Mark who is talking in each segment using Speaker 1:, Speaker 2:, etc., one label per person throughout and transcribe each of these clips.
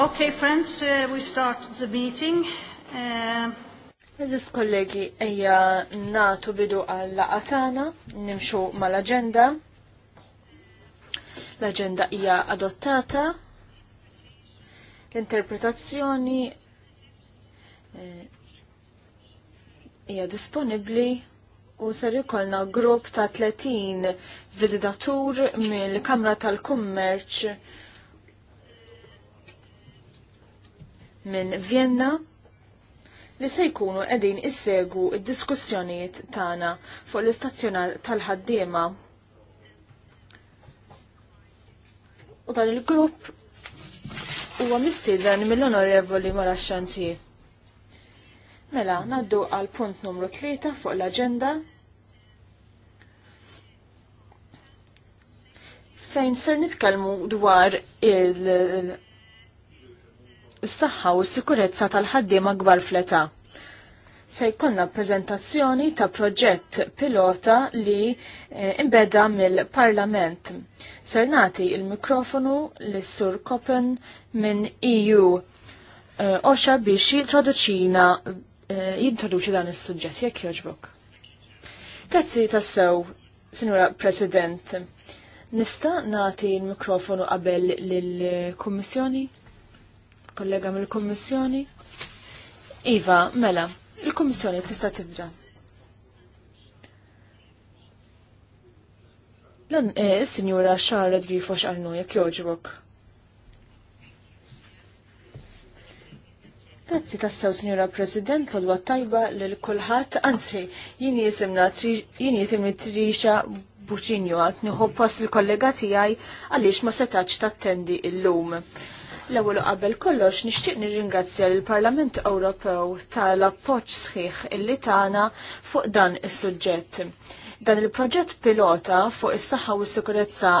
Speaker 1: Okay, friends, uh, we start the meeting. Eżis uh... kollegi, eja natu bidu għalla
Speaker 2: għatana, nimxu mal-agenda. L-agenda hija adottata. L-interpretazzjoni eh, hija eh, disponibbli u ser ikollna grupp ta' 30 viżitatur mill-Kamra tal-Kummerċ minn Vienna li se jkunu qegħdin issegu id-diskussjonijiet tagħna fuq l-istazzjonar tal-ħaddiema. U dan il-grupp huwa mistieden mill-Onorevoli Mara Xanti. Mela, naddu għal punt numru 3 fuq l-aġenda fejn ser nitkellmu dwar il- s saxħa u s-sikurezza tal-ħaddiema gbar fleta. Se jkollna prezentazzjoni ta' proġett pilota li eh, imbeda mill-Parlament. Ser nati il-mikrofonu lis sur Koppen minn EU eh, Oxa biex jintroduċina eh, jintroduċi dan is-suġġett jekk jogħġbok. Grazzi tassew, Sinura President. Nista' nagħti l-mikrofonu qabel lill-Kummissjoni? kollega mill-Kummissjoni. Iva, mela, il-Kummissjoni tista' tibda. Lan eh, is-Sinjura Charlotte Grifox għalnu jekk joġbok. Grazzi tassew, Sinjura President, l-għadwa tajba l-kulħat, anzi, jien jisimni Trisha Buċinju għat nħu pass il-kollega tijaj għalix ma setax tattendi il-lum. L-ewwel qabel kollox nixtieq nirringrazzja lill parlament Ewropew tal-appoġġ sħiħ illi tagħna fuq dan is-suġġett. Dan il-proġett pilota fuq is-saħħa u s-sikurezza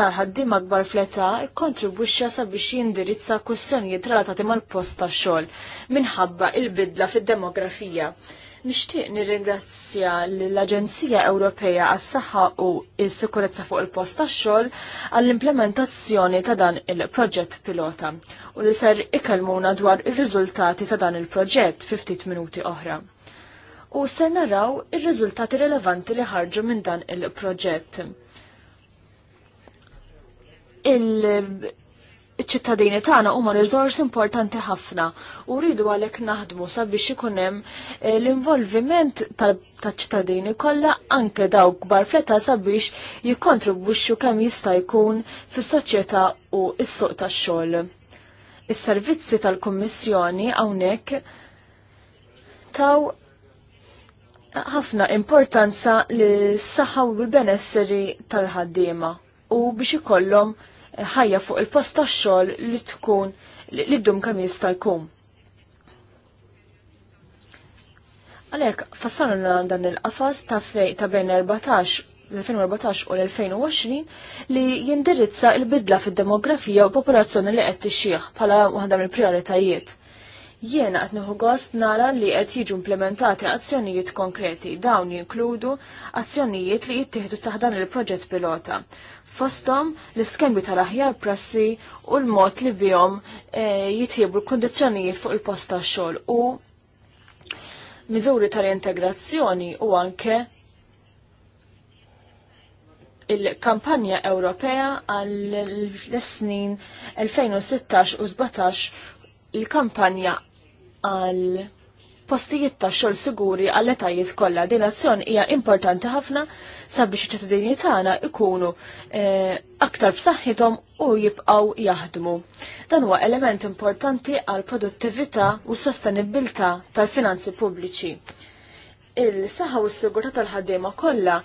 Speaker 2: ta' ħaddim akbar fleta kontribwixxa sabiex jindirizza kwistjonijiet relatati mal-post tax-xogħol minħabba il-bidla fid-demografija. Nixtieq nirringrazzja l-Aġenzija Ewropea għas-Saħħa u s-Sikurezza fuq il-Post tax-xogħol għall-implementazzjoni ta' dan il-proġett pilota u li ser ikelmuna dwar ir-riżultati ta' dan il-proġett fi ftit minuti oħra. U ser naraw ir-riżultati rilevanti li ħarġu minn dan il-proġett. il proġett iċ-ċittadini tagħna huma riżors importanti ħafna u rridu għalhekk naħdmu sabiex ikun hemm eh, l-involviment tal-ċittadini kollha anke dawk kbar fletta sabiex jikkontribwixxu kemm jista' jkun fis-soċjetà u s-suq tax-xogħol. Is-servizzi tal-Kummissjoni hawnhekk taw ħafna importanza li s-saħħa u l-benesseri tal-ħaddiema u biex ikollhom ħajja fuq il-post tax-xogħol li tkun li ddum kemm jista' jkun. Għalhekk fassarna dan il-qafas ta' fej ta' bejn l-2014 u l-2020 li jindirizza il-bidla fid-demografija u popolazzjoni li qed xieħ bħala waħda mill-prioritajiet. Jiena qed nieħu gost nara li qed jiġu implementati azzjonijiet konkreti dawn jinkludu azzjonijiet li jittieħdu taħdan il-proġett pilota fostom l-iskembi tal-aħjar prassi u l-mod li bihom e, jitjibu l-kondizjonijiet fuq il-post tax-xogħol u miżuri tal-integrazzjoni u anke il-kampanja Ewropea għall-snin 2016 u 17 il-kampanja għal postijiet ta' xogħol siguri għall etajiet kollha. Din azzjon hija importanti ħafna sabiex iċ-ċittadini tagħna ikunu eh, aktar f'saħħithom u jibqgħu jaħdmu. Dan huwa element importanti għal produttività u sostenibilità tal-finanzi pubbliċi. Il-saħħa u s-sigurtà tal-ħaddiema kollha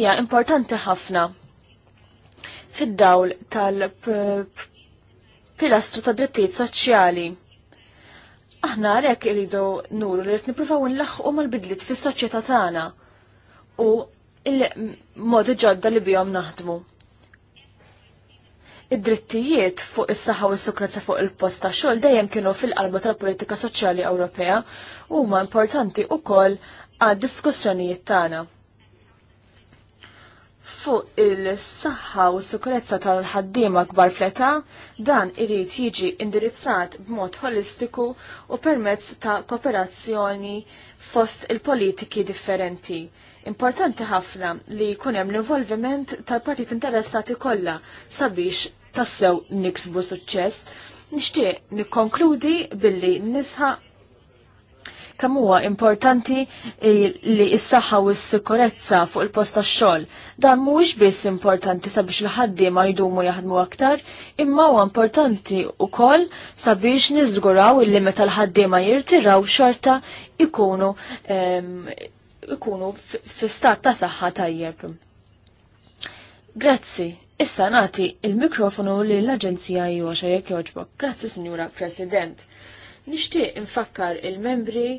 Speaker 2: hija importanti ħafna fid-dawl tal-pilastru eh, ta' drittijiet soċjali Aħna għalhekk iridu nuru li qed nippruvaw nlaħħqu mal-bidliet fis-soċjetà tagħna u il-modi ġodda li bihom naħdmu. Id-drittijiet fuq is-saħħa u s-sukrezza fuq il-post ta' xogħol dejjem kienu fil-qalba tal-politika soċjali Ewropea u huma importanti wkoll għad diskussjonijiet tagħna fuq il-saħħa u s-sikurezza tal-ħaddiema kbar fleta, dan irid jiġi indirizzat b'mod holistiku u permezz ta' kooperazzjoni fost il-politiki differenti. Importanti ħafna li jkun hemm l-involviment tal-partit interessati kollha sabiex tassew niksbu suċċess. Nixtieq nikkonkludi billi nisħaq kemm huwa importanti li s-saħħa u s-sikurezza fuq il-post tax-xogħol. Dan mhuwiex biss importanti sabiex il-ħaddiema jdumu jaħdmu aktar, imma huwa importanti wkoll sabiex niżguraw illi meta l-ħaddiema jirtiraw xorta ikunu ikunu fi stat ta' saħħa tajjeb. Grazzi. Issa nati il-mikrofonu li l-Aġenzija jgħu jekk joġbok. Grazzi, Signora President. Nixtieq infakkar il-membri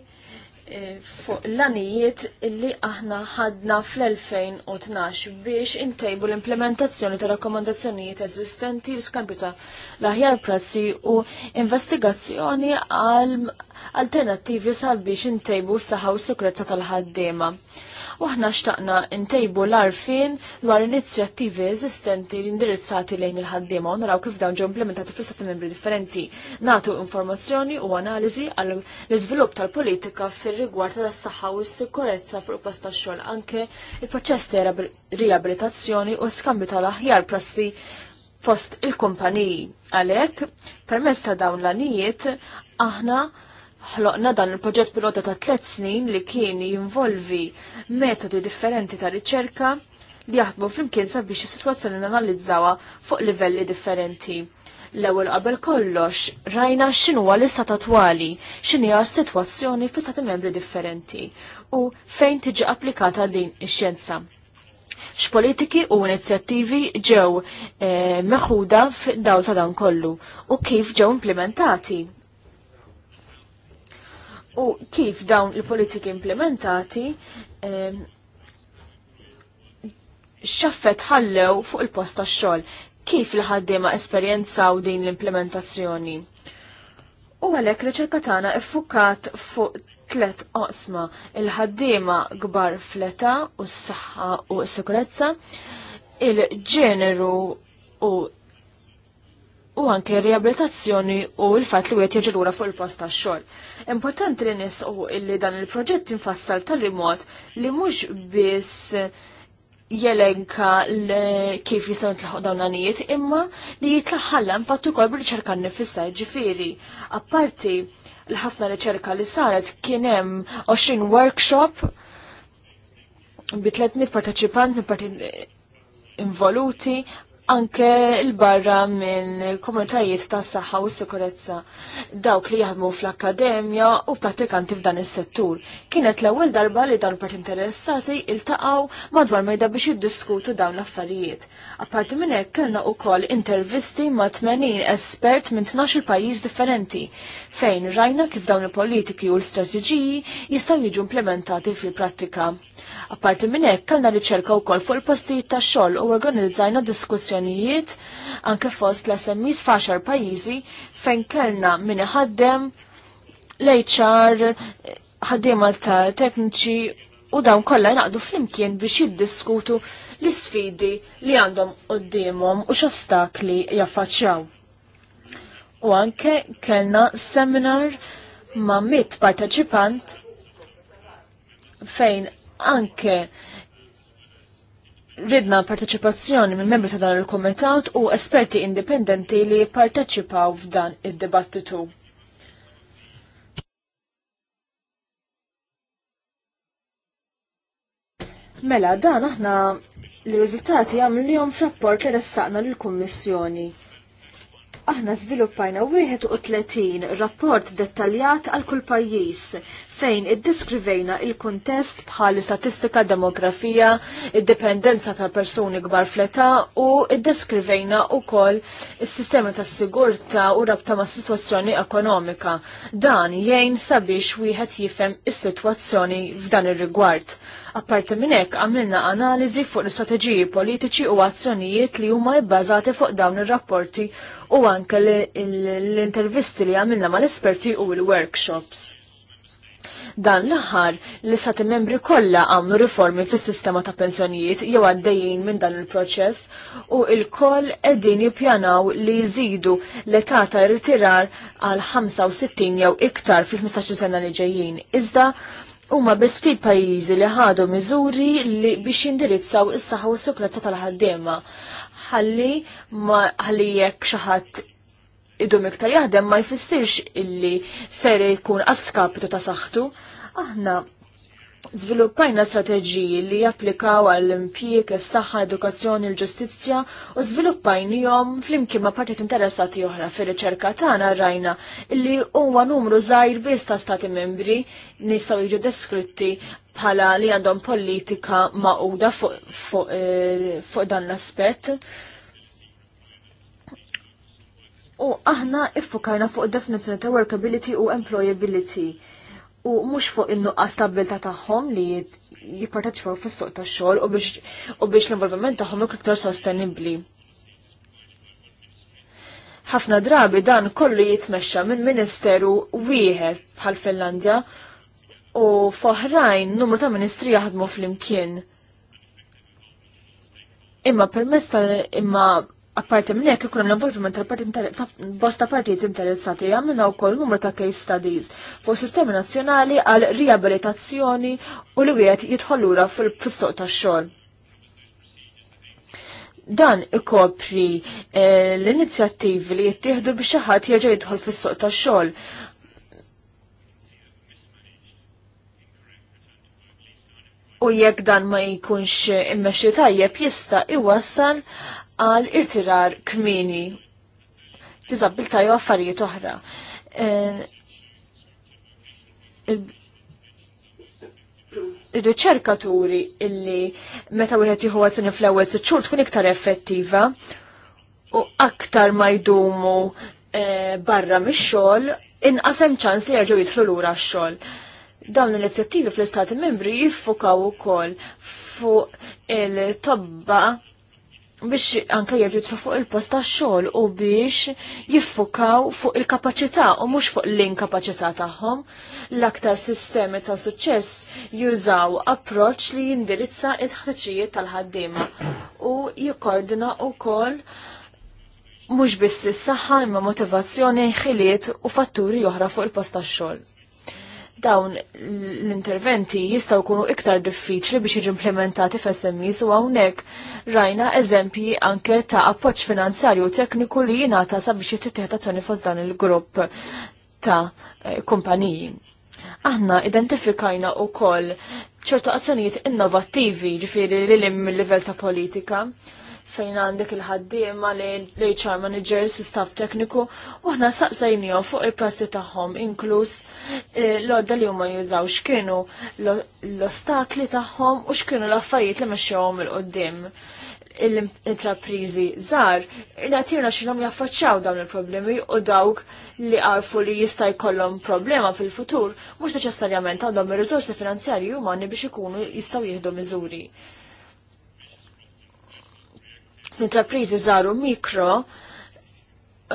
Speaker 2: eh, fuq l-anijiet illi aħna ħadna fl-2012 biex intejbu l-implementazzjoni ta' rakkomandazzjonijiet eżistenti l-skambju ta' l-aħjar prassi u investigazzjoni għal alternattivi sal biex intejbu s saħaw s tal-ħaddiema u aħna xtaqna ntejbu l-arfin dwar inizjattivi eżistenti li indirizzati lejn il-ħaddiema u naraw kif dawn ġew implementati fl istati membri differenti. Natu informazzjoni u analiżi għall iżvilupp tal-politika fir-rigward tas-saħħa u s-sikurezza fuq post tax-xogħol anke il-proċess ta' riabilitazzjoni u skambju tal-aħjar prassi fost il-kumpaniji. Għalhekk, permezz ta' dawn l-anijiet, aħna ħloqna dan il-proġett pilota ta' tliet snin li kien jinvolvi metodi differenti ta' riċerka li jaħdmu flimkien sabiex is-sitwazzjoni nanalizzawa fuq livelli differenti. L-ewwel qabel kollox rajna x'inhuwa l-istat attwali, x'inhi s-sitwazzjoni fi stati membri differenti u fejn tiġi applikata din ix-xjenza. X'politiki u inizjattivi ġew eh, meħuda fid-dawl ta' dan kollu u kif ġew implementati u kif dawn il-politiki implementati xaffet ħallew fuq il-post tax-xogħol. Kif l-ħaddiema esperjenzaw din l-implementazzjoni? U għalhekk riċerka tagħna effukat fuq tlet oqsma il-ħaddiema kbar fleta u s-saħħa u s-sikurezza, il-ġeneru u u anke riabilitazzjoni u l-fat li għet jġilura fuq il-post ta' xol. Importanti li nisqu illi dan il-proġett infassal tal rimot li mux biss jelenka kif jistaw nitlaħu dawn imma li jitlaħħalla impattu kol bil-ċerka nifissa ġifiri. Apparti l-ħafna riċerka li saret kienem 20 workshop bi 300 parteċipant minn parti involuti anke l-barra minn komunitajiet ta' saħħa u sikurezza dawk li jaħdmu fl-akkademja u pratikanti f'dan is-settur. Kienet l-ewwel darba li dawn part interessati iltaqgħu madwar mejda biex jiddiskutu dawn l-affarijiet. Apparti minn hekk kellna wkoll intervisti ma' 80 espert minn 12 pajjiż differenti fejn rajna kif dawn il-politiki u l-strateġiji jistgħu jiġu implementati fil-prattika. Apparti minn hekk kellna riċerka wkoll fuq il-postijiet tax-xogħol u organizzajna diskussjoni kondizzjonijiet anke fost l-SMIs faxar pajjiżi fejn kellna min ħaddem, l-HR ħaddiema ta' tekniċi u dawn kollha jnaqdu flimkien biex jiddiskutu l-isfidi li għandhom qudiemhom u x'ostakli jaffaċċjaw. U anke kellna seminar ma' mit parteċipant fejn anke ridna parteċipazzjoni minn membri ta' dan il-komitat u esperti indipendenti li parteċipaw f'dan id-dibattitu. Mela, dan aħna l-riżultati għamlihom f'rapport li ressaqna lill-Kummissjoni. Aħna żviluppajna 31 rapport dettaljat għal kull pajjiż fejn iddiskrivejna il-kuntest bħal statistika demografija, id-dipendenza ta' persuni kbar fleta u id-diskrivejna u kol il-sistema ta' sigurta u rabta ma' situazzjoni ekonomika. Dan jgħin sabiex wieħed jifem is-situazzjoni f'dan ir-rigward. Apparti minn hekk għamilna analiżi fuq l-istrateġiji politiċi u azzjonijiet li huma bbażati fuq dawn ir-rapporti u anke l-intervisti li għamilna mal-esperti u l-workshops. Dan l-aħħar li istati membri kollha għamlu riformi fis-sistema ta' pensjonijiet jew għaddejjin minn dan il-proċess u il koll qegħdin jippjanaw li jżidu l-età ta' għal 65 jew iktar fil-15 sena li ġejjin. Iżda Huma biss ftit pajjiżi li ħadu miżuri li biex jindirizzaw is-saħħa u s-sikurezza tal-ħaddiema. Ħalli ma ħalli jekk xi ħadd idum iktar jaħdem ma jfissirx illi ser jkun għaskapitu ta' saħħtu. Aħna Zviluppajna strateġiji li japplikaw għall-impjieg, is-saħħa, edukazzjoni, l-ġustizzja u żviluppajnihom flimkien ma' partit interessati oħra fir-riċerka tagħna rajna li huwa numru żgħir biss ta' stati membri nistgħu jiġu deskritti bħala li għandhom politika maquda fuq fu, eh, fu, fu dan l-aspett U aħna iffukajna fuq definizzjoni ta' workability u employability u mhux fuq in-nuqqas stabilta tagħhom li jipparteċipaw fis-suq tax-xogħol u biex l-involviment tagħhom ikun iktar sostenibbli. Ħafna drabi dan kollu jitmexxa minn ministeru wieħed bħal Finlandja u foħrajn numru ta' ministri jaħdmu fl-imkien. Imma permess tal imma Apparti minn jekk ikun l-involviment tal-bosta partijiet interessati għamilna wkoll numru ta' case studies fuq sistemi nazzjonali għal riabilitazzjoni u li wieħed jitħallura fil-fustoq tax-xogħol. Dan ikopri eh, l-inizjattivi li jittieħdu biex xi ħadd jerġa' jidħol fis-suq tax-xogħol. U jekk dan ma jkunx immexxi tajjeb jista' iwassal għal irtirar kmini disabilta jew affarijiet oħra. E, Ir-riċerkaturi illi meta wieħed jieħu għasin fl-ewwel sitt xhur tkun iktar effettiva u aktar ma jdumu e, barra mix-xogħol inqas hemm ċans li jerġgħu jidħlu lura x-xogħol dawn l-inizjattivi fl-Istati membri jiffukaw ukoll fuq il-tobba biex anka jirġitru fuq il-post ta' xogħol u biex jiffukaw fuq il-kapaċità u mhux fuq l-inkapaċità tagħhom. L-aktar sistemi ta' suċċess jużaw approċċ li
Speaker 3: jindirizza
Speaker 2: il-ħtiġijiet tal-ħaddiema u u wkoll mhux biss is-saħħa imma motivazzjoni, ħiliet u fatturi oħra fuq il-post tax-xogħol dawn l-interventi jistaw kunu iktar diffiċli biex jiġi implementati f'SMEs u hawnhekk rajna eżempji anke ta' appoġġ finanzarju tekniku li jingħata sabiex jittieħed azzjoni fost dan il-grupp ta' eh, kumpaniji. Aħna identifikajna wkoll ċertu azzjonijiet innovattivi ġifieri li l livell ta' politika fejn għandek il-ħaddiema l-HR managers, staff tekniku, u aħna saqsajnijom fuq il-prassi tagħhom, inkluż eh, l-odda li huma jużaw x'kienu l-ostakli tagħhom u x'kienu l-affarijiet li mexxewhom il-qoddim l-intraprizi zar, natirna xinom jaffaċċaw dawn il-problemi u dawk li għarfu li jista' jkollhom problema fil-futur, mhux neċessarjament għandhom ir-riżorsi finanzjarji umani biex ikunu jistgħu jieħdu miżuri. L-intrapriżi żaru mikro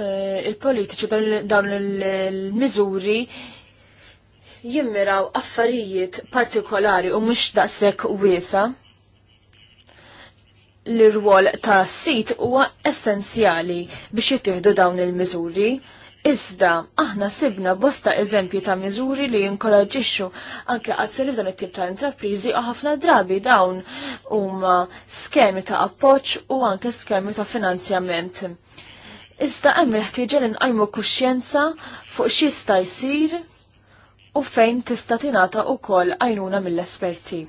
Speaker 2: eh, il-politiċi dawn il-miżuri jimmiraw affarijiet partikolari u mhux daqshekk wiesa l-rwol ta' sit huwa essenzjali biex jittieħdu dawn il-miżuri Iżda, aħna sibna bosta eżempji ta' miżuri li jinkoraġixxu anke azzjoni f'dan it-tip ta' intrapriżi u ħafna drabi dawn huma skemi ta' appoġġ u anke skemi ta' finanzjament. Iżda hemm il-ħtieġa li nqajmu kuxjenza fuq x'jista' jsir u fejn tista' tingħata wkoll għajnuna mill-esperti.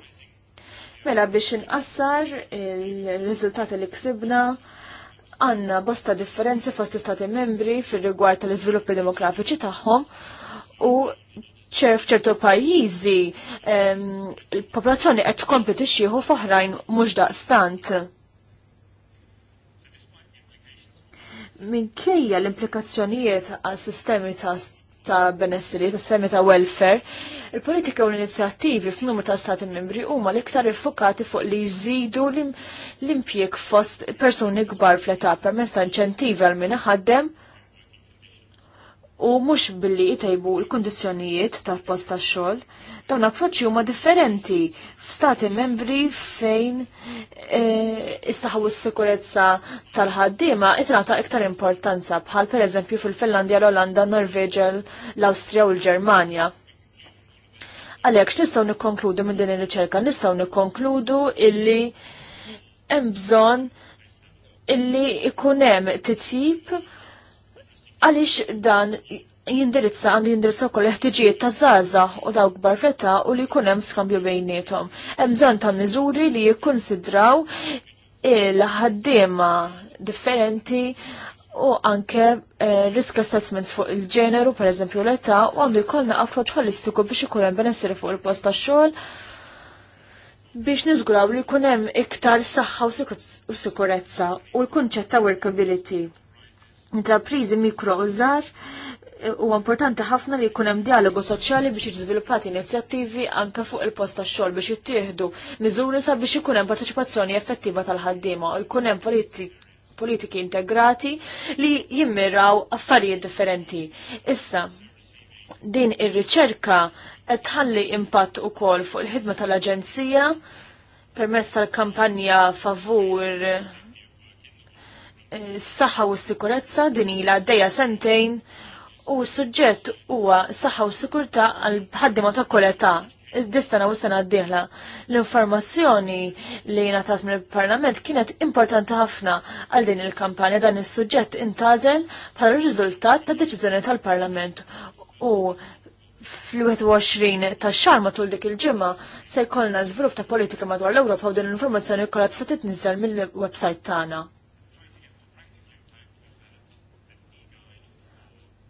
Speaker 2: Mela biex inqassar il-riżultati li ksibna għanna bosta differenzi fost istati membri fil rigward tal-izviluppi demografiċi tagħhom u ċerf ċertu pajjiżi il-popolazzjoni qed tkompli tixjieħu f'oħrajn mhux daqstant. Minkejja l-implikazzjonijiet għal sistemi ta' ta' benessri, ta' semi ta' welfare, il-politika u l-inizjattivi f'numru ta' stati membri huma l-iktar iffokati fuq li jżidu l-impjeg fost persuni kbar fl-età permezz ta' inċentivi għal min ħaddem u mhux billi jtejbu l-kundizzjonijiet tal-post tax-xogħol. Dawn approċċi huma differenti f'stati membri fejn e, issaħu s-sikurezza tal-ħaddiema itnata iktar importanza bħal pereżempju fil-Finlandja, l-Olanda, Norveġa, l-Awstrija u l-Ġermanja. Għalek, x'nistgħu nikkonkludu minn din ir-riċerka? Nistgħu nikkonkludu illi hemm bżonn illi ikun hemm titjib għaliex dan jindirizza għandu jindirizza kolleħ ħtiġijiet ta' zaza u daw kbar fetta u li jkun hemm skambju bejniethom. Hemm bżonn ta' miżuri li jikkonsidraw il-ħaddiema differenti u anke eh, risk assessments fuq il-ġeneru, per eżempju l-età, u għandu jkollna approċ holistiku biex ikun hemm benessiri fuq il-post tax-xogħol biex nizgraw li jkun hemm iktar saħħa u sikurezza u l-kunċett ta' workability intraprizi mikro użar e, u importanti ħafna li jkun hemm dialogu soċjali biex jiżviluppat inizjattivi anke fuq il-post tax-xogħol biex jittieħdu miżuri sabiex ikun hemm partecipazzjoni effettiva tal-ħaddiema u jkun hemm politiki integrati li jimmiraw affarijiet differenti. Issa, din ir-riċerka qed tħalli impatt ukoll fuq il-ħidma tal-Aġenzija permezz tal-kampanja favur s-saħħa u s-sikurezza din ilha għaddejja sentejn u s-suġġett huwa saħħa u s-sikurtà għal ħaddiema ta' koletà id-distana u sena d-dihla. L-informazzjoni li natat mill parlament kienet importanti ħafna għal din il-kampanja dan is-suġġett intazel bħala riżultat ta' deċiżjoni tal-parlament u fl-21 ta' xar matul dik il-ġimma se jkollna żvilupp ta' politika madwar l-Ewropa u din l-informazzjoni kollha tista' titniżel mill-website tagħna.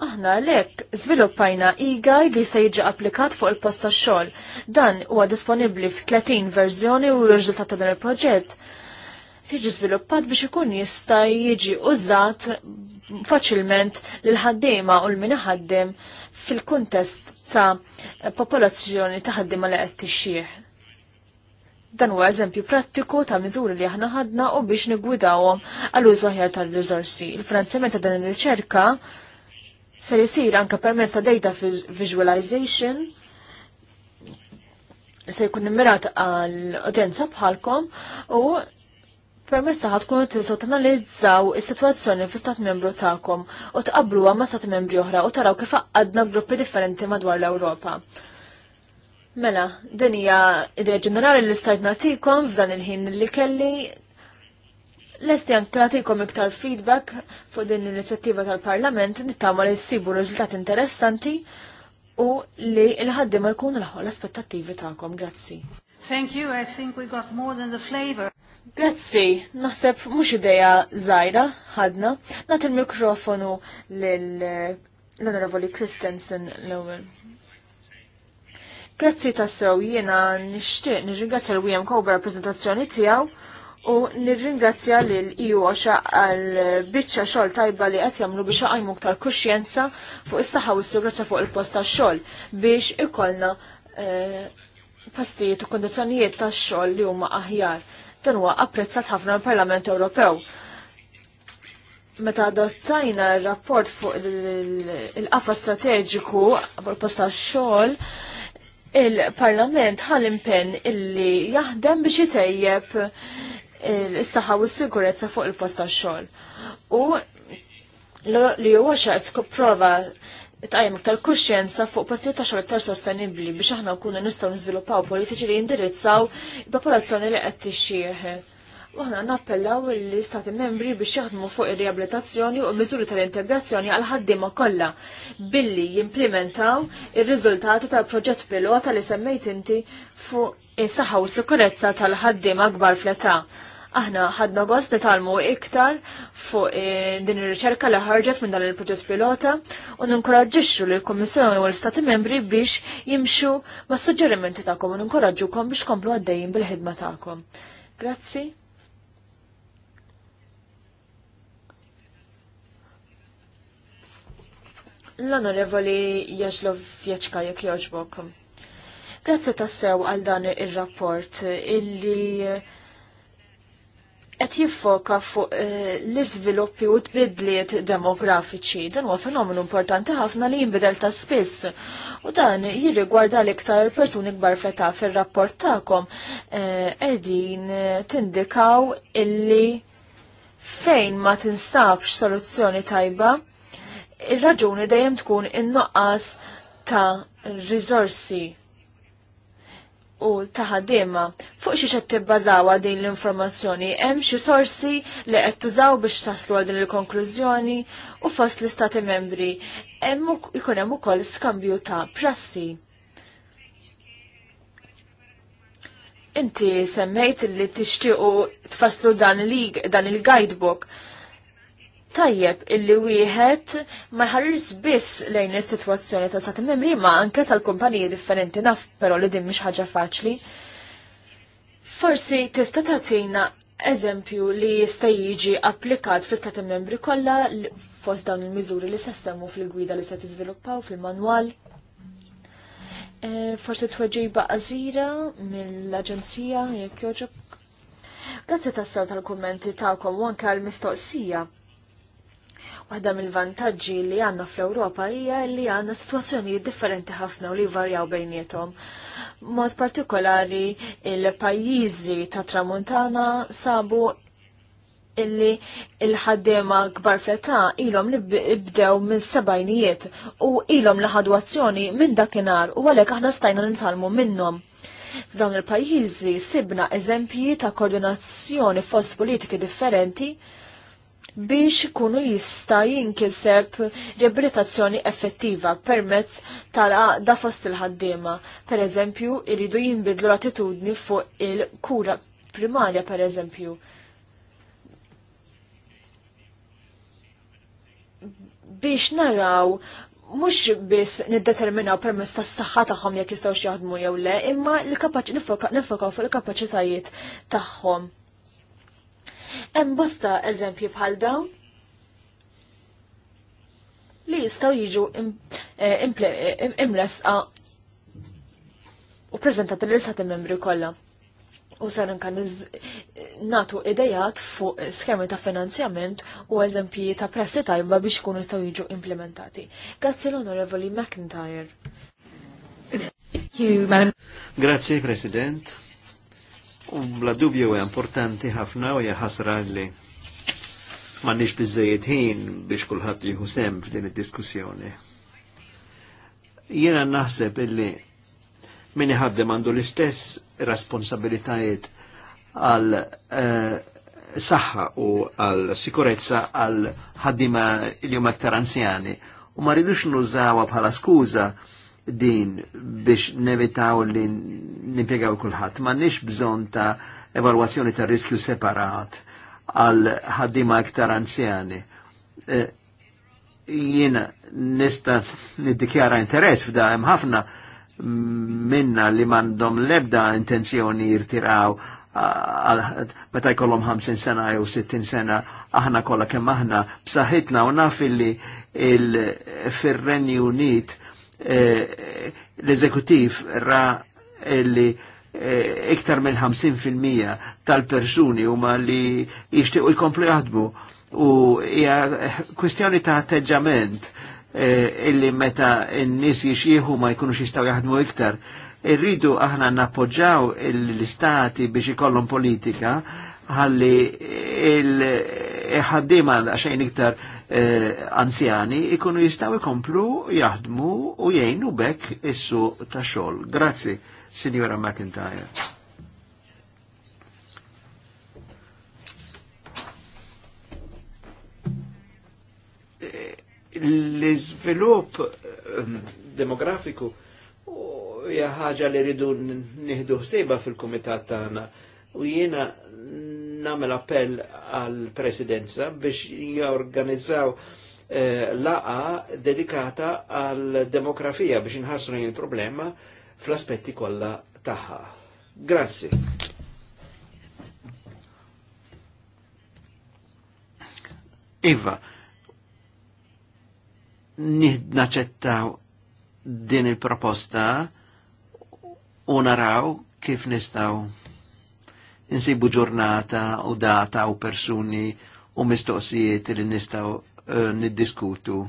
Speaker 2: Aħna lek żviluppajna e-guide li se jiġi applikat fuq il posta tax-xogħol. Dan huwa disponibbli f'30 verżjoni u r-riżultat ta' dan il-proġett tiġi żviluppat biex ikun jista' jiġi użat faċilment lil ħaddiema u l-min ħaddiem fil-kuntest ta' popolazzjoni ta' ħaddiema li qed tixjih. Dan huwa eżempju prattiku ta' miżuri li aħna ħadna u biex nigwidawhom għal użu aħjar tal-riżorsi. Il-finanzjament ta' dan ir-riċerka ser jisir anka permezz ta' data visualization se jkun immirat għal udjenza bħalkom u permezz ta' tkunu tistgħu tanalizzaw is-sitwazzjoni fi stat membru tagħkom u tqabbluha ma' stat membri oħra u taraw kif għadna gruppi differenti madwar l-Ewropa. Mela, din hija idea ġenerali li stajt nagħtikom f'dan il-ħin li kelli Lesti anke nagħtikom iktar feedback fuq din l-inizjattiva tal-Parlament nittama li ssibu riżultati interessanti u li l-ħaddiema jkun ħol l-aspettattivi tagħkom. Grazzi.
Speaker 1: Thank you, I think we got more than the flavor.
Speaker 2: Grazzi, naħseb mhux ideja żgħira ħadna. Nagħti il-mikrofonu lill-Onorevoli Christensen l-ewwel. Grazzi tassew jiena nixtieq nirringrazzja l-William Cobra prezentazzjoni tiegħu u nirringrazzja lil għaxa għal biċċa xogħol tajba li qed jagħmlu biex għajmu ktar kuxjenza fuq is-saħħa u s-sigurezza fuq il posta tax-xogħol biex ikollna eh, pastijiet u kondizjonijiet tax-xogħol li huma aħjar. Dan huwa apprezzat ħafna l-Parlament Ewropew. Meta adottajna r-rapport fuq il-qafa strateġiku fuq il posta tax-xogħol, il-Parlament ħal impenn illi jaħdem biex jitejjeb is istaxa u s-sigurezza fuq il-post tax-xogħol. U li huwa xert prova tqajjem tal kuxjenza fuq postijiet ta' xogħol iktar sostenibbli biex aħna nkunu nistgħu niżviluppaw politiċi li jindirizzaw il-popolazzjoni li qed U Aħna nappellaw l-istati membri biex jaħdmu fuq ir-riabilitazzjoni u miżuri tal-integrazzjoni għal ħaddiema kollha billi jimplementaw ir-riżultati tal-proġett pilota li semmejt inti fuq is-saħħa u sikurezza tal-ħaddiema kbar fl-età. Aħna ħadna gost nitalmu iktar fuq eh, din ir-riċerka li ħarġet minn dan il-proġett pilota u ninkoraġġixxu lill kummissjoni u l-Stati membri biex jimxu mas suġġerimenti tagħkom u ninkoraġġukom biex komplu għaddejjin bil-ħidma tagħkom. Grazzi. L-onorevoli Jaxlov Jaċka jek joġbok. Grazzi tassew għal dan ir-rapport illi qed jiffoka fuq eh, l-iżviluppi u tbidliet demografiċi. Dan huwa fenomenu importanti ħafna li jinbidel ta' spiss. U dan jirrigwarda l-iktar persuni kbar fleta fir-rapport tagħkom eh, qegħdin eh, tindikaw illi fejn ma tinstabx soluzzjoni tajba, ir-raġuni dejjem tkun in-noqqas ta' riżorsi u taħadima. Fuq xi qed tibbażawha din l-informazzjoni hemm xi sorsi li qed tużaw biex taslu għal din il-konklużjoni u fost l-istati membri hemm ikun hemm ukoll skambju ta' prassi. Inti semmejt li tixtiequ tfasslu dan il-guidebook. il guidebook tajjeb illi wieħed ma jħarris biss lejn is-sitwazzjoni ta' sat membri ma anke tal-kumpaniji differenti naf però li din mhix ħaġa faċli. Forsi tista' tagħtina eżempju li jista' jiġi applikat fl-istati membri kollha fost dawn il-miżuri li se fil-gwida li se tiżviluppaw fil-manwal. E, forsi tweġiba għażira mill-Aġenzija jekk joġob Grazzi tassew tal-kommenti ta'kom u anke għal-mistoqsija. Waħda mill-vantaġġi li għandna fl-Ewropa hija li għandna sitwazzjonijiet differenti ħafna u li varjaw bejnietom. Mod partikolari il-pajjiżi ta' tramuntana sabu illi il-ħaddema kbar feta ilhom li bdew minn sebajnijiet u ilhom li ħadu azzjoni minn dakinhar u għalek aħna stajna nintalmu minnhom. F'dawn il-pajjiżi sibna eżempji ta' koordinazzjoni fost politiki differenti biex kunu jista jinkiseb riabilitazzjoni effettiva permezz tal-għaqda fost il-ħaddima. Per eżempju, iridu jimbidlu l-attitudni fuq il-kura primarja, per eżempju. Biex naraw mux biss niddeterminaw permess ta' s-saxħa taħħom jek jistaw xaħdmu jew le, imma nifokaw fuq il kapaċitajiet taħħom. Hemm bosta eżempji bħal dawn li jistgħu jiġu imlesqa eh, eh, u preżentati lil sati membri kollha. U sar kan natu idejat fuq skemi ta' finanzjament u eżempji ta' pressi tajba biex kunu jistgħu jiġu implementati. Grazzi l-Onorevoli McIntyre.
Speaker 4: Grazie, President. U bla dubju hija importanti ħafna u hija ħasra li m'għandniex biżejjed ħin biex kulħadd liħu sem f'din id-diskussjoni. Jiena naħseb illi minni ħadde għandu l-istess responsabilitajiet għal uh, saħħa u għal sikurezza għal ħaddima il-jum aktar anzjani. U ma rridux nużawa bħala skuża din biex nevitaw li nimpiegaw kulħadd. Ma nix bżon ta' evalwazzjoni ta' riskju separat għal ħaddima iktar anzjani. Eh, jiena nista niddikjara interess f'da hemm ħafna minna li mandom lebda intenzjoni jirtiraw meta jkollhom 50 sena jew 60 sena aħna kollha kemm aħna b'saħħitna u naf illi il, fir Unit Eh, l-eżekutiv ra li eh, iktar minn 50% tal-persuni huma li jixtiequ jkomplu jaħdmu u hija kwestjoni ta' atteġġament eh, illi meta n nis jixieħu ma jkunux jistgħu jaħdmu iktar. Irridu aħna nappoġġaw l-istati biex ikollhom politika ħalli il-ħaddima xejn iktar eh, anzjani ikunu jistaw ikomplu jahdmu u jajnu bekk issu ta' xol. Grazzi, Signora McIntyre. L-izvilup ehm, demografiku hija ħaġa li rridu nieħdu ħsejba fil-kumitat tagħna u jiena namel appell għal-presidenza biex jorganizzaw eh, laqa dedikata għal-demografija biex nħarsu il-problema fl-aspetti kollha tagħha. Grazzi. Iva, naċettaw din il-proposta u naraw kif nistaw insibu ġurnata u data u persuni u mistoqsijiet li nistaw eh, niddiskutu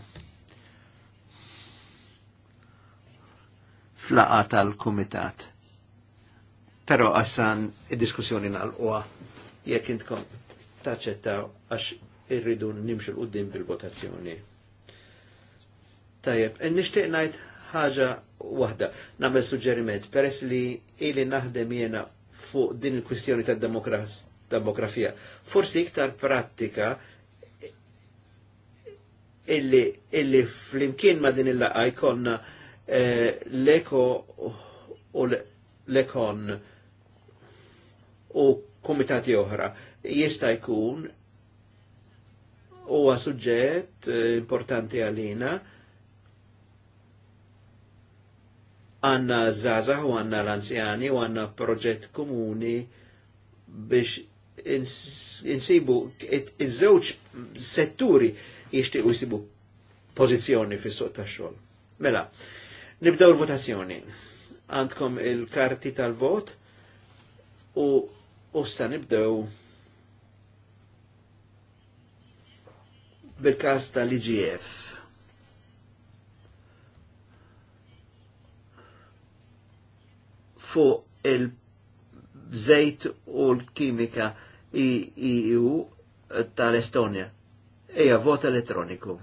Speaker 4: flaqa tal-komitat. Pero għassan id-diskussjoni nal-qwa jekk intkom taċċettaw għax irridu nimxu l-qoddim bil-votazzjoni. Tajjeb, nishtiq ħaġa wahda, namel suġġeriment, peress li ili naħdem jena fuq din il-kwistjoni ta' demografija. Forsi iktar pratika illi, illi fl-imkien ma' din il-laqa jkonna eh, l-eko u l-ekon u komitati oħra. Jista' jkun huwa suġġett eh, importanti għalina għanna zazah u għanna l-anzjani u għanna proġett komuni biex insibu iż-żewġ setturi jixtiequ jsibu pożizzjoni fis-suq ta' xogħol Mela, nibdew l votazzjoni Għandkom il-karti tal-vot u usta nibdew bil-kas tal-IGF. fuq il-żejt u l-kimika EU e tal estonia Eja, vot elettroniku.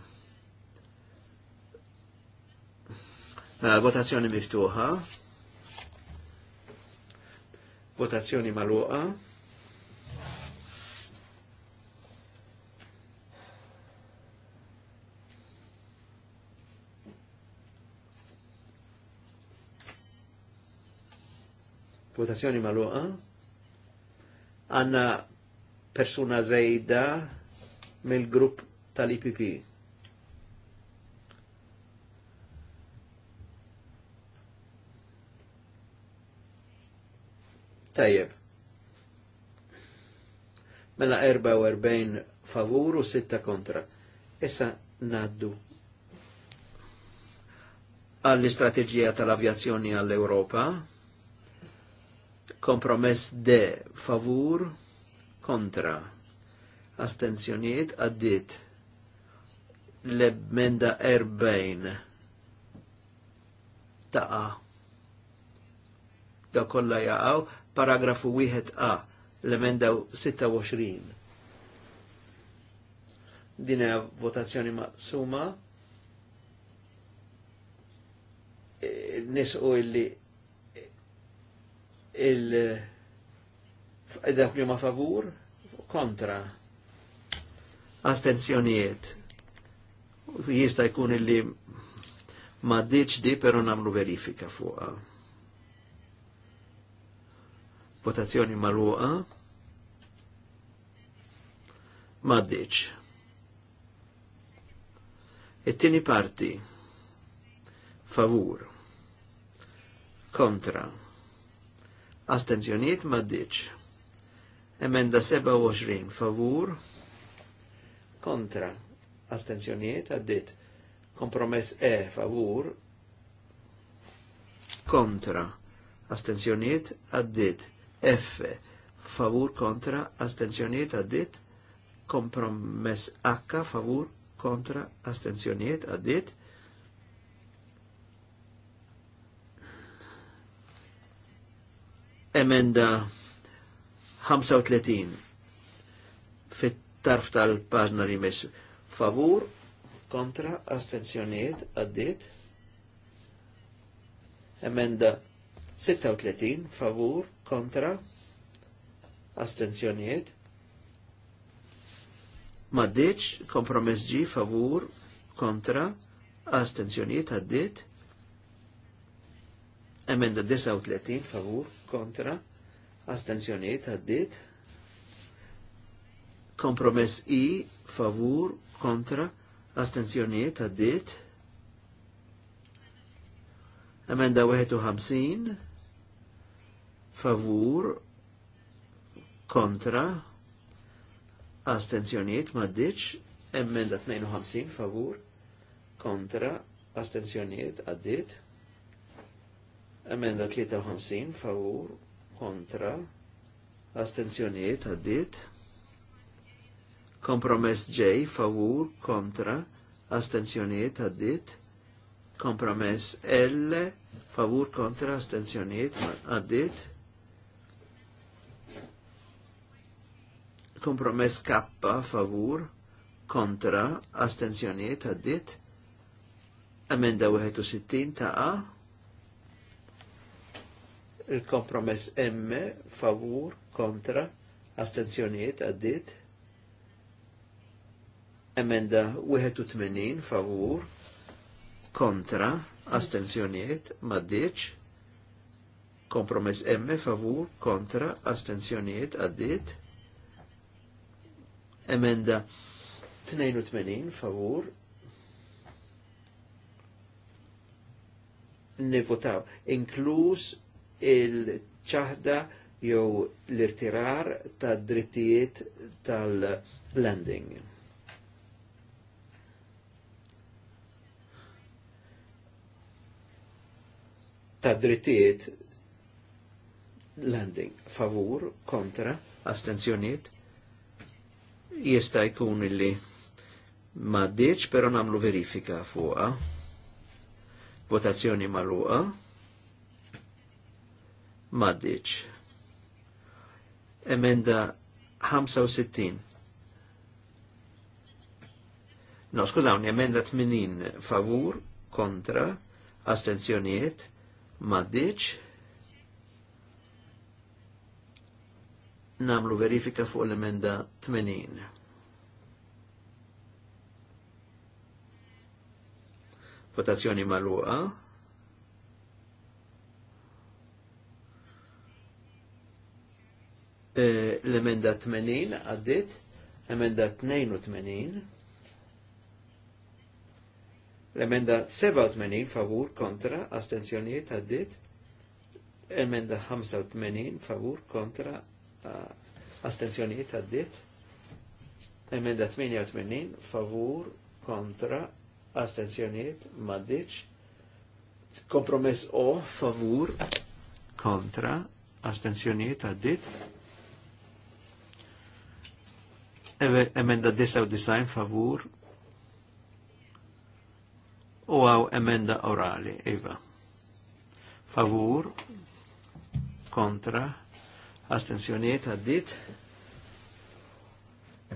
Speaker 4: Mela, votazzjoni miftuħa. Votazzjoni maluqa. votazzjoni maluqa, għanna persuna zejda mill-grupp tal-IPP. Tajjeb. Mela 44 favur u 6 kontra. Issa naddu għall-istrateġija tal-avjazzjoni għall-Europa. Kompromess de favur kontra astenzjoniet għaddit l emenda 40 taqa da kolla jaqaw paragrafu 1a l-emenda 26 din votazzjoni maqsuma e, nisqu illi il- dawk li ma favur kontra astenzjonijiet. Jista jkun illi ma ditx di pero namlu verifika fuqa. Votazzjoni maluqa ma ditx. It-tieni parti favur kontra Astenzjoniet maddiċ. Emenda 27 favur kontra astenzjoniet għaddit. Kompromess E favur kontra astenzjoniet għaddit. F favur kontra astenzjoniet għaddit. Kompromess H favur kontra astenzjoniet għaddit Emenda 35 fit-tarf tal pagna li mis favur kontra astenzjoniet għaddit. Emenda 36 favur kontra astenzjoniet maddiċ kompromess ġi favur kontra astenzjoniet għaddit Emenda 39 favur kontra astenzjoniet għaddit. Kompromess I favur kontra astenzjoniet għaddit. Emenda 51 favur kontra astenzjoniet maddiċ. Emenda 52 favur kontra astenzjoniet għaddit Emenda 53 favur kontra astenzjoniet għaddit. Kompromess J favur kontra astenzjoniet għaddit. Kompromess L favur kontra astenzjoniet għaddit. Kompromess K favur kontra astenzjoniet għaddit. Emenda 61 ta' A il-kompromess M favur kontra astenzjoniet għaddit emenda 81 favur kontra astenzjoniet maddiċ kompromess M favur kontra astenzjoniet għaddit emenda 82 favur nivotaw inkluż il-ċaħda jew l-irtirar ta' drittijiet tal-landing. Ta' drittijiet landing favur, kontra, astenzjoniet, jista' jkun illi ma' diċ, pero namlu verifika fuqa, votazzjoni maluqa, maddiċ. Emenda 65. No, skużawni, emenda 80 favur, kontra, astenzjoniet, maddiċ. Namlu verifika fuq l-emenda 80. Votazzjoni maluqa. Eh, l-emenda 80 għaddit, emenda 82, l-emenda 87 favur kontra astenzjoniet għaddit, emenda 85 favur kontra astenzjoniet għaddit, emenda 88 favur kontra astenzjoniet maddiċ, kompromess o favur kontra astenzjoniet għaddit, emenda 99 favur u għaw emenda orali, Iva. Favur, kontra, astensjoniet għaddit,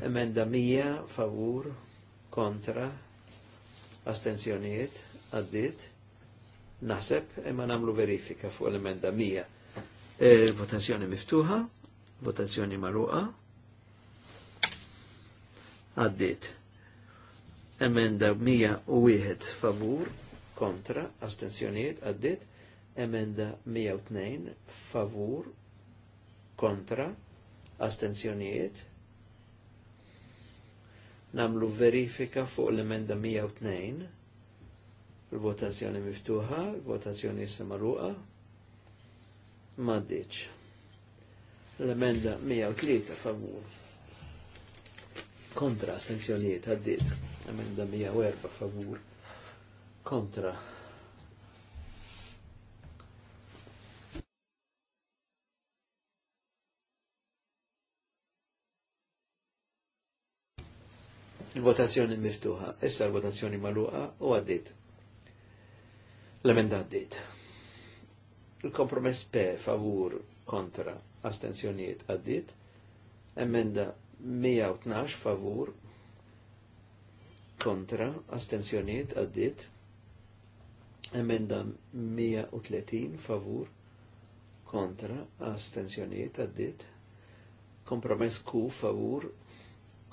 Speaker 4: emenda 100 favur, kontra, astensjoniet għaddit, naħseb imma namlu verifika fuq l-emenda 100. E, votazzjoni miftuħa, votazzjoni maruqa, għaddit. Emenda 101 favur kontra astensjoniet għaddit. Emenda 102 favur kontra astensjoniet namlu verifika fuq l-emenda 102, il-votazzjoni miftuħa, il-votazzjoni semaruqa, maddiċ. L-emenda 103 favur kontra astensjonijiet għaddit, emenda 104 favur kontra. Il-votazzjoni miftuħa, issa l-votazzjoni maluqa u għaddit. L-emenda għaddit. Il-kompromess P favur kontra astensjonijiet għaddit. Emenda 112 favur kontra astensjoniet għaddit emenda 130 favur kontra astensjoniet għaddit kompromess Q favur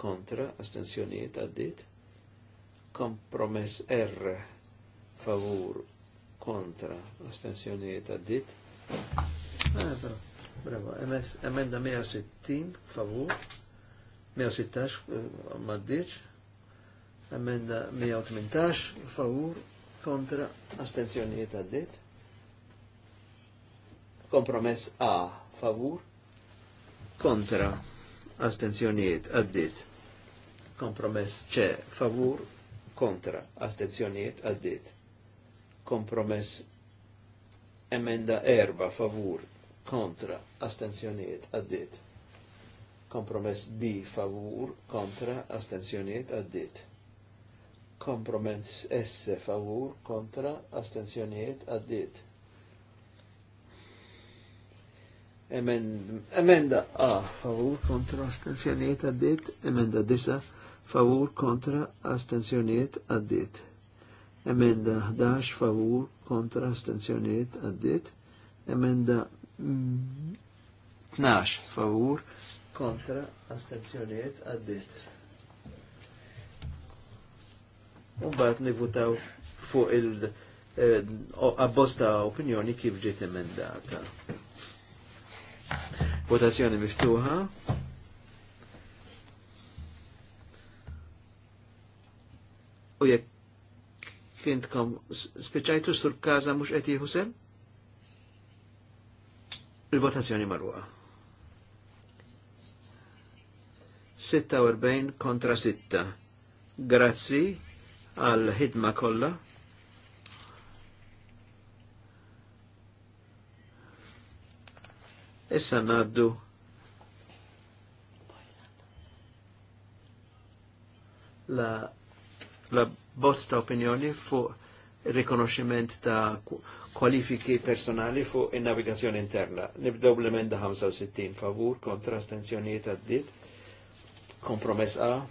Speaker 4: kontra astensjoniet għaddit kompromess R favur kontra astensjoniet għaddit ah, Bravo, emenda 160 favur 116 maddiċ, emenda 118 favur kontra astenzjonijiet għaddit. Kompromess A favur kontra astenzjonijiet għaddit. Kompromess C favur kontra astenzjonijiet għaddit. Kompromess emenda erba favur kontra astenzjonijiet għaddit Kompromess B favur kontra astenzjoniet għaddit. Kompromess S favur kontra astenzjoniet għaddit. Emenda A favur kontra astenzjoniet għaddit. Emenda disa favur kontra astenzjoniet għaddit. Emenda 11 favur kontra astenzjoniet għaddit. Emenda 12 favur kontra astenzjoniet għaddit. Umbat nivutaw fuq il- eh, abbosta opinjoni kif ġiet emendata. Votazzjoni miftuħa. U jekk kintkom speċajtu sur kaza mhux qed jieħu sem? Il-votazzjoni marwa. 46 kontra 6. Grazzi għal ħidma kollha. Issa naddu la, la bozz ta' opinjoni fuq rikonoximent ta' kwalifiki personali fuq in-navigazzjoni interna. Nibdew l-emenda 65 favur kontra stenzjonijiet għaddit Kompromess A.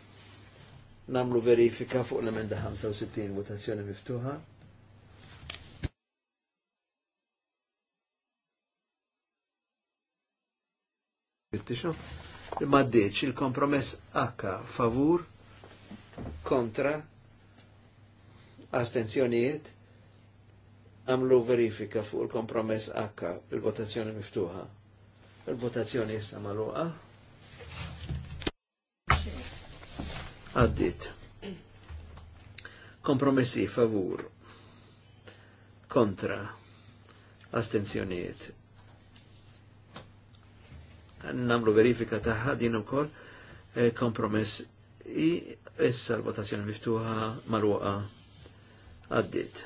Speaker 4: Namlu verifika fuq l-emenda 65, votazzjoni miftuħa. il Maddeċ, il-kompromess H, favur, kontra, astenzjonijiet, għamlu verifika fuq il-kompromess H, il-votazzjoni miftuħa. Il-votazzjoni issa maluqa. għaddit. Kompromessi favur kontra astenzjoniet. Namlu verifika taħħa din ukoll e, kompromess i essa l-votazzjoni miftuħa marwaqa għaddit.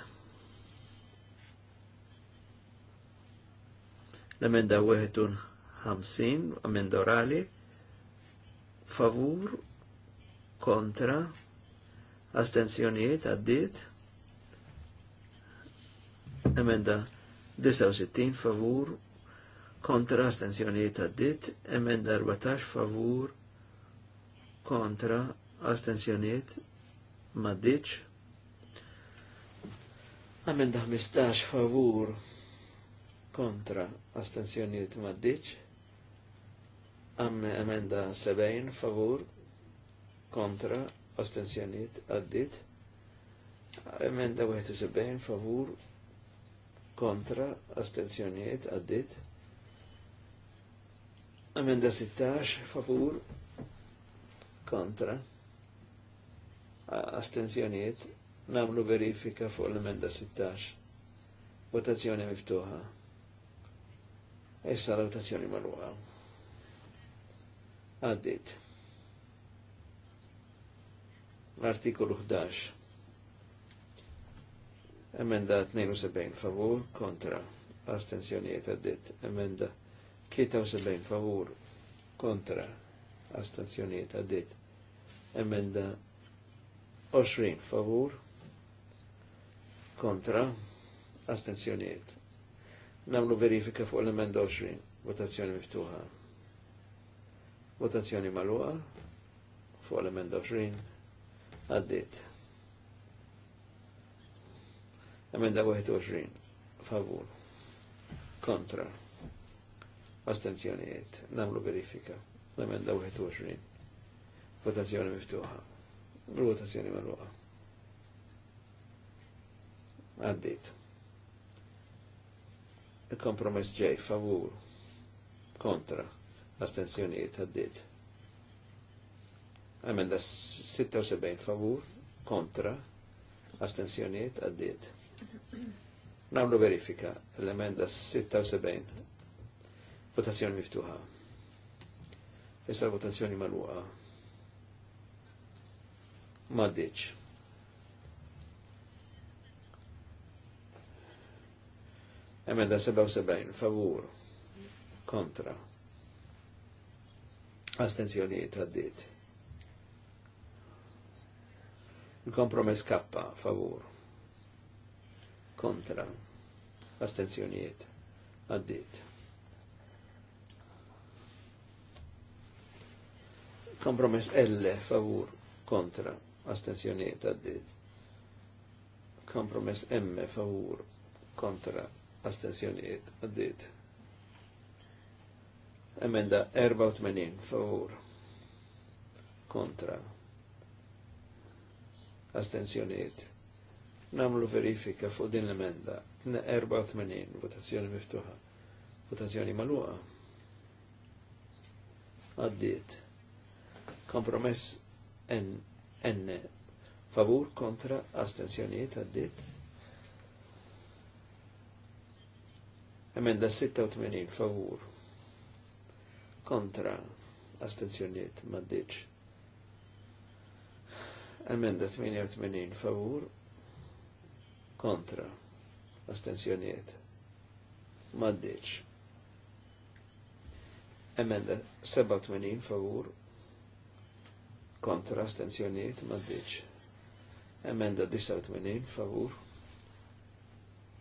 Speaker 4: L-emenda 51, amenda orali, favur kontra, astenzjoniet, għaddit, emenda 69 favur, kontra astenzjoniet, għaddit, emenda 14 favur, kontra astenzjoniet, maddiċ, emenda 15 favur, kontra astenzjoniet, maddiċ, emenda 70 favur, kontra, astenzjoniet, għaddit. Emenda 71, favur, kontra, astenzjoniet, għaddit. Emenda 16, favur, kontra, astenzjoniet, namlu verifika fuq l-emenda 16. Votazzjoni miftuħa. Issa la votazzjoni marruqa. Għaddit. L-artikolu 11. Emenda 72 favur kontra astenzjonijiet għaddit. Emenda 73 favur kontra astenzjoniet għaddit. Emenda 20 favur kontra astenzjonijiet. Namlu verifika fuq l-emenda 20. Votazzjoni miftuħa. Votazzjoni maluqa fuq l-emenda 20 għaddit. Emenda 21, favur, kontra, astenzjonijiet, namlu verifika. Emenda 21, votazzjoni miftuħa, votazzjoni marruħa. Għaddit. Il-kompromess ġej, favur, kontra, astenzjonijiet, għaddit għamenda 76 favur, kontra, astensjoniet għaddiet. Namlu verifika, l-emenda 76, votazzjoni miftuħa. Issa votazzjoni maluqa. Maddiċ. Emenda 77, favur, kontra, astenzjoniet għaddiet. Il-kompromess kappa, favur. Kontra. Astenzjonijiet. Għaddit. Kompromess L, favur. Kontra. Astenzjonijiet. Għaddit. Kompromess M, favur. Kontra. Astenzjonijiet. Għaddit. Emenda 84, favur. Kontra astenzjoniet. Namlu verifika fuq din l-emenda. 84 votazzjoni miftuħa. Votazzjoni maluqa. Għaddiet. Kompromess n, n favur kontra astenzjoniet għaddiet. Emenda 86 favur kontra astenzjoniet maddiċ. Emenda 88 favur kontra astenzjoniet. maddeċ Emenda 87 favur kontra astenzjoniet. maddeċ Emenda 89 favur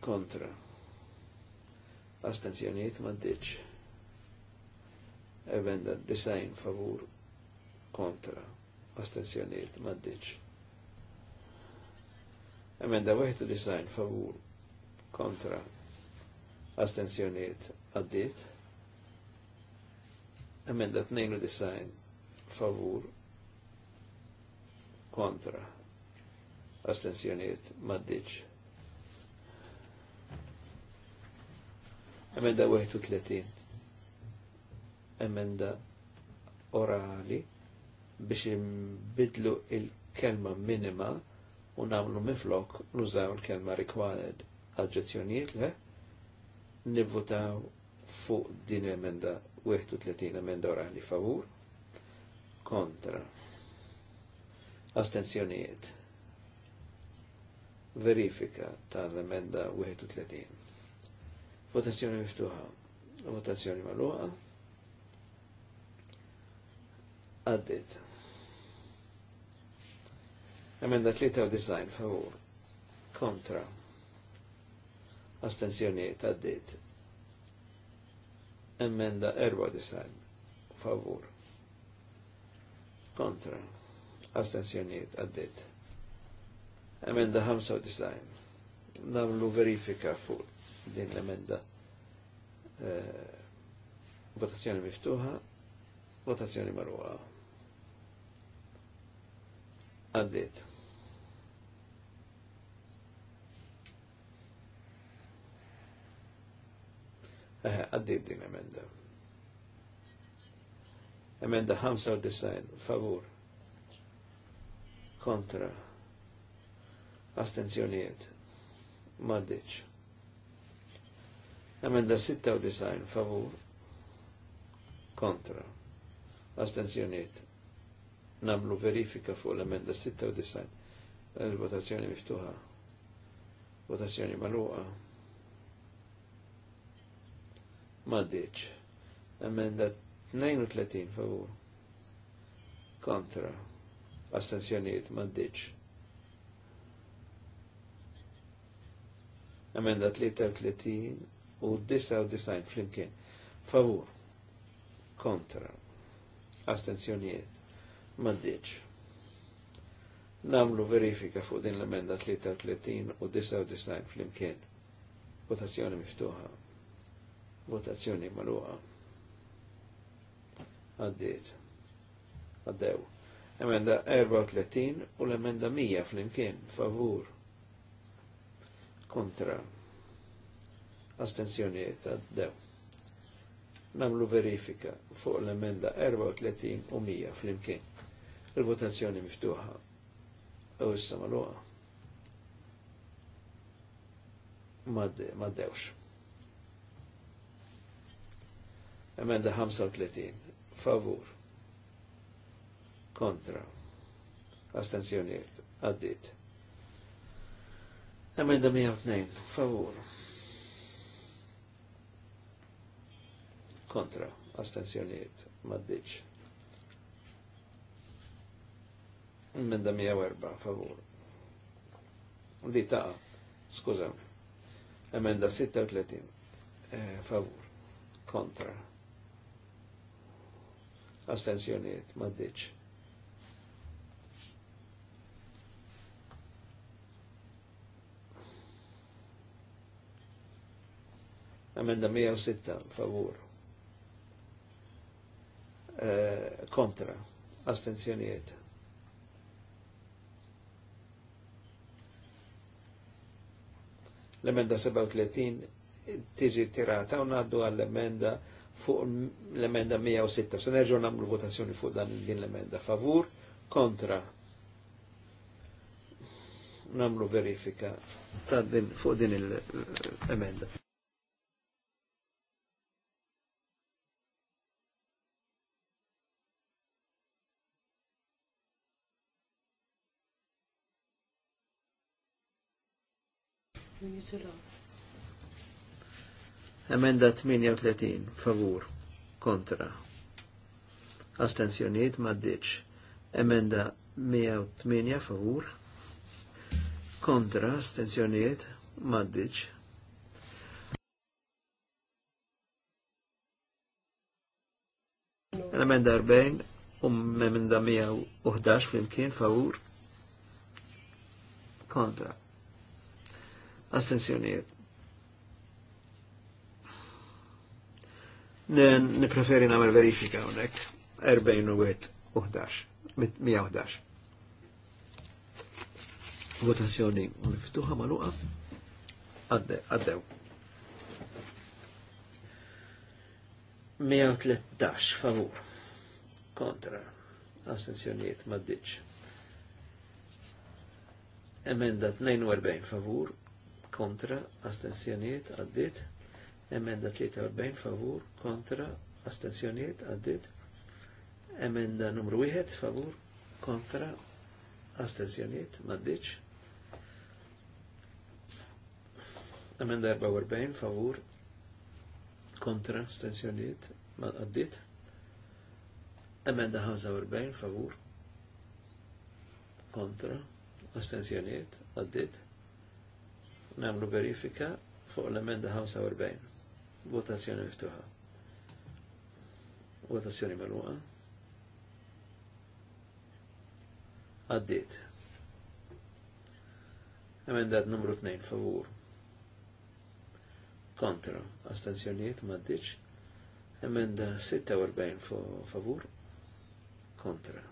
Speaker 4: kontra astenzjoniet. maddeċ Emenda 90 favur kontra astenzjoniet astensjoniet, maddiċ. li sajn favur kontra astenzjoniet għaddit. li sajn favur kontra astensjoniet maddiċ. Emenda 31 emenda orali biex imbidlu il-kelma minima u namlu miflok nużaw il-kelma required għadġazzjonijiet le nivvotaw fuq din emenda 31 emenda orali favur kontra astenzjonijiet verifika tal-emenda 31. Votazzjoni miftuħa, votazzjoni maluħa għaddit. Emenda 93 favur kontra astensjoniet għaddit. Emenda 94 favur kontra astensjoniet għaddit. Emenda 95 namlu verifika fuq din l-emenda eh, votazzjoni miftuħa, votazzjoni marruħa għaddit. Eh, għaddit din emenda. Emenda 95, favur. Kontra. Astenzjoniet. Maddiċ. Emenda 96, favur. Kontra. Astenzjoniet namlu verifika fuq l-emenda 96 il-votazzjoni miftuħa votazzjoni maluqa maddiċ emenda 32 favur kontra astensjoniet maddiċ emenda 33 u 99 flimkien favur kontra astensjoniet Maddiċ. Namlu verifika fuq din l-emenda 33 u 99 fl-imkien. Votazzjoni miftuħa. Votazzjoni maluqa. Għaddiet. Għaddew. Emenda 34 u l-emenda 100 fl-imkien. Favur. Kontra. Astenzjoniet għaddew. Namlu verifika fuq l-emenda 34 u 100 fl-imkien. Il-votazzjoni miftuħa. U issa maluqa. Maddewx. Emenda 35. Favur. Kontra. Astenzjoniet. Addit. Emenda 102. Favur. Kontra. Astenzjoniet. Maddewx. Emenda 104, favor. Di taqa, skużam. Emenda 36, pletin. Eh, favur. Kontra. Astenzjoniet, maddiċ. Emenda 106, Favor. Eh, kontra. Astenzjoniet L-emenda 37 tiġi tirata u naddu għall-emenda fuq l-emenda 106. Se nerġgħu nagħmlu votazzjoni fuq dan din l-emenda favur kontra namlu verifika ta' din fuq din l-emenda. Emenda 38, favur, kontra. Astenzjoniet maddiċ. Emenda 108, favur, kontra, astenzjoniet maddiċ. Emenda 40, um emenda 111 flimkien, favur, kontra astensjonijiet. Nipreferi namel verifika unek, erbejn u għet uħdax, mija uħdax. Votazzjoni miftuħa maluqa, għaddew. 113 favur kontra astensjonijiet maddiċ. Emenda 42 favur kontra astenzjoniet għaddit, emenda 43 favur kontra astenzjoniet għaddit, emenda numru 1 favur kontra astenzjoniet maddiċ, emenda 44 favur kontra astenzjoniet għaddit, emenda 45 favur kontra astenzjoniet għaddit, namlu verifika fuq l-emenda 45. Votazzjoni miftuħa. Votazzjoni marruqa. Għaddit. Emendat numru 2, favur. Kontra. Astenzjoniet maddiċ. Emenda 46, favur. Kontra.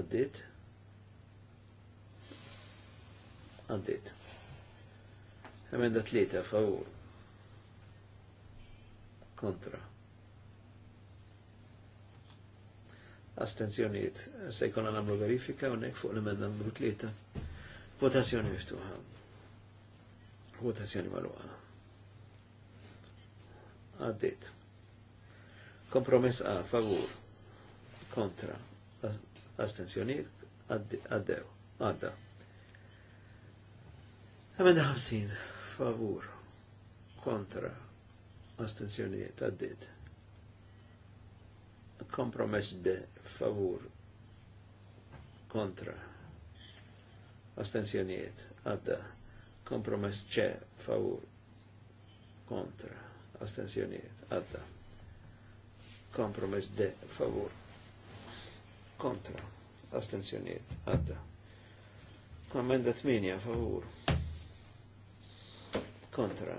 Speaker 4: Għaddit. għaddit. Emenda tlieta favur. Kontra. Astenzjoniet. Se jkollna għamlu verifika nek fuq l-emenda numru tlieta. Votazzjoni miftuħa. Votazzjoni magħluqa. Għaddit. Kompromess A favur. Kontra. Astenzjoniet. Għaddew. Għadda. Ad Emenda 50 favur kontra astenzjonijiet għaddit. Kompromess B favur kontra astenzjonijiet għadda. Kompromess C favur kontra astenzjonijiet għadda. Kompromess D favur kontra astenzjonijiet għadda. Kommenda 8 favur kontra.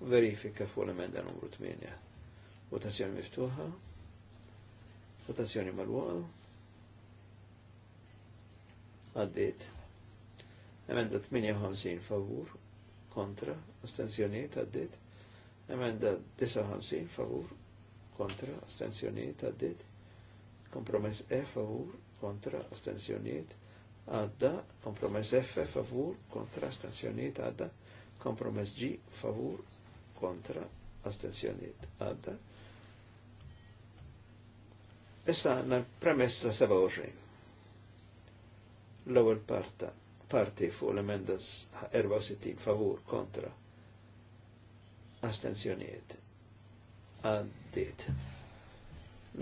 Speaker 4: Verifika fuq l-emenda numru 8. Votazzjoni miftuħa. Votazzjoni mal Għaddit. Emenda 58 favur, kontra, astenzjoniet għaddit. Emenda 59 favur, kontra, astenzjoniet għaddit. Kompromess E favur, kontra, astenzjoniet għadda, kompromess F favur kontra astenzjoniet għadda, kompromess G favur kontra astenzjoniet għadda. Issa għanna premessa 27. l ewel parta parti fuq l-emendas 64 favur kontra astenzjoniet għaddit.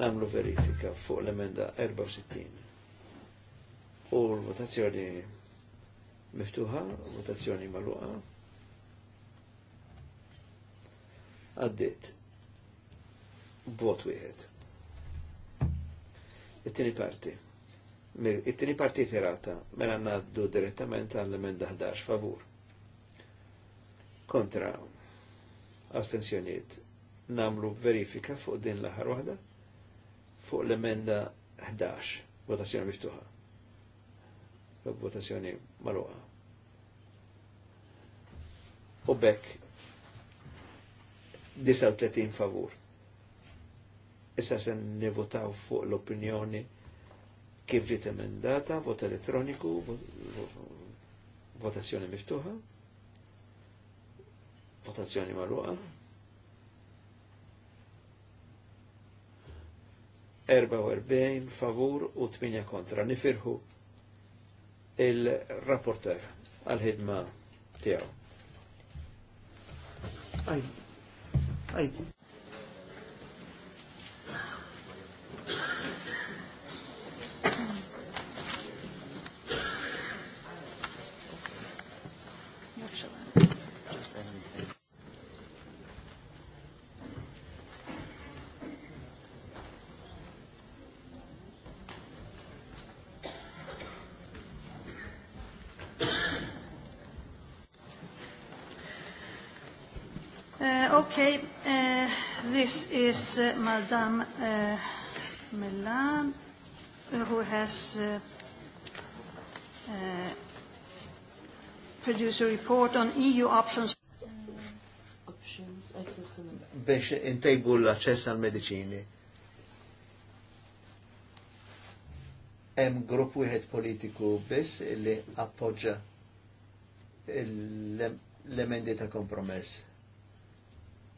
Speaker 4: Namlu verifika fuq l-emenda 64. U l-votazzjoni miftuħa, votazzjoni maluqa. Għaddit. Bot wieħed. It-tieni parti. It-tieni parti ferata mela ngħaddu direttament għall-emenda 11 favur. Kontra astensjoniet namlu verifika fuq din l-aħħar waħda fuq l-emenda 11 votazzjoni miftuħa votazzjoni maluqa. U bekk 39 favur. Issa se nivotaw fuq l-opinjoni kif ġiet emendata, vot elettroniku, votazzjoni miftuħa, votazzjoni maluqa. 44 favur u 8 kontra. Nifirħu il-rapporter għal-ħidma tiegħu. Għaj,
Speaker 1: is Madame uh, eh, Milan, who has uh, uh, produced a report on EU options.
Speaker 4: Biex intejbu l-access għal-medicini. Hemm grupp wieħed politiku biss li appoġġa l-emendi ta' kompromess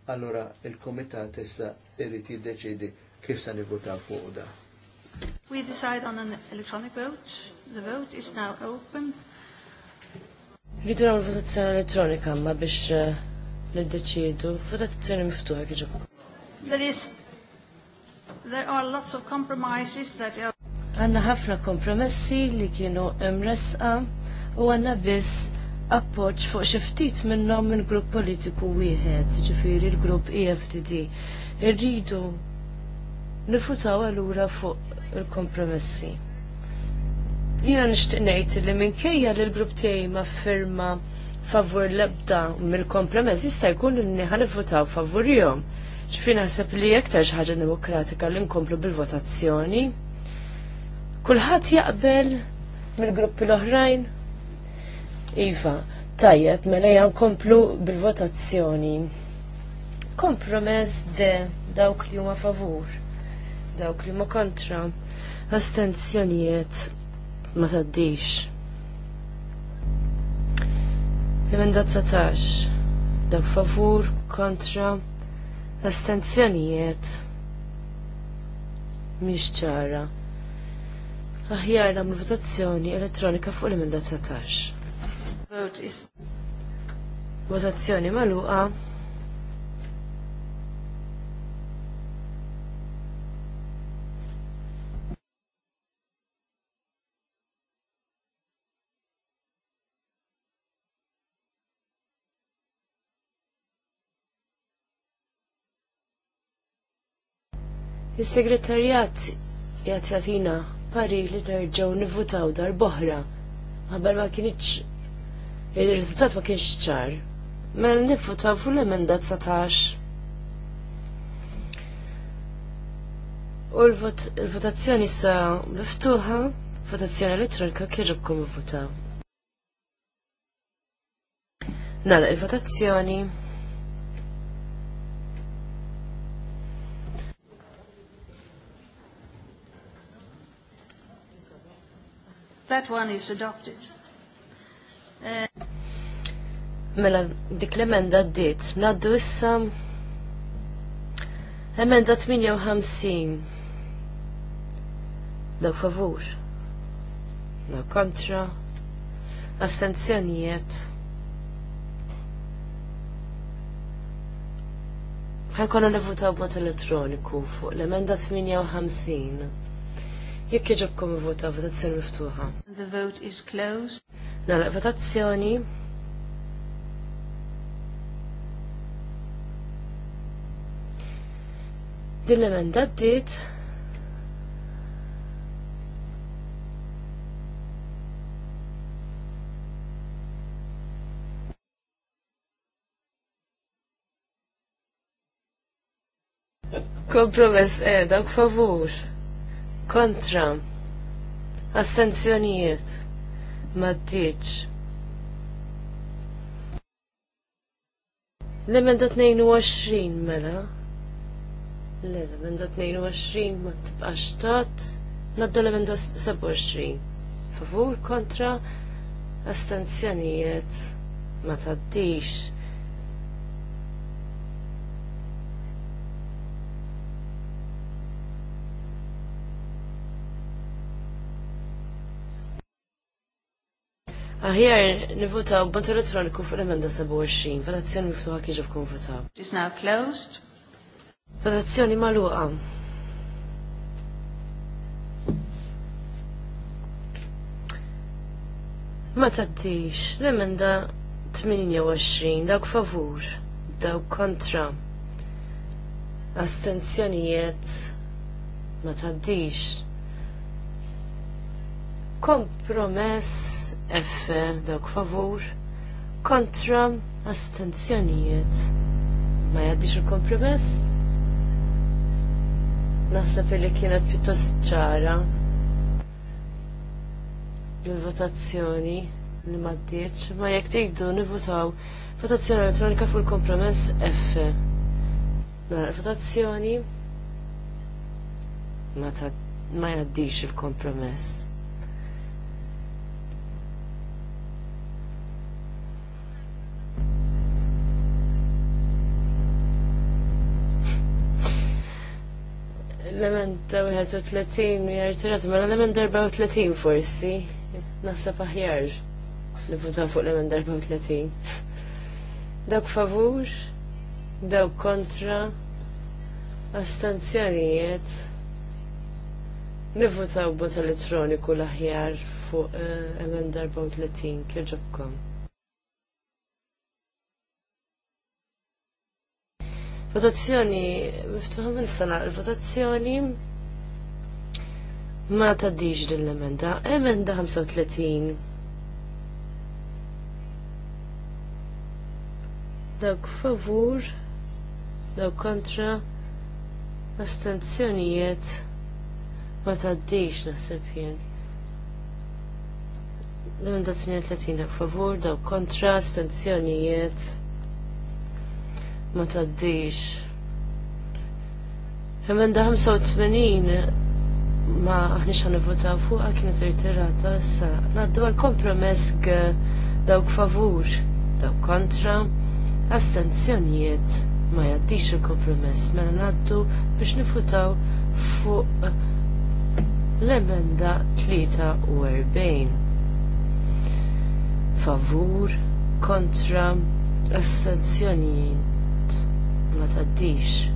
Speaker 4: allora il-komitat issa irrid jiddeċidi kif se nivvotaw fuq da.
Speaker 1: We decide on an electronic vote. The vote is now open.
Speaker 4: Ridu
Speaker 3: għamlu votazzjoni elettronika ma biex eh, niddeċidu. Votazzjoni miftuħa kħiġu.
Speaker 1: There is, there are lots of compromises that are...
Speaker 3: Għanna ħafna kompromessi li kienu imresqa u għanna biss appoġġ fuq xi ftit minnhom minn grupp politiku wieħed, ġifieri l-grupp EFTD. Irridu nifutaw allura fuq il-kompromessi. Jiena nixtieq ngħid li minkejja li l-grupp tiegħi ma firma favur l-ebda mill-kompromess jista' jkun li nieħa nifutaw jom. Ġifieri naħseb li aktar xi ħaġa demokratika li nkomplu bil-votazzjoni. Kulħadd jaqbel mill-gruppi l-oħrajn Iva, tajjeb, mela jgħan komplu bil-votazzjoni. Kompromess de dawk li huma favur, dawk li huma kontra, astenzjonijiet ma taddix. l 19, dawk favur, kontra, astenzjonijiet mhix ċara. Aħjar mill votazzjoni elettronika fuq l-emenda 19. Votazzjoni maluqa. Is-segretarjat jagħtina pari li nerġgħu nivvutaw dar boħra. ma kienieċ il-riżultat ma kienx ċar. Mela nifutaw fuq l-emenda 19. U l-votazzjoni sa miftuħa, votazzjoni elettronika kieġobkom votaw. Nala, il-votazzjoni.
Speaker 1: That one is adopted.
Speaker 3: Mela, dik l-emenda d diet Naddu issa emenda 58. Daw favur. Daw kontra. Astenzjonijiet. konna nivvutaw b'mod elettroniku fuq l-emenda 58. Jekk jġobkom votazzjoni miftuħa.
Speaker 1: The vote is closed.
Speaker 3: Nagħlaq votazzjoni. Din l-emenda ddiet. Kompromess edha, eh, favur. Kontra. Astenzjonijiet maddiċ. L-emenda 22 mela. L-emenda 22 ma tibqax tat. Naddu l-emenda 27. Favur kontra astenzjonijiet ma taddix. Aħjar nivota b'mod elettroniku fuq l-emenda 27, votazzjoni miftuħa kieġu bkun vota. now closed. Votazzjoni magħluqa. Ma tattix, l-emenda 28, dawk favur, dawk kontra. Astenzjonijiet ma taddix kompromess F dawk favur kontra astenzjonijiet ma jaddix il-kompromess naħseb li kienet pjuttost ċara l votazzjoni li ma ddieċ ma jekk tridu nivvotaw votazzjoni elettronika fuq il-kompromess F. Nara votazzjoni ma, ma jaddix il-kompromess. l-element 31 jirtirat, ma l-element 34 forsi, naħseb aħjar li votaw fuq l-element 34. Dawk favur, dawk kontra, astanzjonijiet, nivvotaw bot elettroniku l-aħjar fuq uh, emend 34, kjoġobkom. Votazzjoni miftuħa minn sena l-votazzjoni ma taddiġ din l-emenda. Emenda 35. Dawk favur, dawk kontra, astenzjonijiet ma taddiġ nasib jien. L-emenda 38 dawk favur, dawk kontra, astenzjonijiet ma taddix. Hemmen da 85 ma aħniex għan votaw fuqa kienet irtirata issa. Naddu għal kompromess dawk favur, dawk kontra, astenzjonijiet ma jaddix il-kompromess, mela naddu biex nifutaw fuq l-emenda 43. Favur, kontra, astenzjonijiet ma taddix.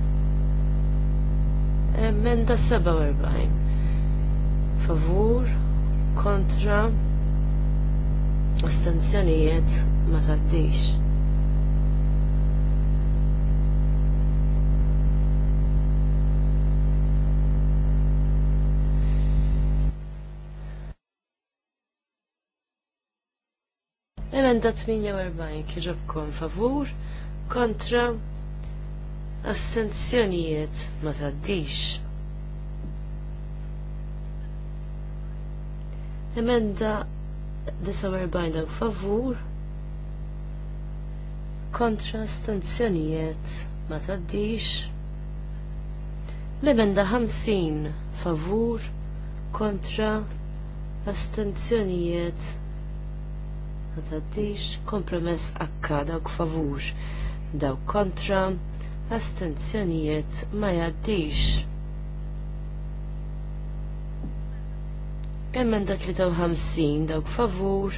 Speaker 3: Emenda 47. Favur, kontra, astenzjonijiet ma taddix. Emenda 48 kieġobkom favur kontra Astenzjonijiet ma taddix. Emenda 49 dawk favur kontra astenzjonijiet ma taddix. L-emenda 50 favur kontra astenzjonijiet ma taddix kompromess akka dawk favur dawk kontra astenzjonijiet ma jaddix. Emenda 53 dawk favur,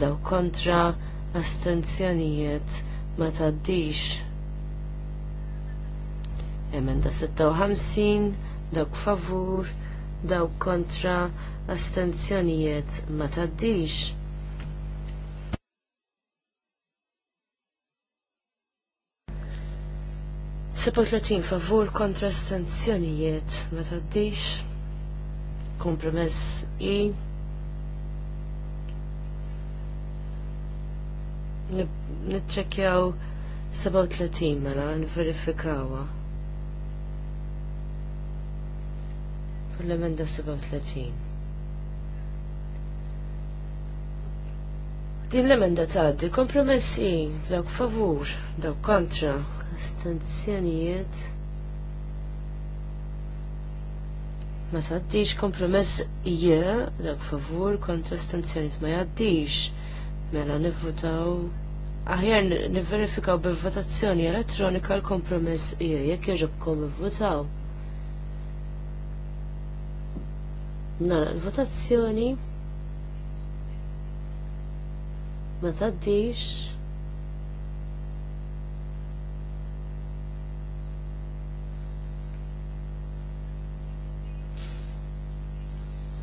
Speaker 3: dawk kontra, astenzjonijiet ma taddix. Emenda 56 dawk favur, dawk kontra, astenzjonijiet ma taddix. 37 favur kontra stanzjonijiet ma taddix kompromess i nitċekjaw 37 mela nverifikawa fil-emenda 37 din l-emenda tgħaddi kompromessi dawk favur dawk kontra astenzjonijiet ma taddix kompromess je dak favur kontra stanzjonijiet ma jaddix mela nivvotaw aħjar nifverifikaw bil-votazzjoni elettronika l-kompromess je jekk kom votaw Nara l-votazzjoni ma taddix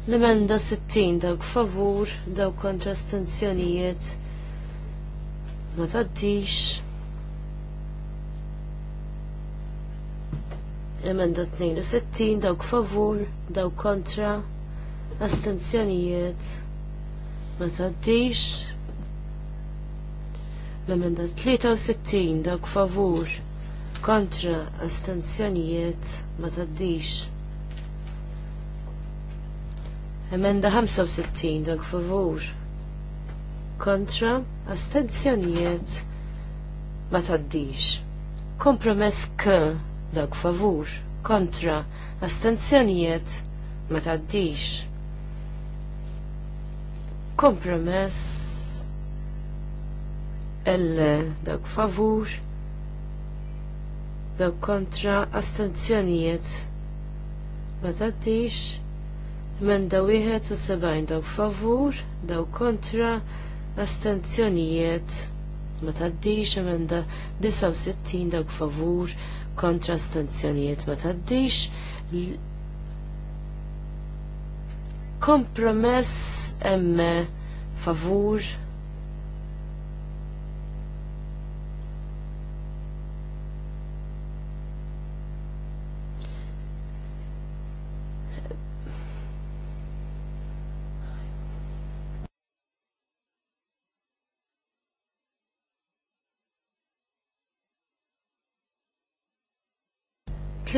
Speaker 3: L-emenda 60 dawk favur, dawk kontra stenzjonijiet. Ma taddix. Emenda 62 dawk favur, dawk kontra astenzjonijiet. Ma taddix. L-emenda 63 dawk favur, kontra astenzjonijiet. Ma taddix. Emenda 65 dak favur. Kontra astenzjonijiet ma taddix. Kompromess k dak favur. Kontra astenzjonijiet ma taddix. Kompromess L dak favur dak kontra astenzjonijiet ma taddix Menda wieħed u sebgħin daw favur, daw kontra, astenzjonijiet ma taddix, emenda 69 daw favur, kontra astenzjonijiet ma taddix. Kompromess emme favur,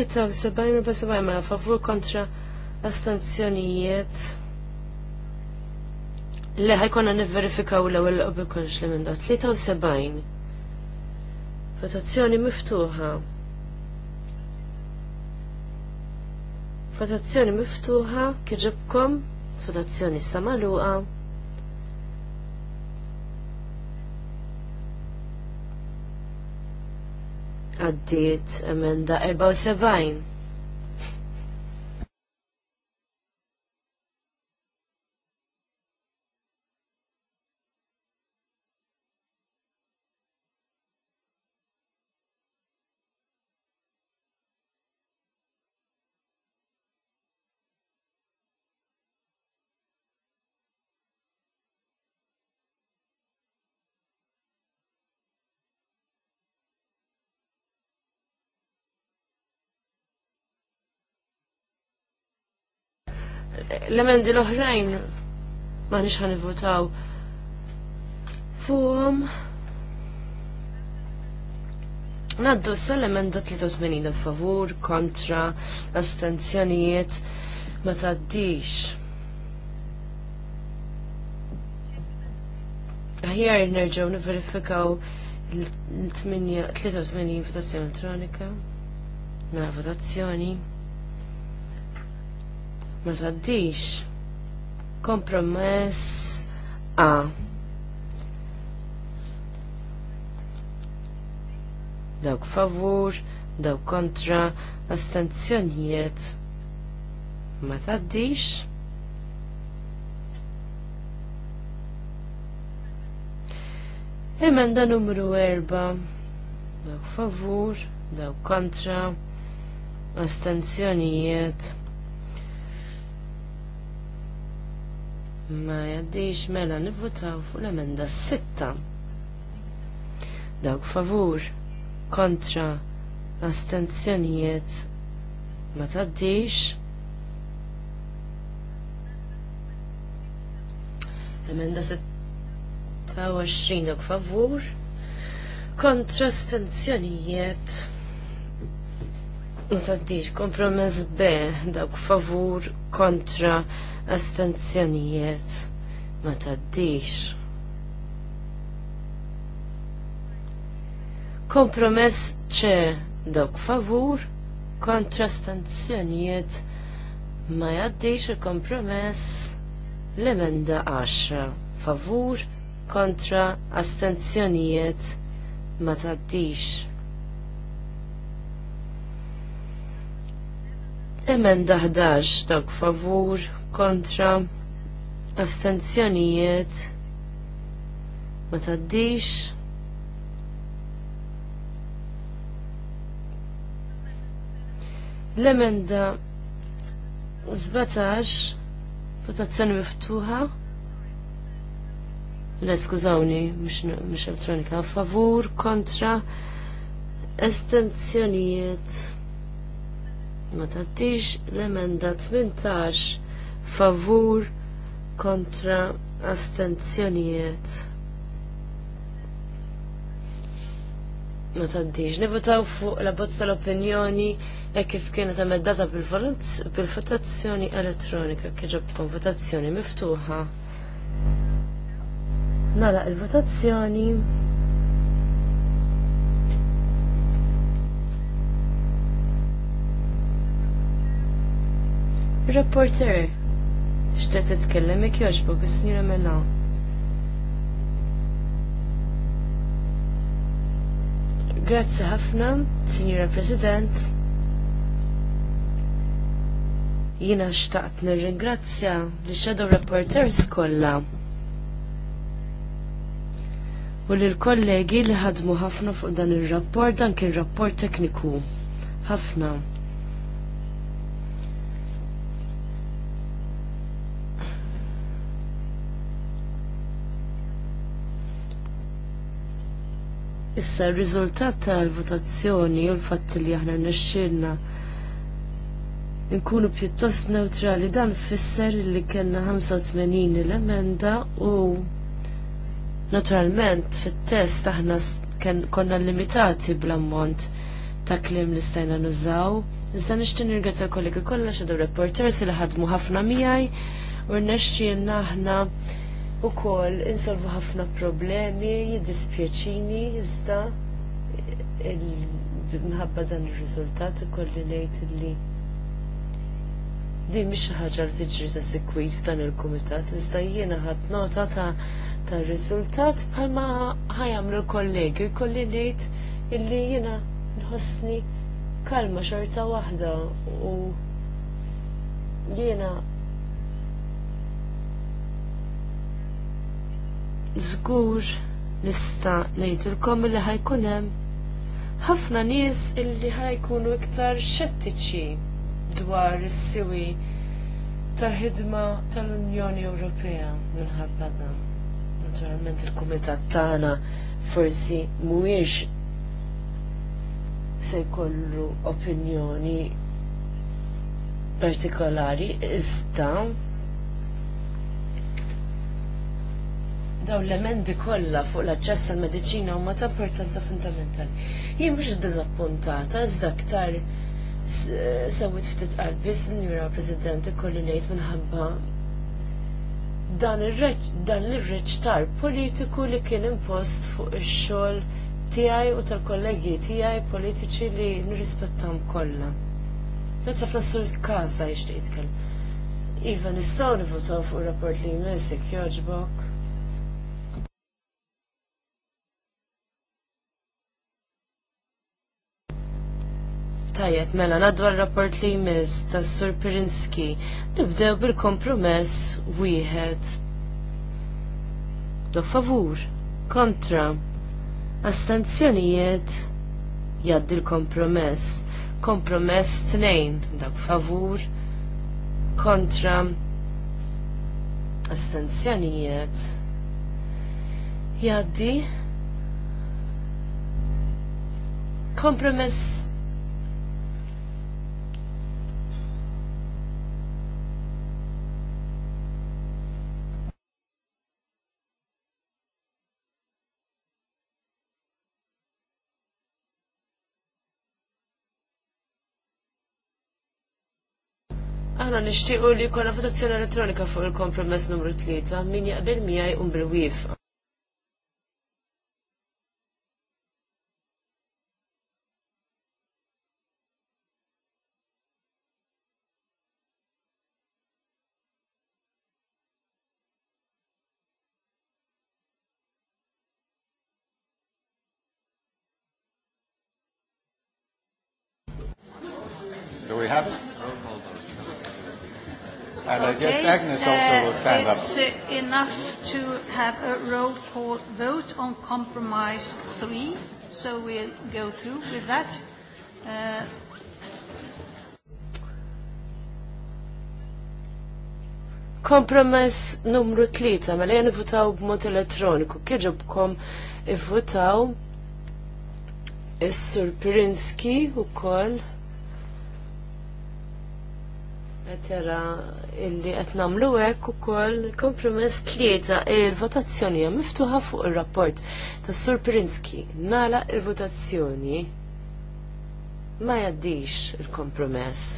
Speaker 3: 73 mela favur kontra astanzjonijiet li ħajkonna nivverifikaw l-ewwel qabel konx li minn dat 73. Votazzjoni miftuħa. Votazzjoni miftuħa kieġibkom, votazzjoni samaluqa. Għaddiet emenda 74. l-emendi l-oħrajn ma nix ħan votaw fuqom. Naddu s-elementa 83 favur kontra astenzjonijiet ma taddix. Għajjar nerġaw n-verifikaw l-83 votazzjoni elettronika. na votazzjoni ma taddix. Kompromess A. Dawk favur, dawk kontra, astenzjonijiet ma taddix. Emenda numru erba' dawk favur, dawk kontra, astenzjonijiet Ma jaddix mela nivvutaw fuq l-emenda sitta. Dawk favur kontra astenzjonijiet ma taddix. Emenda 26 dawk favur kontra astenzjonijiet Taddiċ, iva, kompromess B, dawk favur kontra astenzjonijiet. Ma taddiċ. Kompromess C, dawk favur kontra astenzjonijiet. Ma jaddix il-kompromess l-emenda 10, favur kontra astenzjonijiet ma taddix. Emenda 11 dak favur kontra astenzjonijiet ma taddix. L-emenda 17 votazzjoni miftuħa. l skużawni, mish elektronika favur, kontra, estenzjonijiet ma taddix l-emenda 18 favur kontra astenzjonijiet ma taddix nivotaw fuq la bozza tal-opinjoni e kif kienet emeddata bil-votazzjoni elettronika kieġobkom votazzjoni miftuħa Nala, il-votazzjoni Reporter, xtet titkellem ik joġbok, s-snira mela. Grazzi ħafna, Signora President. Jina xtaqt nirringrazzja li Shadow Reporters kollha. U l kollegi li ħadmu ħafna fuq dan ir-rapport dan kien rapport tekniku. Ħafna. Issa r-riżultat tal-votazzjoni u l-fatt li aħna nixxilna nkunu pjuttost neutrali dan fisser li kena 85 l-emenda u naturalment fit-test aħna konna limitati bl-ammont ta' klim li stajna nużaw. Iżda nixtin nirgazza kollegi kollha xedu reporters li ħadmu ħafna miegħi u rnexxi aħna u kol insolvu ħafna problemi, jiddispjaċini, iżda minħabba dan il-rizultat kolli ngħid li di mish ħaġa li tiġri ta' sikwit f'dan il-kumitat, iżda jiena ħadd nota ta' ta' riżultat bħalma ħajamlu l-kollegi, kolli ngħid illi jiena nħossni kalma xorta waħda u jiena żgur nista' ngħidilkom li ħajkun hemm ħafna nies illi ħajkunu iktar xettiċi dwar is-siwi tal-ħidma tal-Unjoni Ewropea minħabba dan. Naturalment il-kumitat tagħna forsi mhuwiex se jkollu opinjoni partikolari iżda Daw l-emendi kollha fuq l-aċċess għal mediċina huma ta' importanza fundamentali. Jien mhux iddiżappuntata iżda aktar sewit ftit qalbi Sinjura President ikolli ngħid minħabba dan ir reċtar politiku li kien impost fuq ix-xogħol tiegħi u tal-kollegi tiegħi politiċi li nirrispettam kollha. Mezza fl-assur każ jixtieq Iva nistgħu nivutaw fuq rapport li jmessik joġbok Tajjeb, mela nadwar rapport li jmiss tas Sur Pirinski. Nibdew bil-kompromess wieħed. Do favur, kontra, astenzjonijiet jaddi l-kompromess. Kompromess tnejn, dak favur, kontra, astenzjonijiet jaddi kompromess aħna nixtiequ li jkollna votazzjoni elettronika fuq il-kompromess numru 3 min jaqbel miegħi um bil Agnes also uh, will stand it's up. It's
Speaker 1: uh, enough to have a roll call vote on compromise three, so we'll go through with that. Uh,
Speaker 3: Kompromess numru tlita, ma mela jen votaw b b'mod elettroniku, kieġobkom votaw is-Sur Pirinski u koll. Qed jara illi qed nagħmlu hekk ukoll kompromess tlieta il-votazzjoni hija miftuħa fuq ir-rapport tas-Sur Prinski. Nala il-votazzjoni ma jgħaddix il-kompromess.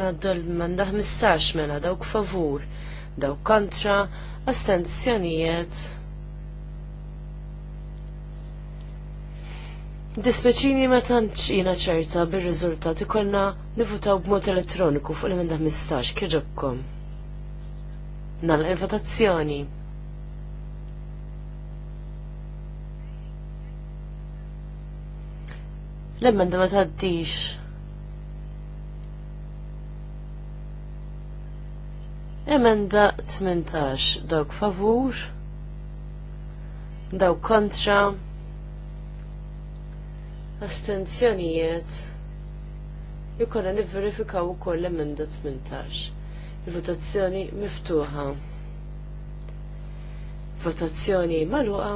Speaker 3: Naddu l-manda mistax mela dawk favur, dawk kontra, astenzjonijiet Dispeċini ma tantx jiena ċerta bir-riżultat ikollna nivutaw b'mod elettroniku fuq l-emenda 15 kieġobkom. Nagħlaq il-votazzjoni. L-emenda ma tgħaddix. Emenda 18 dawk favur, dawk kontra, astenzjonijiet jikonna nivverifikaw ukoll l-emenda 18. Il-votazzjoni miftuħa. Votazzjoni magħluqa.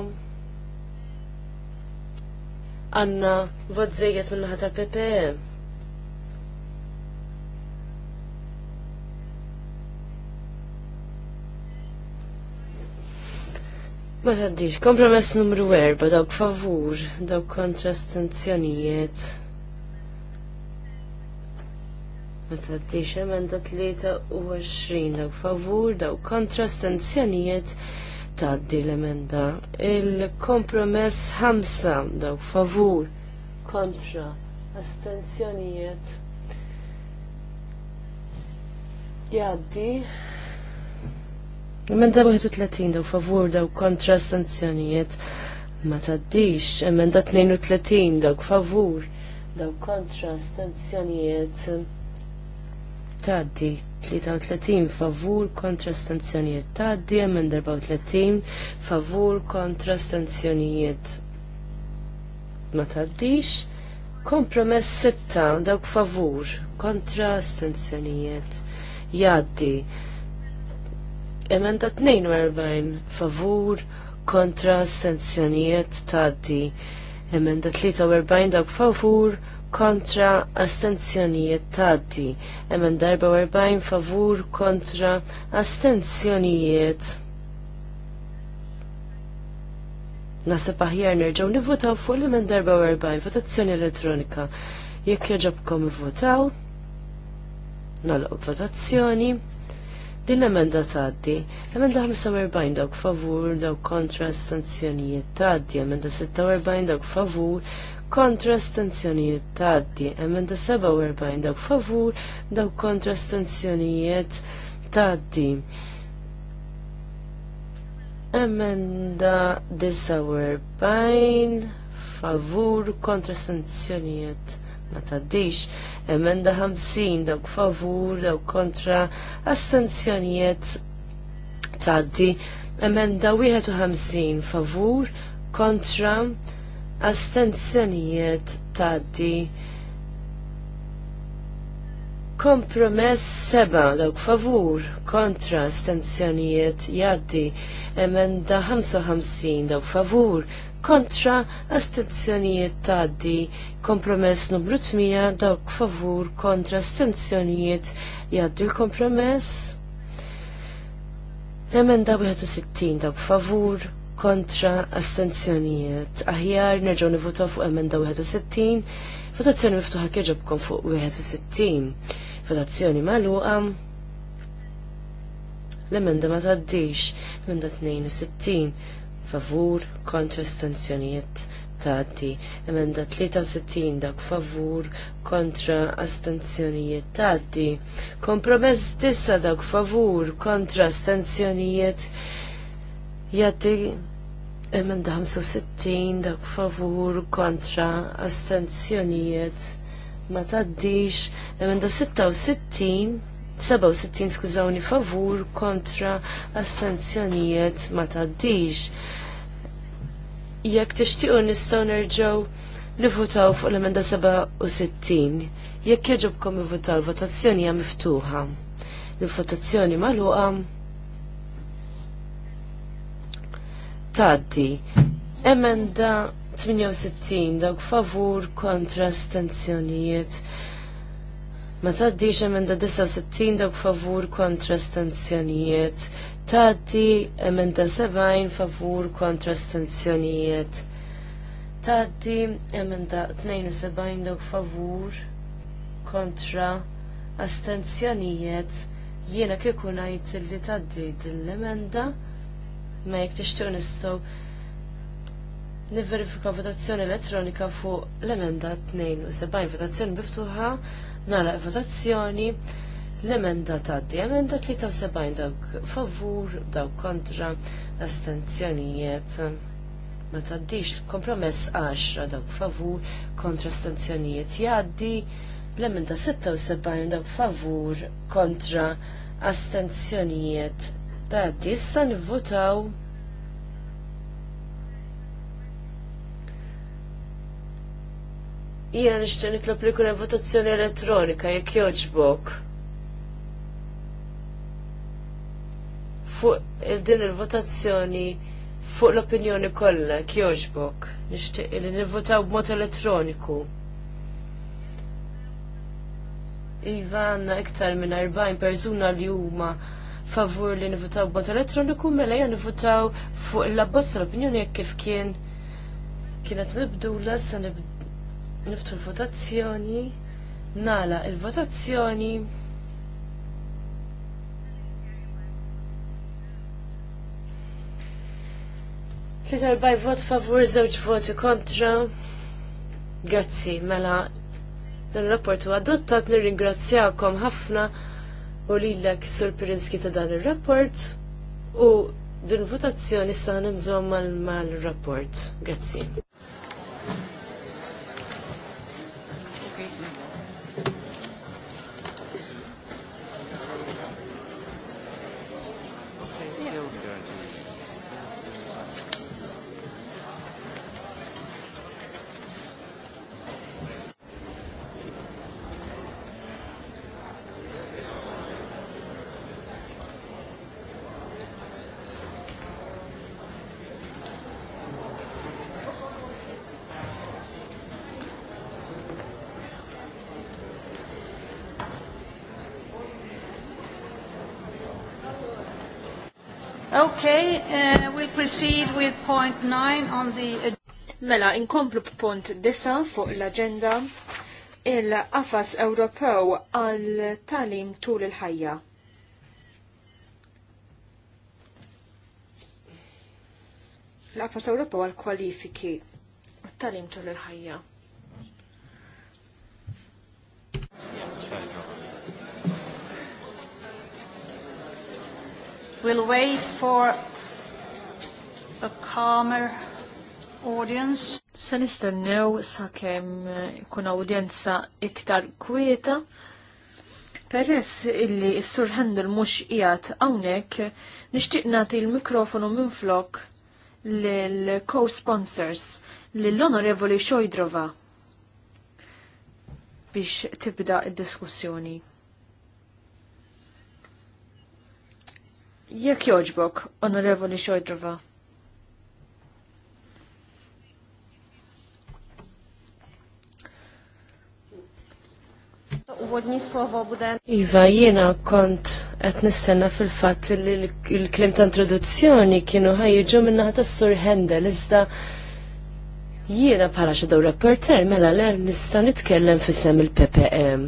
Speaker 3: Anna, vot żejjed minnaħa tal-PPE. Ma taddix, kompromess numru 4, dawk favur, dawk kontra stanzjonijiet. Ma taddix, emenda 23, dawk favur, dawk kontra stanzjonijiet taddi l-emenda. Il-kompromess 5, dawk favur, kontra astenzjonijiet. Jaddi. Emenda 31 daw favur daw kontra stanzjonijiet ma taddix. Emenda 32 daw favur daw kontra stanzjonijiet taddi. 33 favur kontra stanzjonijiet taddi. Emenda 34 favur kontra stanzjonijiet ma taddix. Kompromess sitta, dawk favur kontra stanzjonijiet jaddi. Emenda 42 favur kontra astenzjonijiet taddi. Emenda 43 dawk favur kontra astenzjonijiet taddi. Emenda 44 favur kontra astenzjonijiet. Nasa aħjar nerġaw nivvotaw fuq l-emenda 44 votazzjoni elettronika. Jekk jaġobkom votaw, nalqu votazzjoni. Din l-emenda tgħaddi. L-emenda 45 dawk favur, dawk kontra stanzjonijiet tgħaddi. Emenda 46 dawk favur, kontra stanzjonijiet tgħaddi. Emenda 47 dawk favur, dawk kontra stanzjonijiet tgħaddi. Emenda 49 favur kontra stanzjonijiet ma taddix. Emenda 50 dawk favur, dawk kontra, astenzjonijiet taddi. Emenda 51 favur, kontra, astenzjonijiet taddi. Kompromess seba dawk favur, kontra astenzjonijiet jaddi. Emenda 55 dawk favur, kontra astenzjonijiet tgħaddi. Kompromess numru 8 dawk favur kontra astenzjonijiet jgħaddi l-kompromess. Emenda 61 dawk favur kontra astenzjonijiet. Aħjar nerġgħu nivutaw fuq emenda 61. Votazzjoni miftuħa kieġobkom fuq 61. Votazzjoni magħluqa. L-emenda ma tgħaddix. Emenda 62 favur kontra astenzjonijiet tati. Emenda 63 dak favur kontra astenzjonijiet tati. Kompromess tissa dak favur kontra astenzjonijiet jati. Emenda 65 dak favur kontra astenzjonijiet ma taddix. Emenda 66 67 skużawni favur kontra astenzjonijiet ma taddix. Jekk tixtiequ nistgħu nerġgħu nivvutaw fuq l-emenda 67. Jekk jogħġobkom ivvutaw l-votazzjoni hija miftuħa. Il-votazzjoni magħluqa tgħaddi. Emenda 68 dawk favur kontra stenzjonijiet. Ma taddix emenda 69 dawk favur kontra stenzjonijiet Taddi emenda 70 favur kontra astenzjonijiet. Taddi emenda 72 dok favur kontra astenzjonijiet. Jiena kieku ngħid li taddi din l-emenda ma jekk tixtieq nistgħu nivverifika votazzjoni elettronika fuq l-emenda 72 votazzjoni miftuħa nara votazzjoni L-emenda taddi, emenda 73 dawk favur, dawk kontra, astenzjonijiet. Ma taddix kompromess 10 dawk favur, kontra astenzjonijiet. Jaddi l-emenda 76 dawk favur, kontra astenzjonijiet. Taddi, issa nivvotaw Jena nishtan nitlob li kunem votazzjoni elettronika, jek joġbok. fuq din il-votazzjoni fuq l-opinjoni kollha kjoġbok. Nixtieq li nivvotaw b'mod elettroniku. Iva għandna iktar minn 40 persuna li huma favur li nivvotaw b'mod elettroniku mela hija nivvotaw fuq l-abbozza l-opinjoni jekk kif kien kienet mibdula sa niftu l-votazzjoni nala il-votazzjoni Tliet vot favur, żewġ voti kontra. Grazzi, mela dan il-rapport u adottat nirringrazzjakom ħafna u lilek sur Pirinski ta' dan il-rapport u din votazzjoni sa' nimżom mal-rapport. Grazzi.
Speaker 1: proceed with point 9 on the...
Speaker 2: Mela, inkomplu punt disa fuq l-agenda il-qafas Ewropew għal talim tul il-ħajja. L-qafas Ewropew għal kwalifiki għal talim tul il-ħajja.
Speaker 1: We'll wait for a calmer
Speaker 2: audience. Se nistennew sakemm kun audienza iktar kwieta. Peress illi s-sur Handel mux ijat għawnek, nishtiq nati l-mikrofonu minn flok l-co-sponsors, l-onorevoli Xojdrova biex tibda id-diskussjoni. Jekk joġbok, onorevoli Xojdrova.
Speaker 3: Iva, jiena kont qed nistenna fil-fatt li l-klim ta' introduzzjoni kienu minna minnaħa tas Sur Hendel iżda jiena bħala xedew rapporter mela l nista' nitkellem fissem il-PPM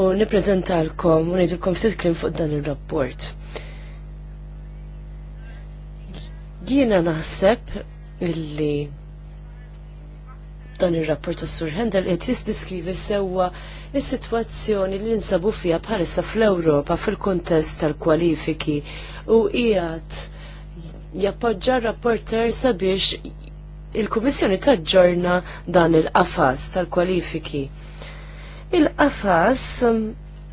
Speaker 3: u nippreżentalkom u ngħidilkom ftit klim fuq dan ir-rapport. Jiena naħseb illi dan ir-rapport tas Sur Hendel qed diskrivi sewwa is-sitwazzjoni li ninsabu fija bħalissa fl-Ewropa fil-kuntest tal-kwalifiki u qiegħed jappoġġa rapporter sabiex il-Kummissjoni taġġorna dan il-qafas tal-kwalifiki. Il-qafas um,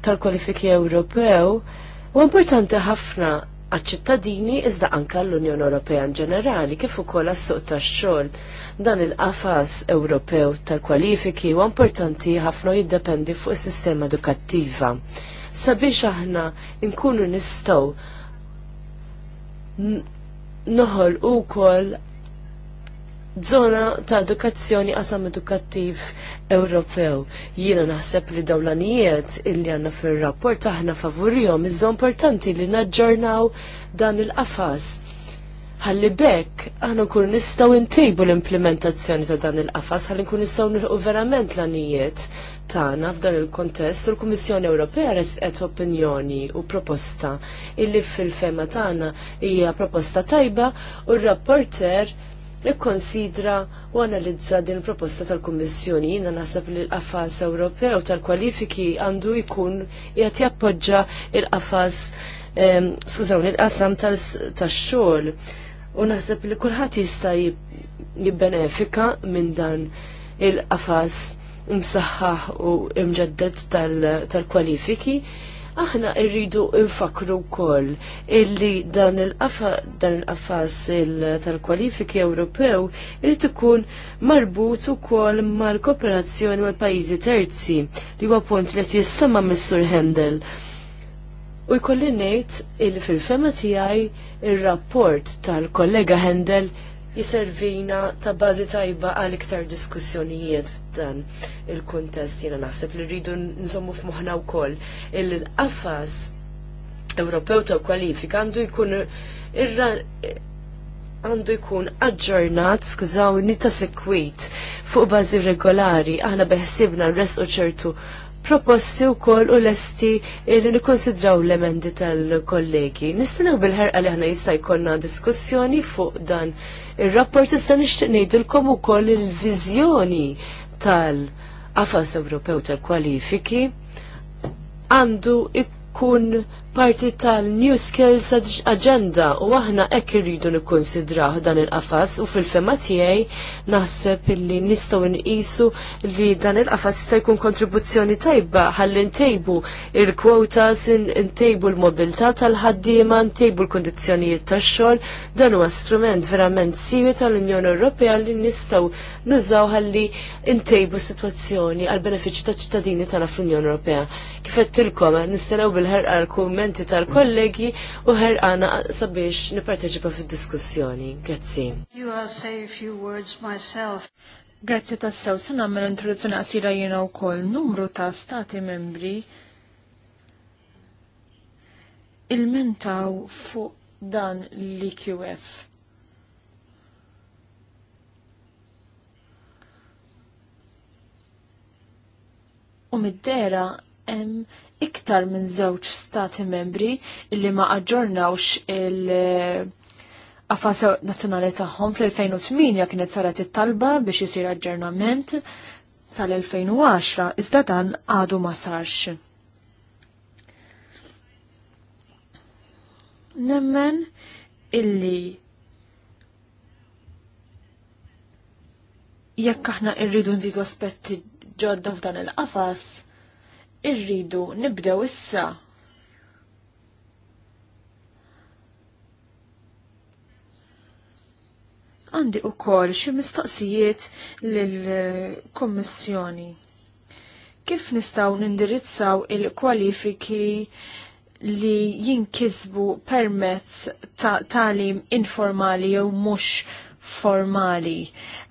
Speaker 3: tal-kwalifiki Ewropew u importanti ħafna għal ċittadini iżda anka l-Unjoni Ewropea in ġenerali kif ukoll għas-suq tax-xogħol. Dan il-qafas Ewropew tal-kwalifiki huwa importanti ħafna jiddependi fuq is-sistema edukattiva. Sabiex aħna nkunu nistgħu noħol ukoll żona ta' edukazzjoni qasam edukattiv Ewropew. Jiena naħseb li dawlanijiet illi għanna fil-rapport aħna favorihom iżda importanti li naġġornaw dan il-qafas. Ħalli bekk aħna kun nistgħu intejbu l-implementazzjoni ta' dan il-qafas, ħalli nkun nistgħu nilħu verament l-anijiet tagħna f'dan il-kontest u l-Kummissjoni Ewropea resqet opinjoni u proposta illi fil-fema tagħna hija proposta tajba u r-rapporter ikkonsidra u analizza din proposta tal-Kummissjoni. Jiena naħseb li l-qafas Ewropew tal-kwalifiki għandu jkun jgħat jappoġġa l-qafas skużaw l-qasam tax-xogħol. U naħseb li kulħadd jista' jibbenefika minn dan il-qafas msaħħaħ u mġeddet tal-kwalifiki. Tal Aħna rridu infakru wkoll illi dan il-qafas tal-kwalifiki Ewropew irid ikun marbut ukoll mal-kooperazzjoni mal-pajjiżi terzi li huwa punt li qed jissema' Mr. Handel. U jkolli ngħid illi fil-fema tiegħi ir-rapport tal-kollega Handel jiservina ta' bażi tajba għal iktar diskussjonijiet il-kuntest jiena naħseb li rridu nżommu f'moħħna wkoll il-qafas Ewropew ta' kwalifika għandu jkun għandu jkun aġġornat, skużaw, ta' sekwit fuq bażi regolari, aħna beħsibna nresqu ċertu proposti u koll u lesti li nikonsidraw l-emendi tal-kollegi. Nistenew bil-ħerqa li ħna jista' jkollna diskussjoni fuq dan ir-rapport iżda nixtieq ngħidilkom ukoll il-viżjoni tal-qafas Ewropew tal-kwalifiki għandu ikkun parti tal-New Skills Agenda u aħna hekk irridu nikkonsidrah dan il-qafas u fil-fema tiegħi naħseb illi nistgħu nqisu li dan il-qafas sta' jkun kontribuzzjoni tajba ħalli ntejbu il-quotas, ntejbu l-mobilità tal-ħaddiema, ntejbu l-kondizzjonijiet tax-xogħol, dan huwa strument verament siwi tal-Unjoni Ewropea li nistgħu nużaw ħalli ntejbu sitwazzjoni għall benefiċċju tal ċittadini tagħna fl-Unjoni Ewropea. Kif qed tilkom nistennew bil-ħerqa kummenti tal-kollegi u ħerqana sabiex nipparteċipa fid-diskussjoni. Grazzi.
Speaker 1: You are say a few words
Speaker 2: myself. Grazzi tassew, se nagħmel introduzzjoni qasira jiena wkoll numru ta' stati membri il-mentaw fuq dan l-IQF. U mid-dera hemm iktar minn żewġ stati membri illi ma aġġornawx il- Affas nazzjonali tagħhom fl-2008 kienet saret it-talba biex isir aġġornament sal-2010 iżda dan għadu ma sarx. Nemmen illi jekk aħna irridu nżidu aspetti ġodda f'dan il-qafas, irridu nibdew issa. Għandi u kol xie mistaqsijiet l-Kommissjoni. Kif nistaw nindirizzaw il-kwalifiki li jinkisbu permezz ta' talim informali jew mhux formali?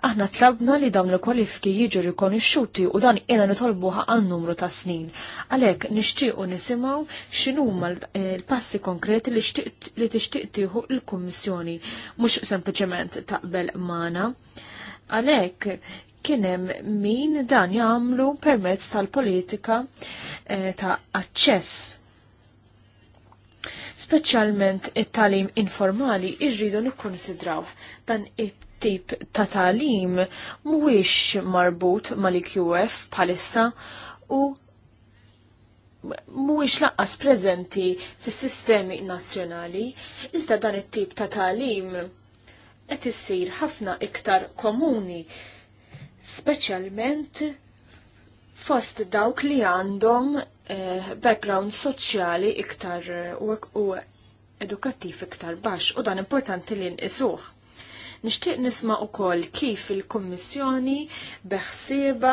Speaker 2: Aħna tlabna li dawn il-kwalifiki jiġu rikonixxuti u dan qiegħna nitolbu għan numru ta' snin. Għalhekk nixtiequ nisimgħu x'inhuma l-passi konkreti li li tixtieq tieħu l-Kummissjoni mhux sempliċement taqbel magħna. Għalhekk kien hemm min dan jagħmlu permezz tal-politika eh, ta' aċċess speċjalment it-talim informali irridu nikkonsidraw dan it tip ta' talim mhuwiex marbut mal-IQF bħalissa u mhuwiex laqqas preżenti fis-sistemi nazzjonali, iżda dan it-tip ta' talim qed issir ħafna iktar komuni, speċjalment fost dawk li għandhom eh, background soċjali iktar u edukattiv iktar baxx u dan importanti li nqisuh. Nixtieq nisma' ukoll kif il-Kummissjoni beħsieba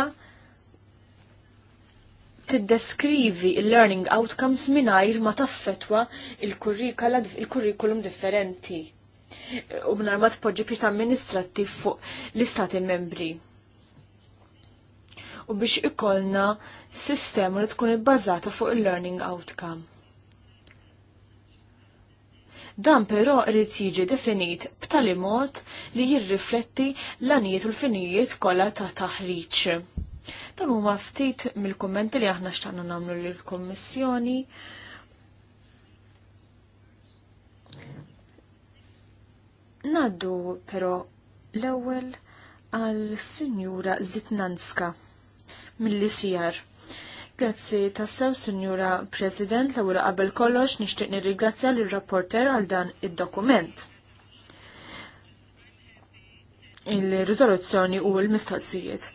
Speaker 2: tiddeskrivi il-learning outcomes mingħajr ma taffetwa il-kurrikulum differenti u mingħajr ma tpoġġi pis amministrattiv fuq l-istati membri. U biex ikollna sistema li tkun ibbażata fuq il-learning outcome. Dan però rrid jiġi definit b'tali mod li jirrifletti l-anijiet u l-finijiet kollha ta' taħriġ. Dan huma ftit mill-kummenti li aħna xtaqna nagħmlu lill-Kummissjoni. Naddu però l-ewwel għal Sinjura Zitnanska mill-ICR. Grazzi tassew, Sinjura President, l ewwel qabel kollox nixtieq nirringrazzja lir rapporter għal dan id-dokument. Il-riżoluzzjoni u l-mistoqsijiet.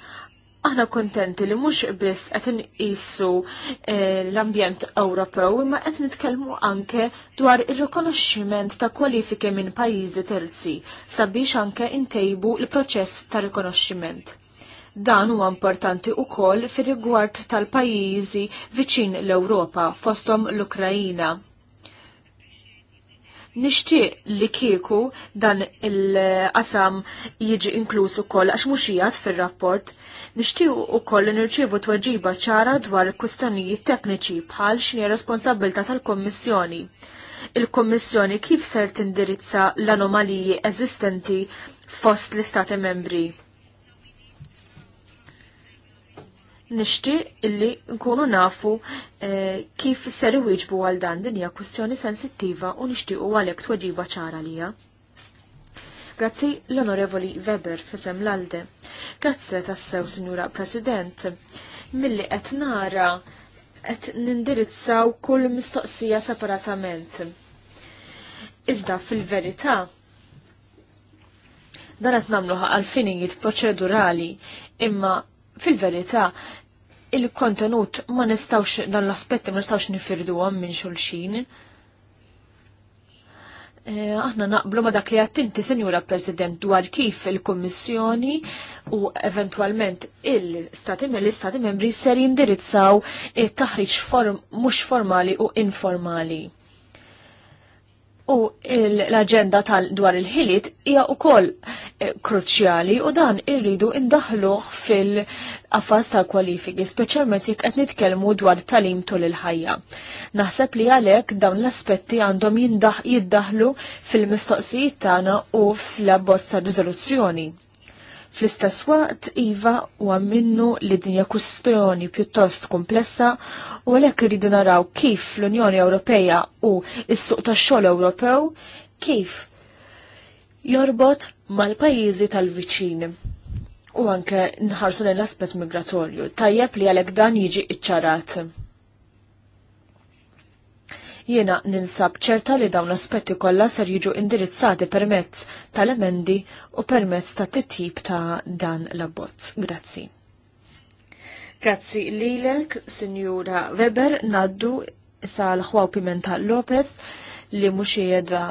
Speaker 2: Aħna kontenti li mhux biss qed inqisu eh, l-ambjent Ewropew imma qed nitkellmu anke dwar ir-rikonoxximent ta' kwalifiki minn pajjiżi terzi sabiex anke intejbu l-proċess ta' rikonoxximent Dan huwa importanti wkoll fir-rigward tal-pajjiżi viċin l-Ewropa fosthom l-Ukrajina. Nixtieq li kieku dan il-qasam jiġi inkluż ukoll għax mhux fir-rapport. Nixtieq ukoll li nirċievu tweġiba ċara dwar kwistjonijiet tekniċi bħal x'inhi responsabilità tal-Kommissjoni. Il-Kommissjoni kif ser tindirizza l-anomaliji eżistenti fost l-Istati membri nixtieq illi nkunu nafu eh, kif seri wieġbu għal dan din hija kwistjoni sensittiva u nixtiequ għalhekk tweġiba ċara lija. Grazzi l-Onorevoli Weber fisem l-Alde. Grazzi tassew, Sinjura President. Milli qed nara qed nindirizzaw kull mistoqsija separatament. Iżda fil-verità dan qed għal finijiet proċedurali imma fil-verità il-kontenut ma nistawx dan l-aspetti ma nistawx nifirdu għam minn xulxin. Eh, aħna naqblu ma dak li għattinti, Senjura President, dwar kif il-Kommissjoni u eventualment il-Stati l-Stati membri ser jindirizzaw eh, it form, mux formali u informali. U l-agenda tal dwar il-ħiliet hija wkoll eh, kruċjali u dan irridu indaħluh fil affas tal kwalifiki, speċjalment jekk qed nitkellmu dwar talim tul il-ħajja. Naħseb li għalhekk dawn l-aspetti għandhom jiddaħlu fil-mistoqsijiet tagħna u fl-abbozz ta' riżoluzzjoni. Fl-istess waqt, Iva u minnu li dinja kustjoni pjuttost komplessa u għalhekk irridu naraw kif l-Unjoni Ewropea u s-suq tax-xogħol Ewropew kif jorbot mal-pajjiżi tal-viċin. U anke nħarsu l-aspet migratorju, tajjeb li għalek dan jiġi iċċarat. Jiena ninsab ċerta li dawn l-aspetti kollha ser jiġu indirizzati permezz tal-emendi u permezz ta' titjib ta' dan l-abbozz. Grazzi. Grazzi lilek, Sinjura Weber, naddu sal ħwaw Pimenta Lopez li mhux jedha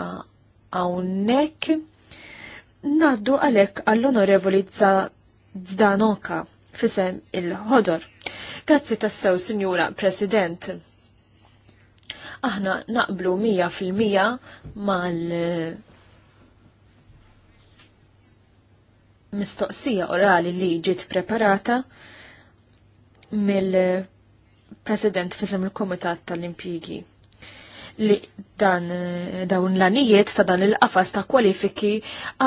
Speaker 2: hawnhekk. Naddu għalhekk għall-Onorevoli Zdanoka fisem il-ħodor. Grazzi tassew, Sinjura President. Aħna naqblu Mija fil-mija mal eh, mistoqsija orali li ġiet preparata mill-President fizem il-Komitat tal-Impjigi li dan eh, dawn l-anijiet ta' dan il-qafas ta' kwalifiki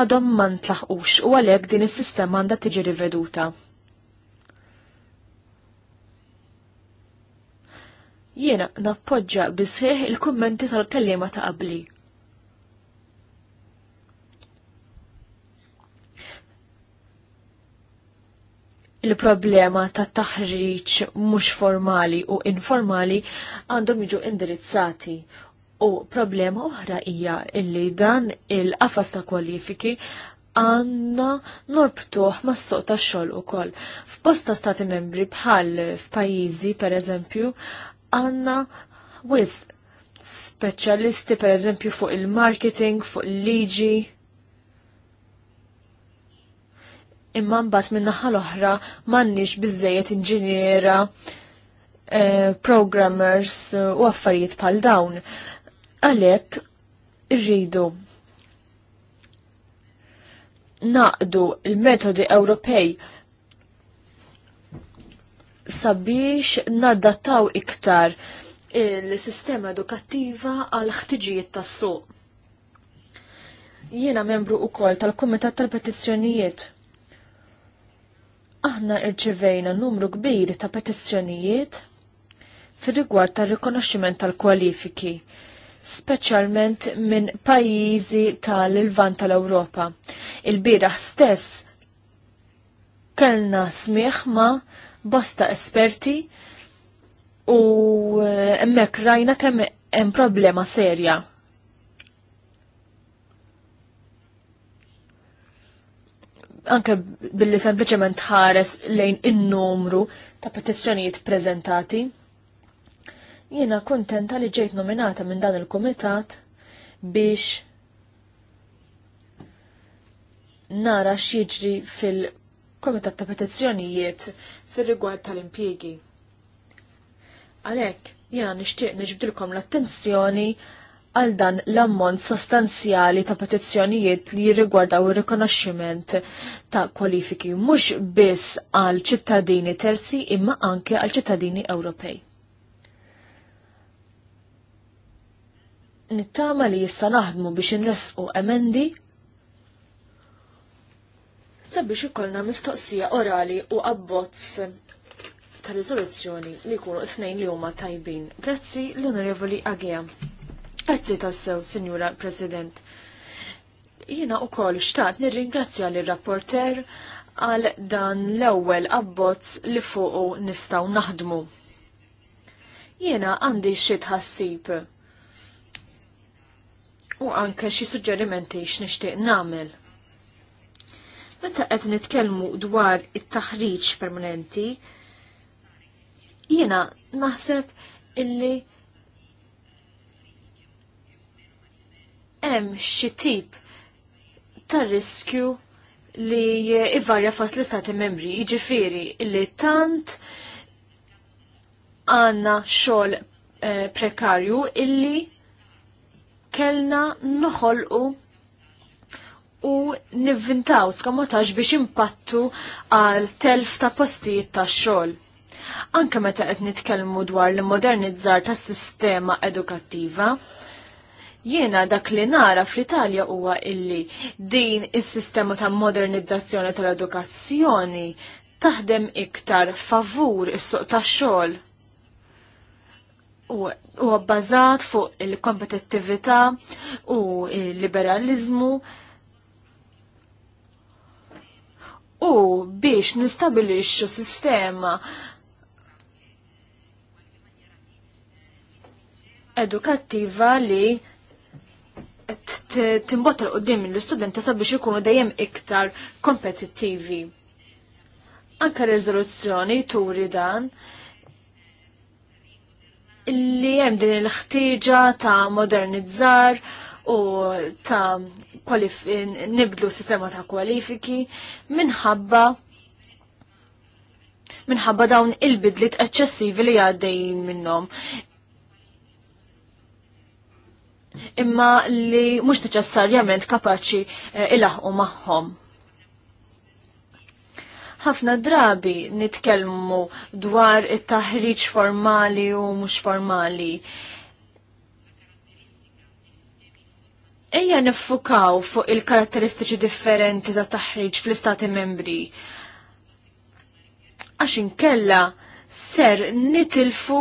Speaker 2: għadhom ma ntlaħqux u għalhekk din is-sistema għandha tiġi riveduta. Jiena nappoġġa bisħieħ il-kummenti tal-kellima ta' qabli. il-problema ta' taħriġ mhux formali u informali għandhom jiġu indirizzati u problema oħra hija illi dan il-qafas ta' kwalifiki għanna norbtuħ ma' s-soq ta' xol u koll. F'bosta stati membri bħal f'pajizi, per eżempju, għanna wis speċjalisti per eżempju fuq il-marketing, fuq il-liġi. Imma mbagħad min-naħa l-oħra m'għandniex biżejjed inġiniera, eh, programmers u affarijiet bħal dawn. Għalhekk rridu naqdu l-metodi Ewropej sabiex nadattaw iktar il-sistema edukattiva għal ħtiġijiet tas-suq. Jiena membru ukoll tal-Kumitat tal-Petizzjonijiet. Aħna irċivejna numru kbir ta' petizzjonijiet fir-rigward tar-rikonoxximent tal-kwalifiki speċjalment minn pajjiżi tal-Ilvan tal-Ewropa. Il-bieraħ stess kellna smieħ ma' bosta esperti u eh, emmek rajna kemm hemm problema serja. Anke billi sempliċement ħares lejn in-numru ta' petizzjonijiet preżentati. Jiena kontenta li ġejt nominata minn dan il-kumitat biex nara x'jiġri fil-Komitat ta' Petizzjonijiet fil-rigward tal-impjiegi. Għalhekk, jena nixtieq niġbdilkom l-attenzjoni għal dan l-ammont sostanzjali ta' petizzjonijiet li jirrigwardaw ir-rikonoxximent ta' kwalifiki mhux biss għal ċittadini terzi imma anke għal ċittadini Ewropej. Nittama li jista' naħdmu biex inresqu emendi sabiex ikollna mistoqsija orali u abbozz ta' riżoluzzjoni li jkunu snejn li huma tajbin. Grazzi l-Onorevoli Agea. Grazzi tassew, Sinjura President. Jiena wkoll xtaqt nirringrazzja lir rapporter għal dan l-ewwel abbozz li fuqu nistgħu naħdmu. Jiena għandi xi tħassib u anke xi suġġerimenti x'nixtieq nagħmel. Meta qed nitkellmu dwar it-taħriġ permanenti, jiena naħseb illi hemm xi tip ta' riskju li ivarja fost l-istati membri, jiġifieri illi tant għanna xogħol eh, prekarju illi kellna noħolqu u nivvintaw skamotax biex impattu għal telf ta' postijiet ta' xogħol. Anke meta qed nitkellmu dwar l-modernizzar tas sistema edukattiva, jiena dak li nara fl-Italja huwa illi din is-sistema ta' modernizzazzjoni tal-edukazzjoni taħdem iktar favur is-suq tax-xogħol u bbażat fuq il-kompetittività u l-liberalizmu il u biex nistabilixxu sistema edukattiva li timbotta l-qoddim l-studenti sabiex ikunu dejjem iktar kompetittivi. Anka riżoluzzjoni turi dan li hemm din il-ħtieġa ta' modernizzar u ta' nibdlu sistema ta' kwalifiki minħabba minħabba dawn il-bidlit eċċessivi li għaddej minnhom. Imma li mhux neċessarjament kapaċi eh, ilaħqu magħhom ħafna drabi nitkellmu dwar it-taħriġ formali u mhux formali. Ejja niffukaw fuq il-karatteristiċi differenti ta' taħriġ fl-istati membri. Għax inkella ser nitilfu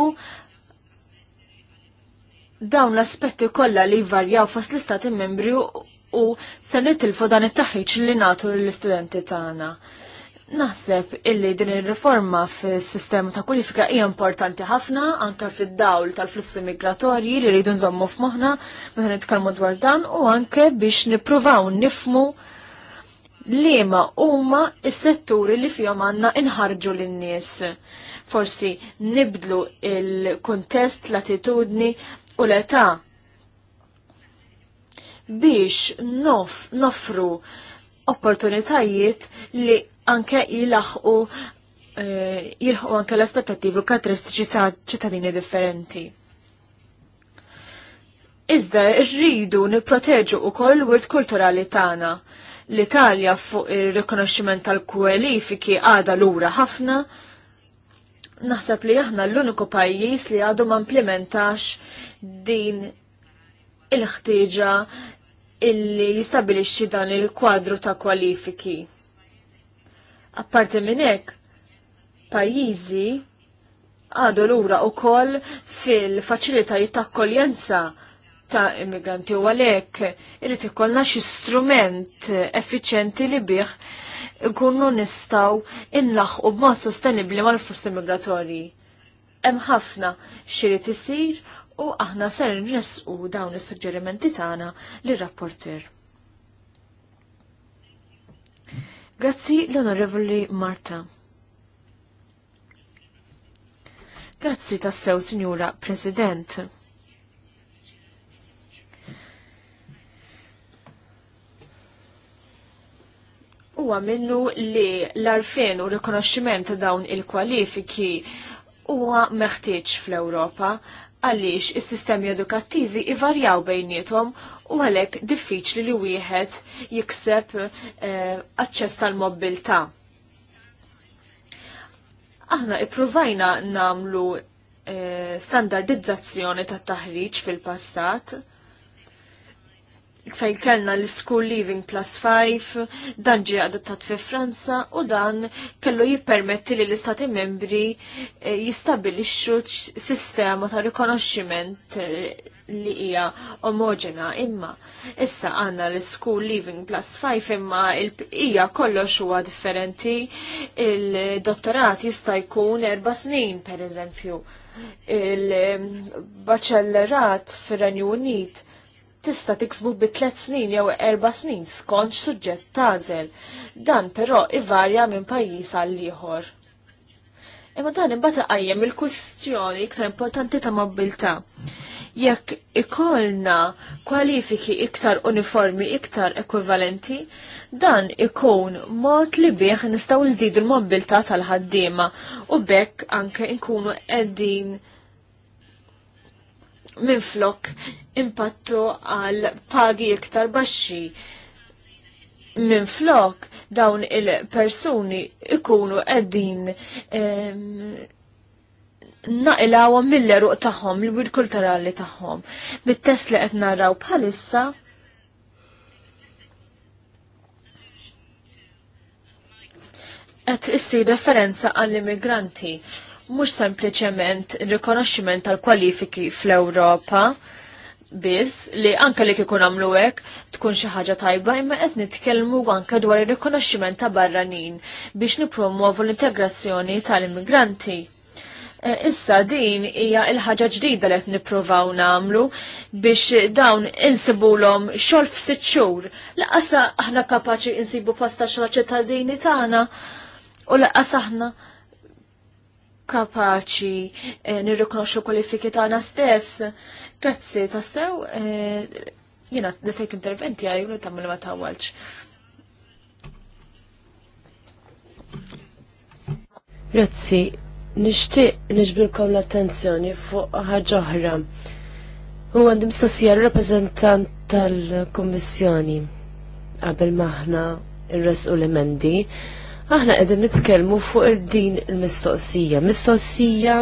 Speaker 2: dawn l-aspetti kollha li jvarjaw fos l-istati membri u se nitilfu dan it-taħriġ li nagħtu l-istudenti tagħna. Naħseb illi din ir-riforma fis-sistema ta' kwalifika hija importanti ħafna anke fid-dawl tal-flussi migratorji li rridu nżommu f'moħħna meta nitkellmu dwar dan u anke biex nippruvaw nifmu liema huma s-setturi li fihom għandna inħarġu lin-nies. Forsi nibdlu il-kuntest, l-attitudni u l-età biex nof, nofru opportunitajiet li anke jilaħqu eh, jilħu anke l-aspettativi u karatteristiċi ta' ċittadini differenti. Iżda rridu nipproteġu l wirt kulturali tagħna. L-Italja fuq ir-rikonoxximent tal-kwalifiki għada lura ħafna, naħseb li aħna l-uniku pajjiż li għadu ma implementax din il-ħtieġa illi jistabilixxi dan il-kwadru ta' kwalifiki. Apparti minn hekk, pajjiżi għadu lura wkoll fil-faċilitajiet ta' ta' immigranti u għalhekk irid ikollna xi strument effiċjenti li bih ikunu nistgħu inlaħqu b'mod sostenibbli mal-fluss immigratorji. Hemm ħafna xiri isir u aħna ser nresqu dawn is-suġġerimenti tagħna lir-rapporter. Grazzi l-Onorevoli Marta. Grazzi tassew, Signora President. Huwa minnu li l-arfin u rikonoxximent dawn il-kwalifiki huwa meħtieġ fl-Ewropa għaliex is-sistemi edukattivi ivarjaw bejnietom u għalhekk diffiċli li wieħed jikseb eh, aċċess għal mobilità. Aħna ipprovajna namlu eh, standardizzazzjoni ta' taħriġ fil-passat fejn kellna l-School Leaving Plus 5, dan ġie adottat fi Franza u dan kellu jippermetti li l-Istati membri eh, jistabilixxu sistema ta' rikonoxximent li hija omogena imma issa għanna l-school leaving plus 5 imma hija kollox huwa differenti il-dottorat jista' jkun erba' snin per eżempju il-baċellerat fir-Renju Unit tista' tiksbu bi tliet snin jew erba' snin skont suġġett tażel. Dan però ivarja minn pajjiż għal ieħor. Imma dan imbagħad qajjem il-kwistjoni iktar importanti ta' mobilità jekk ikollna kwalifiki iktar uniformi iktar ekwivalenti, dan ikun mod li bieħ nistaw nżidu l mobilta tal-ħaddiema u bekk anke nkunu qegħdin minflok impattu għal pagi iktar baxxi. Minflok dawn il-persuni ikunu qegħdin naqilawhom mill-eruq tagħhom, l wir kulturali tagħhom. Bit-test li qed narraw bħalissa qed issir referenza għall-immigranti mhux sempliċement rikonoxximent tal-kwalifiki fl-Ewropa biss li anke li kikun għamlu hekk tkun xi ħaġa tajba imma qed nitkellmu anke dwar ir-rikonoxximent ta' barranin biex nippromuovu l-integrazzjoni tal-immigranti. Eh, issa din hija il-ħaġa ġdida li qed nippruvaw nagħmlu biex dawn insibulhom xogħol f'sitt xhur. Laqas aħna kapaċi insibu pasta xogħol ċittadini tagħna u laqas aħna kapaċi eh, nirrikonoxxu kwalifiki tagħna stess. Grazzi tassew eh, jiena nisejt interventi għaj u tagħmel ma tawalx.
Speaker 3: Grazzi, nixtieq niġbilkom l-attenzjoni fuq ħaġa oħra. U għandim stasija rappresentant tal-Kommissjoni qabel maħna il res u l-emendi, aħna qegħdin nitkellmu fuq il-din il-mistoqsija. Mistoqsija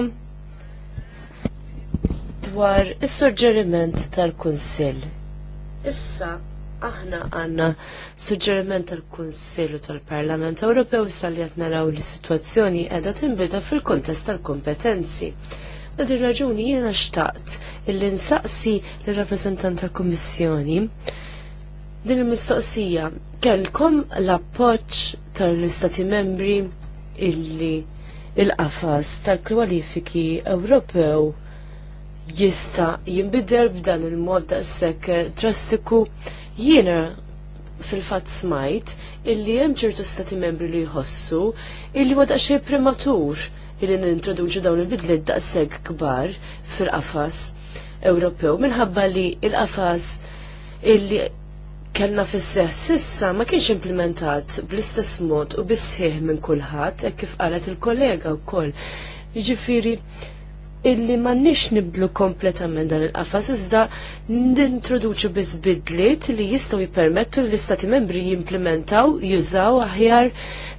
Speaker 3: dwar is-suġġeriment tal-Kunsill. Issa aħna għanna suġġeriment tal-Kunsillu tal-Parlament Ewropew sal-li naraw li situazzjoni qiegħda tinbida fil-kontest tal-kompetenzi. Għad raġuni jena xtaqt illi nsaqsi l-rappresentant tal-Kummissjoni din il-mistoqsija kellkom l-appoġġ tal-Istati membri illi il-qafas tal-kwalifiki Ewropew jista jinbidel b'dan il-mod daqshekk drastiku Jiena fil-fatt smajt illi hemm ċertu stati membri li jħossu illi ma daqsxejn prematur illi nintroduċu dawn il-bidliet daqseg kbar fil-qafas Ewropew minħabba li il-qafas illi kellna fis-seħ sissa ma kienx implementat bl-istess mod u bissieħ minn kulħadd hekk kif qalet il-kollega wkoll. Jiġifieri illi m'għandniex nibdlu kompletament dan il-qafas iżda nintroduċu biss bidliet li jistgħu jippermettu li l-istati membri jimplementaw jużaw aħjar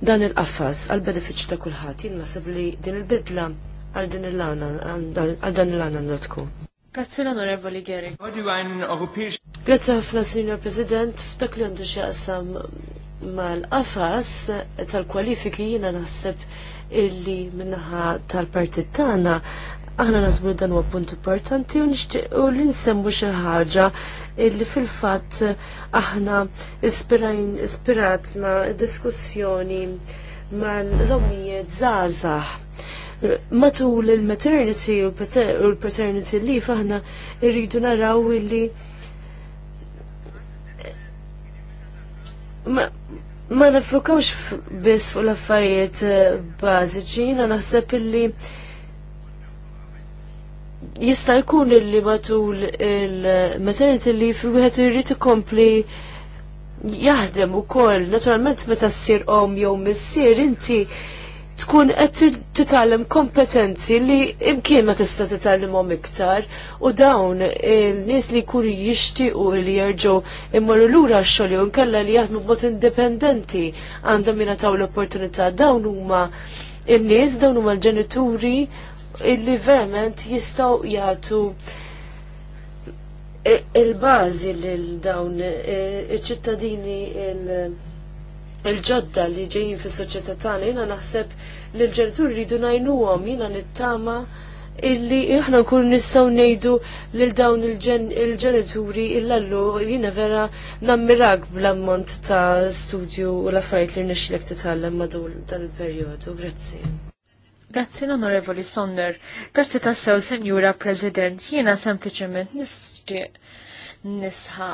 Speaker 3: dan il-qafas għal benefiċċju ta' kulħadd. Jien naħseb li din il-bidla għal din il-lana għal dan il-lana għandha tkun. Grazie l-onorevoli Geri. Grazie ħafna, Signor President, f'dak li għandu xaqsam mal-qafas tal-kwalifiki jina naħseb illi minnaħa tal-partit tagħna Aħna nasbu dan huwa punt importanti u nixtiequ li nsemmu xi ħaġa illi fil-fatt aħna ispiratna diskussjoni mal-lomijiet żgħażagħ matul il-maternity u l-paternity li faħna irridu naraw illi ma, ma nafukawx biss fuq l-affarijiet eh, bażiċi, na naħseb illi jista' jkun li matul il-maternity li wieħed irid ikompli jaħdem ukoll naturalment meta ssir om jew missier inti tkun qed titgħallem kompetenzi li imkien ma tista' titgħallimhom iktar u dawn il-nies li jkunu jixtiequ li jerġgħu immorru lura x-xogħol jew inkella li jaħdmu b'mod indipendenti għandhom jingħataw l-opportunità dawn huma in-nies dawn huma l-ġenituri illi verament jistaw jgħatu il-bazi lil dawn il-ċittadini il-ġodda li ġejjin fis soċjetà tagħna jiena naħseb li l-ġenituri rridu għom jiena nittama illi aħna nkunu nistgħu ngħidu lil dawn il-ġenituri allu jiena vera nammirak bl-ammont ta' studju u l-affarijiet li nixlek titgħallem madul dan il-perjodu. Grazzi. Grazzi l-Onorevoli Sonner. Grazzi tassew, signora
Speaker 2: President. Jiena sempliciment nisġi nisħa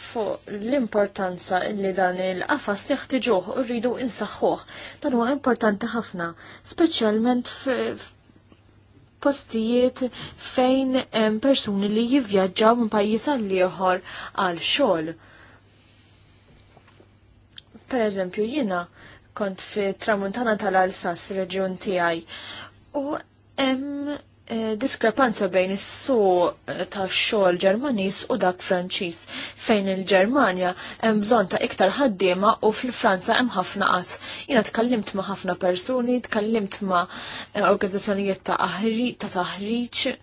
Speaker 2: fuq l-importanza li dan il-qafas neħtiġuħ u rridu insaħħuh. Dan huwa importanti ħafna, speċjalment postijiet fejn hemm persuni li jivvjaġġaw minn pajjiż għal ieħor għal xogħol. Per eżempju, jiena kont fi tramuntana tal-Alsas fil-reġjun tiegħi. U hemm eh, diskrepanza bejn is su eh, tax-xogħol Ġermaniż u dak Franċiż. Fejn il-Ġermanja hemm bżonn ta' iktar ħaddiema u fil-Franza hemm ħafna qatt. Jiena tkellimt ma' ħafna persuni, tkellimt ma' eh, organizzazzjonijiet ta' taħriġ. Ta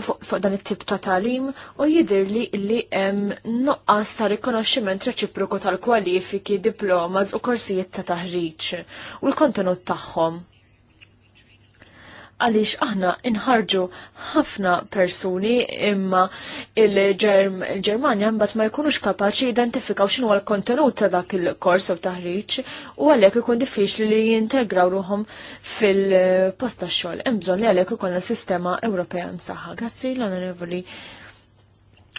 Speaker 2: u fuq dan it-tip ta' talim u jidir li li hemm nuqqas ta' rikonoxximent reċiproku tal-kwalifiki, diplomas u korsijiet ta' taħriġ u l-kontenut tagħhom għaliex aħna inħarġu ħafna persuni imma il-Ġermanja mbagħad ma jkunux kapaċi identifikaw xinu l-kontenut ta' dak il-kors u taħriġ u għalhekk ikun diffiċli li jintegraw ruhom fil posta tax-xogħol. li għalek li l sistema Ewropea msaħħa. Grazzi l-Onorevoli.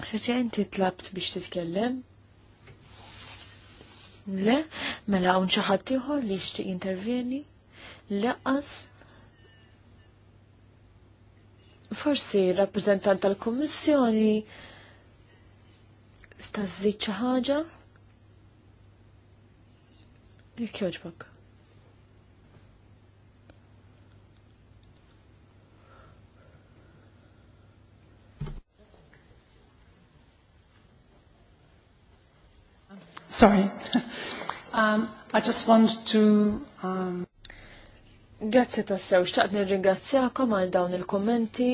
Speaker 2: Xaċi inti tlabt biex tiskellem. Le, mela hawn xi ħadd ieħor li jixtieq jintervjeni? Laqas Forsi rappresentant tal kommissjoni sta' żżid xi ħaġa? Jekk jogħġbok.
Speaker 3: Sorry. um, I just want to um,
Speaker 2: Grazzi tassew, xtaqt nirringrazzjakom għal dawn il-kommenti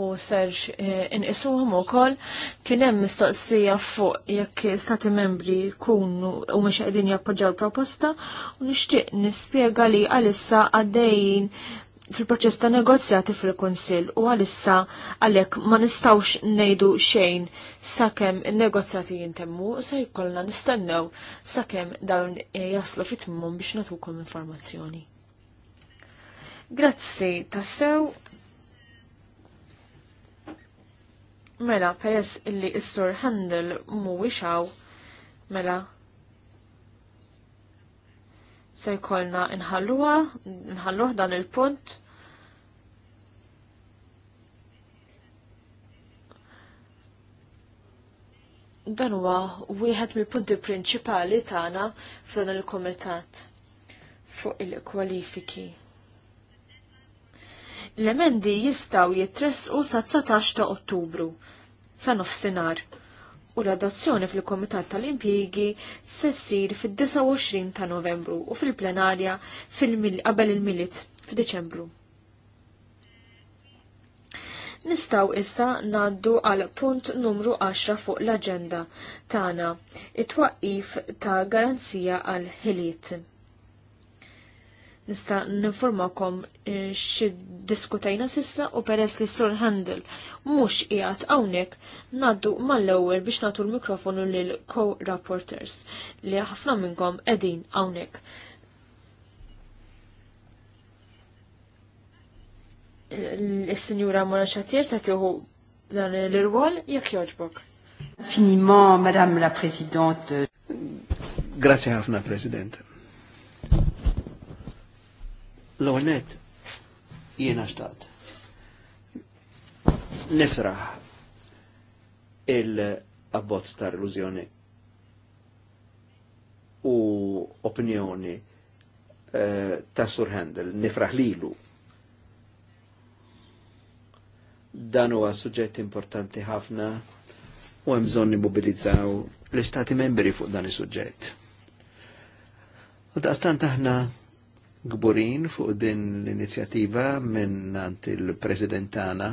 Speaker 2: u serġ eh, inqisuhom ukoll kien hemm mistoqsija fuq jekk stati membri jkunu u mhux qegħdin proposta u nixtieq nispjega li għalissa għaddejn fil-proċess ta' negozjati fil-Konsil u għalissa għalek ma nistawx nejdu xejn sakemm negozjati jintemmu se jkollna nistennew sakemm dawn jaslu fitmum biex natukom informazzjoni. Grazzi, tassew. Mela, peress illi istor handel mu wixaw, mela, se jkollna nħalluha, nħalluh dan il-punt. Dan huwa wieħed mill-punti prinċipali tagħna f'dan il-kumitat fuq il-kwalifiki. L-emendi jistaw jitressqu sa 19 ta' Ottubru, sa nofsinhar u l-adozzjoni fil-Komitat tal-Impjigi se ssir fid-29 ta' Novembru u fil-plenarja qabel il-Milit f'Diċembru. Nistaw issa naddu għal punt numru 10 fuq l-agenda tagħna it-twaqqif ta' garanzija għal ħiliet. Nista' ninformakom eh, xi diskutajna sissa u peress li Sur Handel mhux qiegħed hawnhekk ngħaddu mal-ewwel biex nagħtu l-mikrofonu lil co-rapporters li ħafna minnkom qegħdin hawnhekk. Is-Sinjura Mona Xatier se tieħu dan l-irwol jekk jogħġbok.
Speaker 4: Finiment, Madame la Presidente. Grazie ħafna, President l onet jiena xtaqt. Nifraħ il-abbozz ta' illużjoni u opinjoni uh, ta' Sur Handel, nifraħ lilu. Dan huwa suġġett importanti ħafna u hemm bżonn immobilizzaw l-istati membri fuq dan is-suġġett. Għaldaqstant aħna gburin fuq din l inizjativa minn ant il-Presidentana.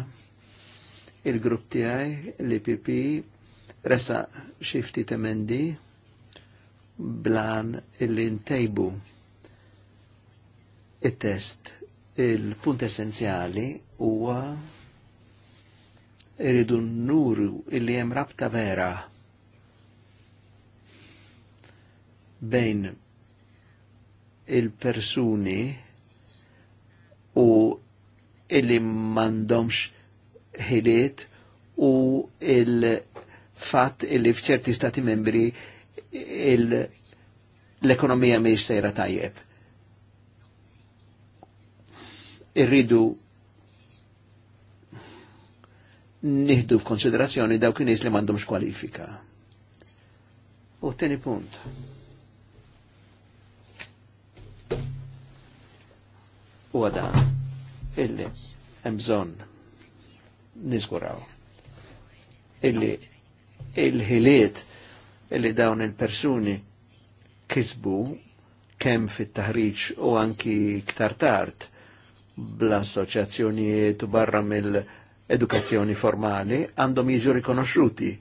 Speaker 4: Il-grupp tijaj, l-IPP resa xifti temendi blan il-intejbu il-test il-punt essenzjali huwa n nuru il-li hemm rabta vera bejn il-persuni u illi mandomx ħiliet u il-fat illi fċerti stati membri l-ekonomija miex sejra tajjeb. Irridu nihdu f'konsiderazzjoni dawk nies li m'għandhomx kwalifika. U teni punt. u għada illi emżon nizguraw illi il-ħiliet illi dawn il-persuni kisbu kem fit-taħriġ u anki iktar tard bl assoċazzjonijiet u barra mill-edukazzjoni formali għandhom jiġu rikonoxxuti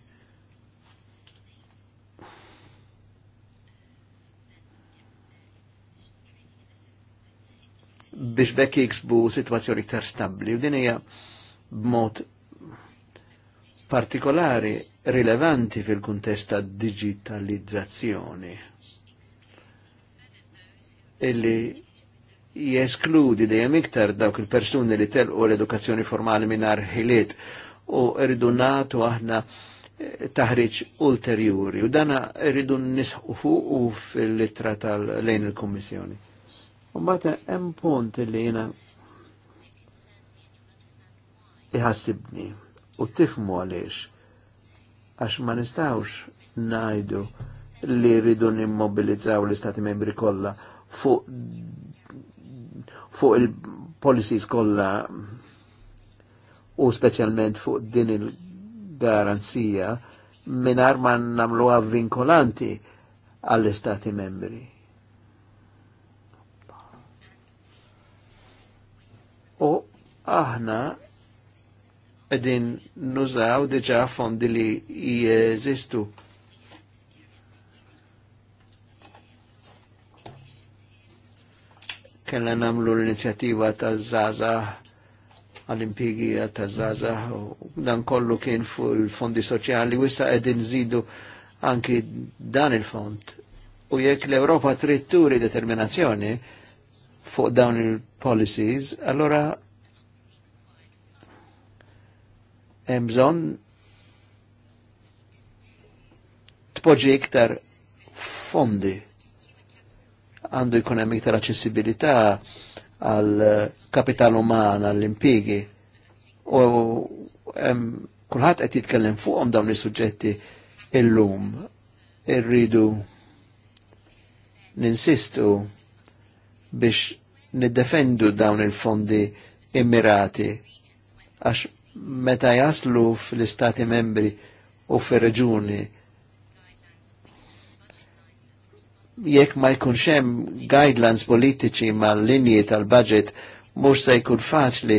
Speaker 4: biex bekk jiksbu situazzjoni ter stabli. U din hija b'mod partikolari rilevanti fil-kuntest ta' digitalizzazzjoni illi jeskludi dejjem iktar dawk il-persuni li telqu l-edukazzjoni formali minar ħiliet u rridu natu aħna eh, taħriġ ulterjuri u dana rridu nisħu fuq u fil-litra tal-lejn il-Kommissjoni. U mbagħad hemm punt li jiena iħassibni u tifmu għaliex għax ma nistawx najdu li rridu nimmobilizzaw l-istati membri kollha fuq fuq il-policies kollha u speċjalment fuq din il-garanzija minar ma namluha vinkolanti għall-istati membri. aħna edin nużaw diġa fondi li jeżistu. Kella namlu l-inizjativa ta' Zaza għal impigija ta' Zaza u dan kollu kien fu l fondi soċjali u issa edin zidu anki dan il-fond. U jekk l-Europa trid turi determinazzjoni fuq dawn il-policies, allora hemm bżonn tpoġġi iktar fondi għandu jkun hemm iktar aċċessibilità għal kapital uman, għall impigi u hemm kulħadd qed jitkellem fuqhom dawn is-suġġetti illum irridu ninsistu biex niddefendu dawn il-fondi immirati għax meta jaslu fl-istati membri u fil-reġuni jekk ma jkunx hemm guidelines politiċi mal linji tal-budget mhux se jkun faċli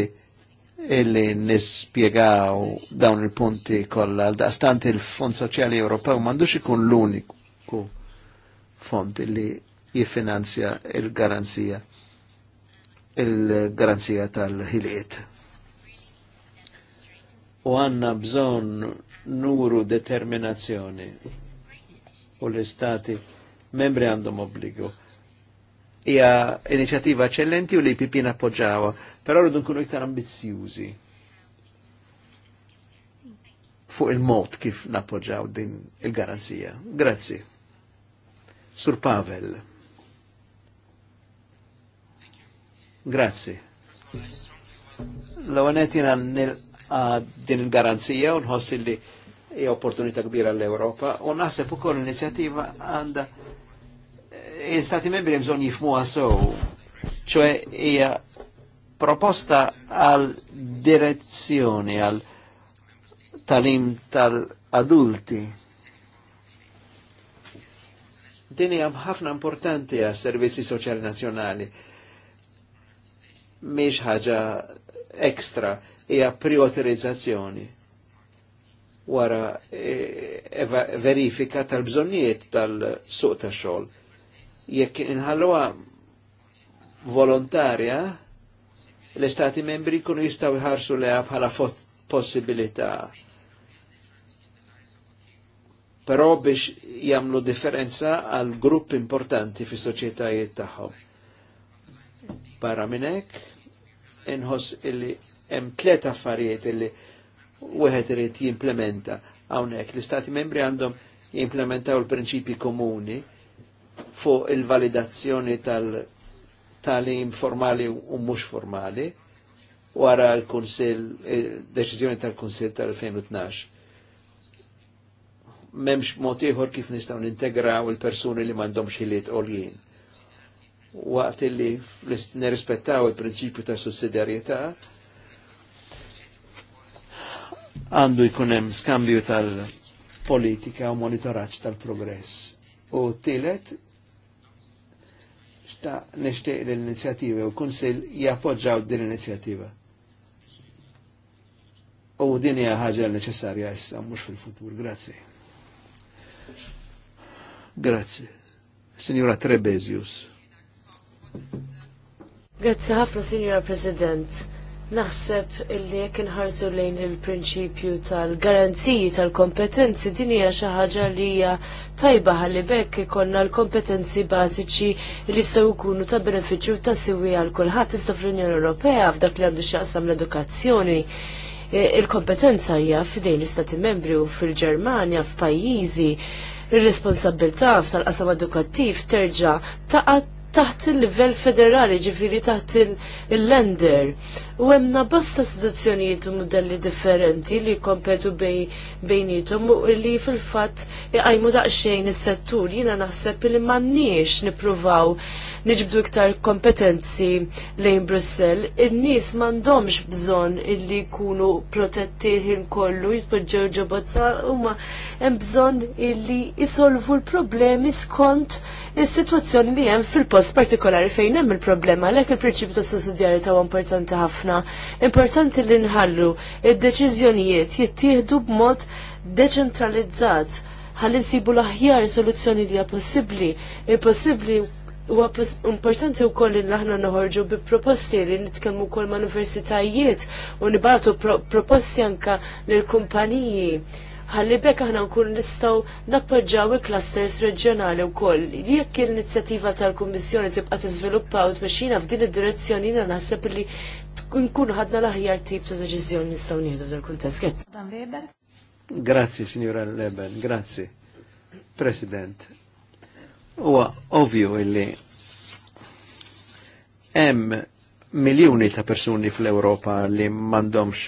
Speaker 4: illi nispjegaw dawn il-punti kollha għal daqstant il-Fond Soċjali Ewropew m'għandux ikun l-uniku fond illi jiffinanzja il-garanzija il-garanzija tal-ħiliet u għanna bżon nuru determinazzjoni u l-istati membri għandhom obbligu. Ija inizjativa eccellenti u li PP appoġġawa, però rridu nkunu iktar ambizzjużi fuq il-mod kif nappoġġaw din il-garanzija. Grazzi. Sur Pavel. Grazzi. L-għanet din il-garanzija u nħossi li hija opportunità kbira l-Europa u naħseb ukoll l-inizjattiva għandha eh, l-Stati membri bżonn jifmu sew, ċoe hija proposta għal direzzjoni għal talim tal-adulti. Din hija ħafna importanti għas servizzi soċjali nazzjonali. Miex ħaġa ekstra hija prioritizzazzjoni wara e verifika tal-bżonniet tal-suq ta' xogħol Jekk inħalluha volontarja, l-Istati membri jkunu jistgħu jħarsu leha bħala possibilità. Però biex jagħmlu differenza għal grupp importanti fis soċjetajiet tagħhom. Barra minn hekk, inħoss illi hemm tliet affarijiet illi wieħed irid jimplementa hawnhekk. L-Istati membri għandhom jimplementaw il-prinċipji komuni fuq il-validazzjoni tal-talim formali u mhux formali wara l-Kunsill, eh, deċiżjoni tal-Kunsill tal-2012. Memx mod ieħor kif nistgħu nintegraw il-persuni li m'għandhomx ħiliet għoljin waqt li nirrispettaw il-prinċipju ta' sussidjarjetà għandu jkunem skambju tal-politika u monitoraċ tal-progress. U xta nishtiq l inizjativa u kunsil jappoġġaw din l inizjativa U din hija ħaġa neċessarja issa mhux fil-futur. Grazzi. Grazzi. Signora Trebezius.
Speaker 3: Grazzi ħafna, Signora President. Naħseb illi jekk inħarsu lejn il-prinċipju tal-garanziji tal-kompetenzi din hija xi ħaġa li hija tajba ħalli bekk ikollna l-kompetenzi bażiċi li jistgħu jkunu ta' benefiċċju ta' siwi għal kulħadd iżda fl-Unjoni Ewropea f'dak li għandu x'jaqsam l-edukazzjoni e, il-kompetenza hija f'idejn l-Istati Membri u fil-Ġermanja f'pajjiżi ir-responsabilità tal-qasam edukattiv terġa' taqgħod taħt il-livell federali, ġifiri taħt il-lender. U hemmna basta istituzzjonijiet u modelli differenti li kompetu bejnietom u li fil-fatt iqajmu daqsxejn is-settur. Jiena naħseb li m'għandniex nippruvaw niġbdu iktar kompetenzi lejn Brussell. In-nies m'għandhomx bżonn illi jkunu protetti ħin kollu jitpoġġew ġobozza huma hemm bżonn illi jisolvu l-problemi skont is-sitwazzjoni li hemm fil-post partikolari fejn hemm il-problema għalhekk il-prinċipju ta' sussidjarità huwa importanti ħafna. Importanti li nħallu id-deċiżjonijiet jittieħdu b'mod deċentralizzat ħalli nsibu l-aħjar soluzzjoni li hija possibbli, possibbli huwa importanti wkoll li aħna nħorġu bi proposti li nitkellmu wkoll ma' universitajiet u nibatu proposti anka lil kumpaniji ħalli bekk aħna nkun nistgħu nappoġġaw il-clusters reġjonali wkoll. Jekk l inizjativa tal-Kummissjoni tibqa' tiżviluppa u tmexxina f'din id-direzzjoni jiena naħseb li nkun ħadna l-aħjar tip ta' deċiżjoni nistgħu nieħdu f'dan kuntest.
Speaker 4: Grazzi, signora Leben, grazzi. President, huwa ovvju illi hemm miljuni ta' persuni fl-Ewropa li m'għandhomx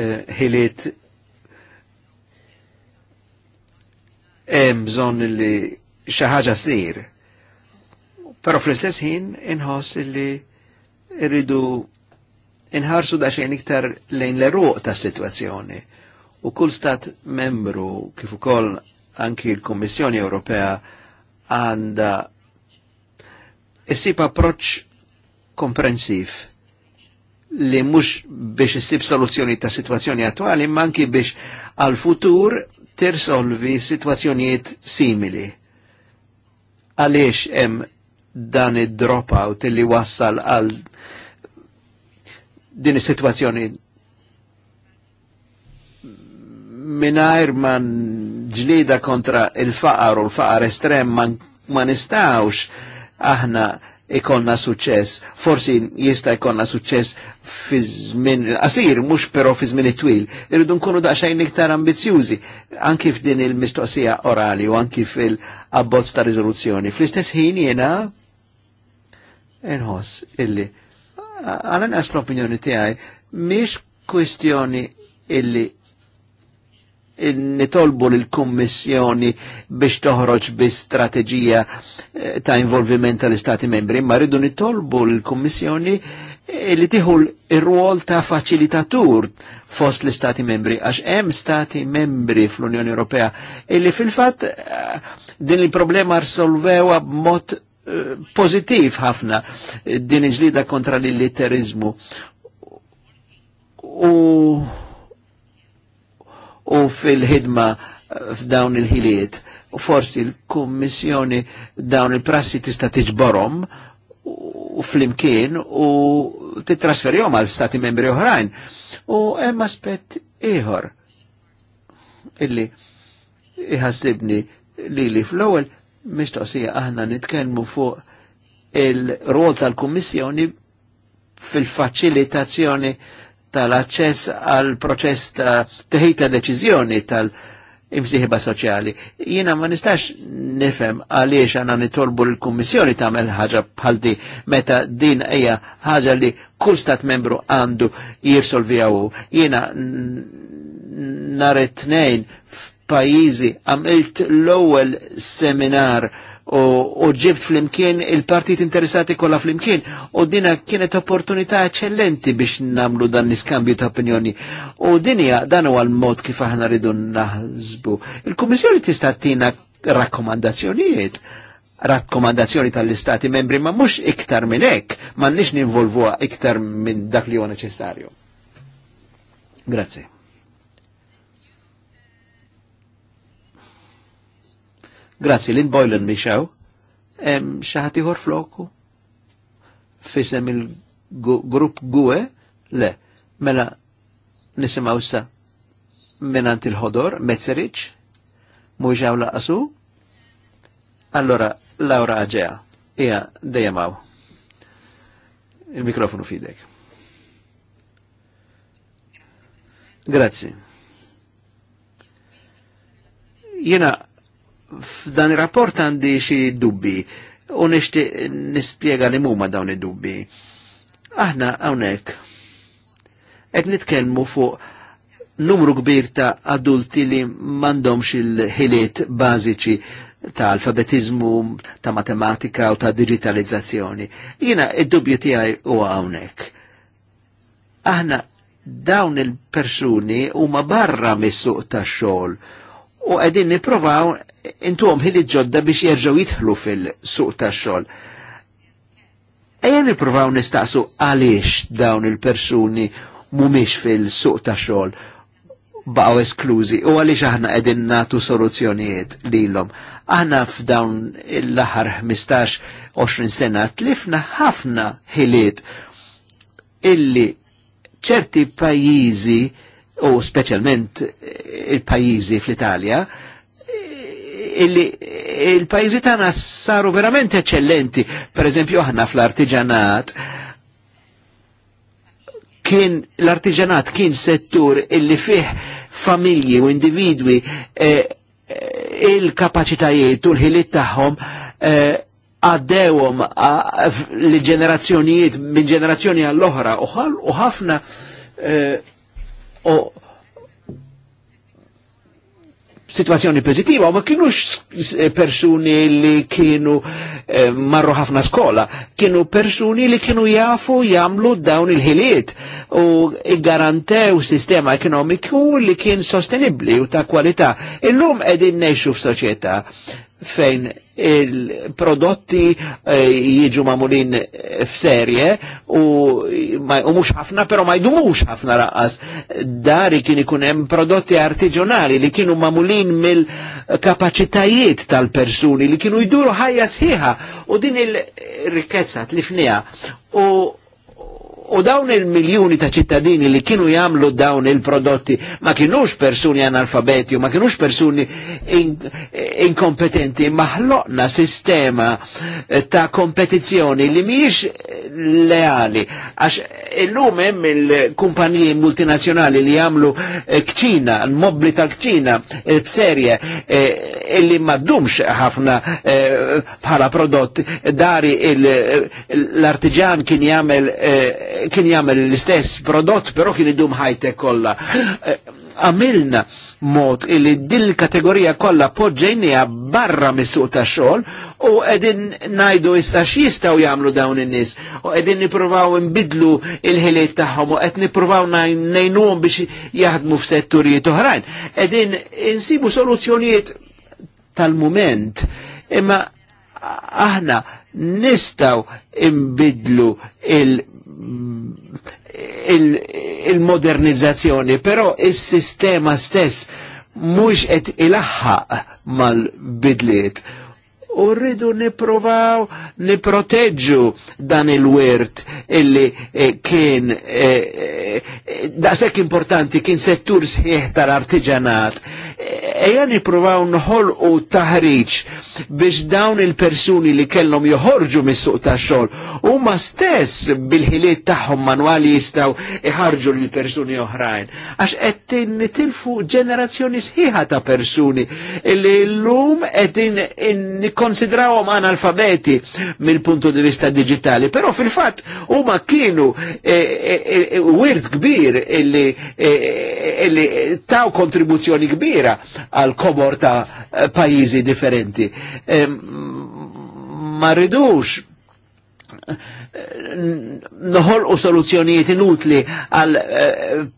Speaker 4: eh, ħiliet eh, hemm bżonn li xi ħaġa sir. Però fl-istess ħin inħoss illi rridu inħarsu daċxajn iktar lejn l-eruq ta' situazzjoni. U kull stat membru, kif ukoll anki l-Kommissjoni Ewropea, għanda issib approċ komprensiv li mux biex issib soluzzjoni ta' situazzjoni attuali, manki biex għal-futur tirsolvi situazzjoniet simili. Għaliex hemm dan id-dropout li wassal għal din is-sitwazzjoni minajr man ġlida kontra il-faqar u l-faqar estrem ma nistawx aħna ikonna suċess, forsi jista ikonna suċess fi żmien mux mhux però fi twil. Irridu nkunu daqsxejn iktar ambizjużi anki f'din il-mistoqsija orali u anki fil-abbozz ta' rizoluzzjoni. Fl-istess ħin jiena inħoss illi għalan nas l-opinjoni tiegħi mhix kwestjoni illi nitolbu l-Kommissjoni biex toħroġ bi strategija eh, ta' involviment tal-Istati membri, ma rridu nitolbu l-Kommissjoni eh, li tiħu l rwol ta' facilitatur fost l-Istati membri, għax hemm Stati membri fl-Unjoni Ewropea illi fil-fatt eh, din il-problema rsolvewa b'mod pozitiv ħafna din iġlida kontra l-illiterizmu. U u fil-ħidma eh, f'dawn il-ħiliet. U forsi l-Kummissjoni dawn il-prassi tista' tiġborhom u flimkien u titrasferjom għal stati membri oħrajn. U hemm aspett ieħor illi iħassibni li li fl-ewwel mistoqsija aħna nitkellmu fuq il-rol tal-Kummissjoni fil-faċilitazzjoni tal-aċċess għal proċess ta' teħita ta' deċiżjoni tal imsiħiba soċjali. Jiena ma nistax nifhem għaliex għana nitolbu l-Kummissjoni tagħmel ħaġa bħal di meta din hija ħaġa li kull stat membru għandu jirsolvi Jiena nhar it-tnejn f'pajjiżi għamilt l-ewwel seminar u ġibt flimkien il-partit interessati kollha flimkien u dina kienet opportunità eccellenti biex namlu dan l-iskambju ta' opinjoni. U dinja dan huwa l-mod kif aħna ridu naħsbu. Il-Kummissjoni tista' tina rakkomandazzjonijiet rakkomandazzjoni tal-istati membri ma mhux iktar minn hekk, m'għandniex ninvolvuha iktar minn dak li huwa neċessarju. Grazie. Grazzi, Lynn Boylan Em, xaħati hor floku? Fisem il-grupp guwe? Le, mela nisimaw sa minant il-ħodor, Metzerich, muġaw laqasu. Allora, Laura Aġea, ija dejemaw. Il-mikrofonu fidek. Grazzi. Jena f'dan ir-rapport għandi xi dubbi u nishti nispjega li muma dawn id-dubbi. Aħna hawnhekk qed nitkellmu fuq numru kbir ta' adulti li m'għandhomx il-ħiliet bażiċi ta' alfabetizmu, ta' matematika u ta' digitalizzazzjoni. Jiena id-dubju tiegħi huwa hawnhekk. Aħna dawn il-persuni huma barra mis-suq tax-xogħol u għedin niprovaw intuħom ħili ġodda biex jerġaw jitħlu fil-suq ta' xol. Ejja niprovaw nistaqsu għaliex dawn il-persuni mumiex fil-suq ta' xol baqaw esklużi u għaliex aħna qegħdin natu soluzzjonijiet lilhom. Aħna f'dawn l-aħħar 15-20 sena tlifna ħafna ħiliet illi ċerti pajjiżi u specialment eh, il-pajizi fl-Italja, eh, eh, il-pajizi tana saru verament eccellenti, per eżempju aħna fl-artiġanat, kien l-artiġanat kien settur illi fih familji u individwi eh, il-kapacitajiet u l ħilit tagħhom għaddewhom l-ġenerazzjonijiet minn ġenerazzjoni għall-oħra u ħafna eh, o situazzjoni pozitiva, ma kienux eh, persuni li kienu eh, marru ħafna skola, kienu persuni li kienu jafu jamlu dawn il-ħiliet u garantew sistema ekonomiku li kien sostenibli u ta' kwalità. Illum edin neħxu soċieta fejn il-prodotti eh, jieġu mamulin f u, u mux ħafna, pero ma jdumux ħafna raqqas. Dari kien ikun hemm prodotti artiġjonali li kienu mamulin mill-kapacitajiet tal-persuni li kienu jduru ħajja sħiħa u din il-rikkezza tlifnija. U U dawn il-miljoni ta' ċittadini li kienu jamlu dawn il-prodotti ma kienux persuni analfabeti u ma kienux persuni inkompetenti, ma maħloqna sistema eh, ta' kompetizzjoni li miex eh, leali. Għax il-lum hemm il-kumpaniji multinazjonali li jamlu eh, kċina, mobli tal-kċina, b'serje, eh, illi maddumx ħafna bħala prodotti, dari l-artiġan kien jamel kien jagħmel l-istess prodott, però kien idum ħajtek kollha. Eh, għamilna mod illi dil kategorija kollha poġġejnija barra mis-suq tax-xogħol u qegħdin ngħidu issa x'jistgħu jagħmlu dawn in-nies u qegħdin nippruvaw inbidlu il-ħiliet tagħhom u qed nippruvaw ngħinuhom biex jaħdmu f'setturijiet oħrajn. Qegħdin insibu soluzzjonijiet tal-mument imma aħna nistaw imbidlu il- il-modernizzazzjoni, il però il-sistema stess mhux qed ilaħħaq mal-bidliet u rridu niprovaw niproteġu dan il-wirt illi eh, kien eh, eh, daqshekk importanti kien settur sħiħ tal-artiġanat. Ejja eh, niprovaw nħolqu taħriġ biex dawn il-persuni li kellhom joħorġu mis-suq tax-xogħol huma stess bil-ħiliet tagħhom manwali jistgħu iħarġu lil persuni oħrajn. Għax qed nitilfu ġenerazzjoni sħiħa ta' persuni illi llum qed nikon nikkonsidrawhom analfabeti mill-puntu di vista digitali, però fil-fatt huma kienu e, e, e, wirt kbir illi, taw kontribuzzjoni kbira għal komor ta' pajjiżi differenti. Ma ridux noħol u soluzzjonijiet inutli għal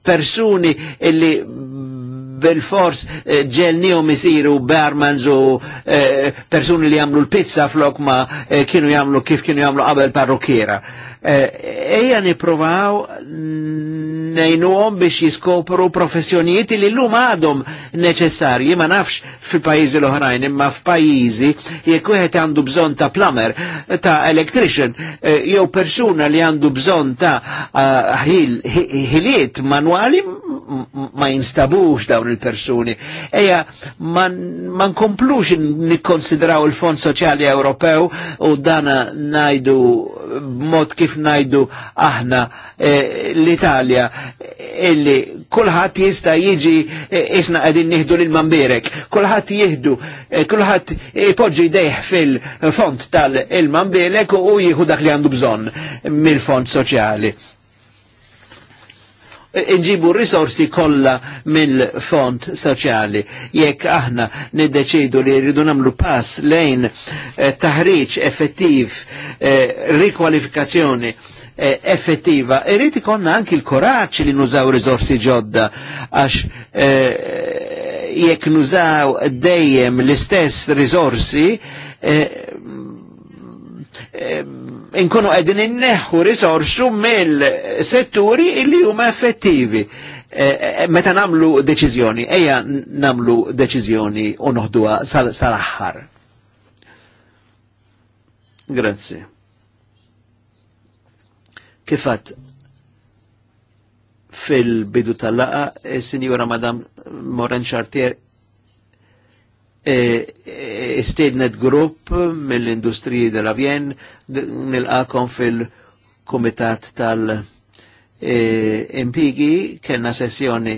Speaker 4: persuni illi bil-fors u eh, misiru barmans u eh, persuni li jamlu l-pizza flok ma eh, kienu jamlu kif kienu jamlu qabel parrukiera. Eja niprovaw għom biex jiskopru professjonijiet li l-lum għadhom neċessarji, ma nafx fil-pajizi l-oħrajn, imma f'pajizi jekk wieħed għandu bżonn ta' plumber, ta' electrician, jew persuna li għandu bżonn ta' ħiliet manwali ma jinstabux dawn il-persuni. Eja, ma nkomplux nikkonsidraw il-Fond Soċjali Ewropew u dana najdu mod kif najdu aħna eh, l-Italja illi kulħadd jista' jiġi eh, isna qegħdin nieħdu lil Mambirek, kulħadd jieħdu, kullħat eh, kulħadd ipoġġi dejh fil-font tal-il-Mambirek u jieħu dak li għandu bżonn mill-Fond Soċjali nġibu risorsi kollha mill-fond soċjali. Jekk aħna niddeċidu li rridu nagħmlu pass lejn eh, taħriġ effettiv, eh, rikwalifikazzjoni eh, effettiva, irrid ikonna anki l-koraċ li nużaw risorsi ġodda għax jekk nużaw dejjem l-istess risorsi Inkunu għedin inneħu risorsu mill-setturi illi huma effettivi. E, e, e, meta namlu deċizjoni, eja namlu deċizjoni u sal-aħħar. Sal Grazzi. Kifat fil-bidu tal-laqa, il Sinjora Madam Moren Chartier istednet e, e, grupp mill-industriji la Vien nil-għakom fil-komitat tal-impigi e, kena sessjoni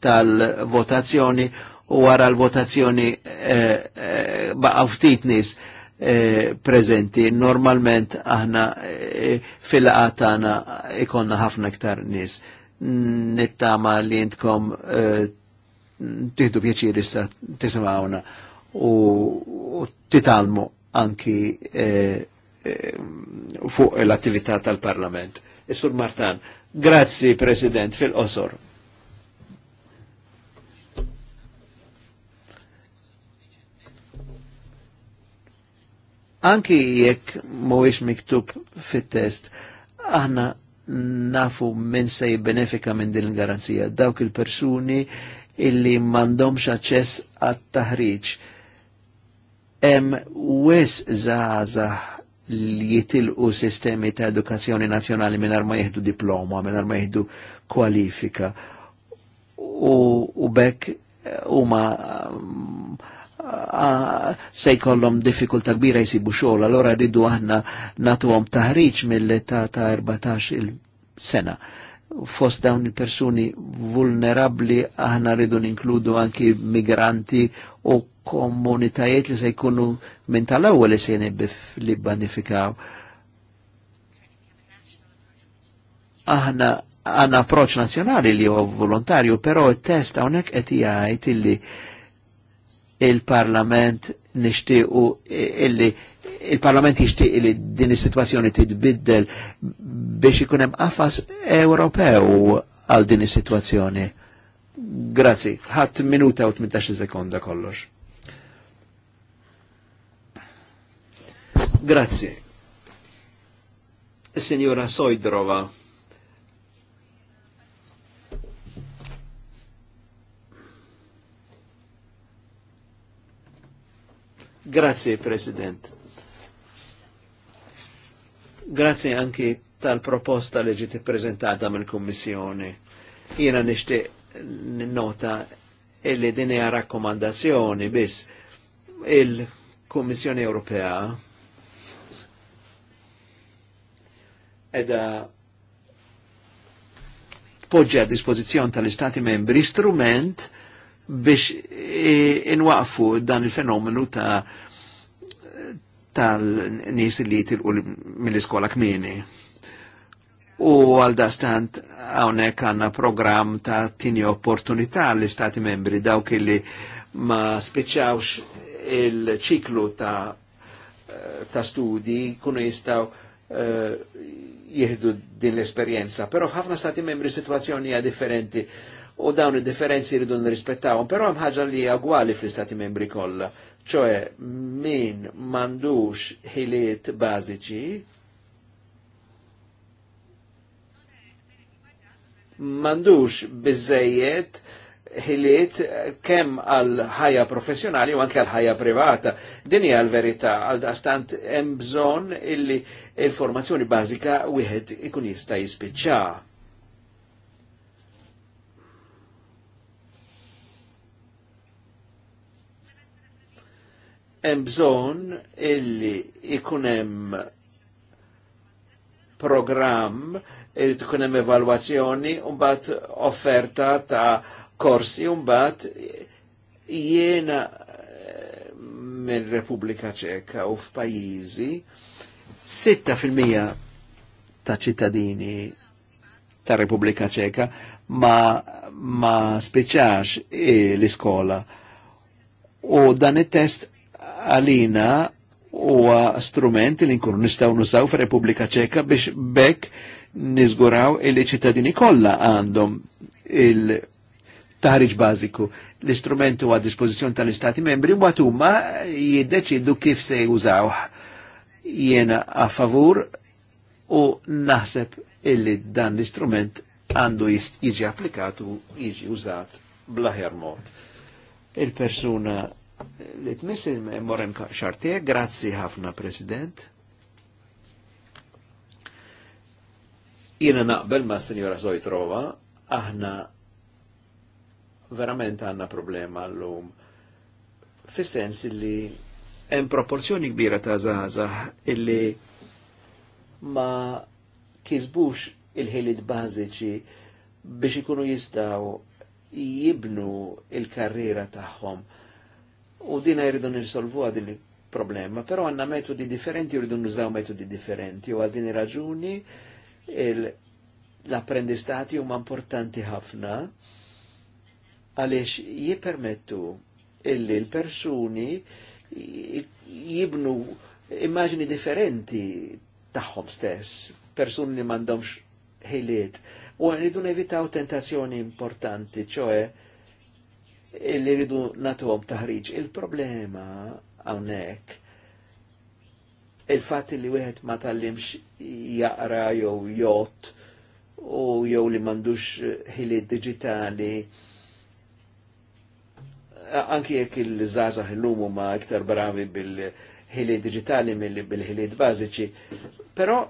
Speaker 4: tal-votazzjoni u wara l-votazzjoni baqa ftit prezenti. Normalment aħna fil-għatana ikonna ħafna iktar nis. Nittama li jintkom tiħdu pjaċir issa tisimawna u titalmu anki eh, eh, fuq l-attività tal-Parlament. Isur e Martan, grazzi President fil-qosor. Anki jekk mhuwiex miktub fit-test, aħna nafu minn se jibbenefika minn din il-garanzija. Dawk il-persuni illi mandomx aċċess għat-taħriġ. Em wis żgħażagħ li jitilqu sistemi ta' edukazzjoni nazjonali minar ma jihdu diploma, minar ma jihdu kwalifika. U, u bekk eh, huma mm, se jkollhom diffikulta kbira jsibu xogħol, allora rridu aħna nagħtuhom taħriġ mill-età ta' 14 il-sena fost dawn il-persuni vulnerabli aħna rridu ninkludu anki migranti u komunitajiet li se jkunu minn tal-ewwel li se li banifikaw. Aħna għanna approċ nazjonali li huwa volontarju, però il-test hawnhekk qed jgħid illi il-Parlament nixtiequ illi il-Parlament jishtiq li din is-sitwazzjoni titbiddel biex ikun hemm qafas Ewropew għal din is-sitwazzjoni. Grazzi, ħadd minuta u 18 sekonda kollox. Grazzi. Signora Sojdrova. Grazie, President. Grazzi anche tal-proposta li ġiet ippreżentata mill-Kummissjoni. Jiena nixtieq nota illi din hija rakkomandazzjoni biss il-Kummissjoni Ewropea edha poġġa a dispożizzjon tal-Istati membri strument biex inwaqfu dan il-fenomenu ta' tal-nis li tilqu mill-iskola kmini. U għal dastant għawnek għanna program ta' tini opportunità l-istati membri dawk li ma spiċċawx il-ċiklu ta', eh, ta studi kunu jistaw uh, jihdu din l-esperienza. Pero f'ħafna stati membri situazzjoni hija differenti u dawn id-differenzi rridu nirrispettawhom, però hemm ħaġa li hija gwali fl-istati membri kollha ċoħe min mandux ħiliet bażiċi mandux bizzejiet ħiliet kemm għal ħajja professjonali u anke għal ħajja privata. Din hija l-verità għal dastant hemm bżonn illi il-formazzjoni bażika wieħed ikun jista' jispiċċa. hemm bżonn illi ikun hemm programm irid ikun hemm evalwazzjoni u mbagħad offerta ta' korsi u mbagħad jiena eh, mill-Repubblika Ċeka u f'pajjiżi 6% ta' ċittadini ta' Repubblika Ċeka ma, ma spiċax eh, l-iskola. U dan it-test għalina huwa strument li nkunu nistaw nusaw fi repubblika Ċeka biex bekk nizguraw il-ċittadini kollha għandhom il-taħriġ bażiku. L-istrument huwa dispożizzjoni tal-Istati membri mbagħad huma jiddeċidu kif se jużawh. Jiena a favur u naħseb illi dan l-istrument għandu jiġi applikatu, jiġi użat blaħjar mod. Il-persuna li tmissi Moren Xartie, grazzi ħafna President. Jina naqbel ma' Sinjora Sojtrova, aħna verament għanna problema l-lum. Fis-sens li hemm proporzjoni kbira ta' żgħażagħ illi ma kisbux il-ħiliet bażiċi biex ikunu jistaw jibnu il-karriera tagħhom u dina jridu nirsolvu għadin il-problema, pero għanna metodi differenti, jridu nużaw metodi differenti, u għadin din raġuni l-apprendistati huma importanti ħafna għalix jipermettu illi l-persuni jibnu immaġni differenti tagħhom stess, persuni li m'għandhomx ħiliet, u għanidu nevitaw tentazzjoni importanti, ċoe li rridu natuhom taħriġ. Il-problema hawnhekk il-fatt li wieħed ma tallimx jaqra jew jot u jew li m'għandux ħili digitali anki jekk il-żgħażagħ illum huma iktar bravi bil-ħili digitali milli bil-ħiliet bażiċi, però e,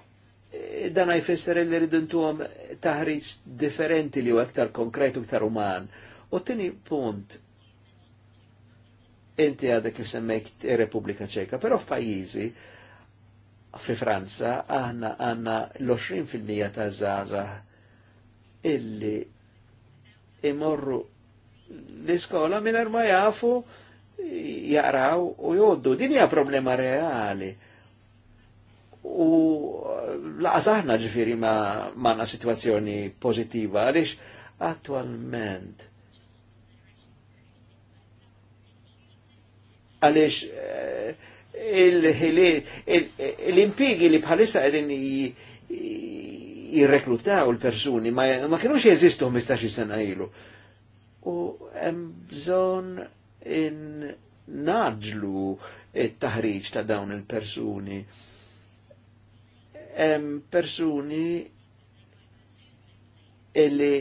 Speaker 4: dan jfisser li rridu ntuhom taħriġ differenti li huwa iktar konkret u iktar uman U t tini punt, inti għadek kif semmejk Republika Ċeka, pero f'pajjiżi fi Franza aħna għanna l-20% ta' zaza illi imorru l-iskola minn ma jafu jaqraw u joddu. Din hija problema reali. U laqas aħna ġifiri ma manna situazzjoni pozittiva għaliex attualment għalix eh, l-impigi li bħalissa għedin jirreklutaw l-persuni ma kienu xie jesistu 15 sena ilu. U bżon bżonn naġlu il-taħriċ ta' dawn il-persuni. Hemm persuni illi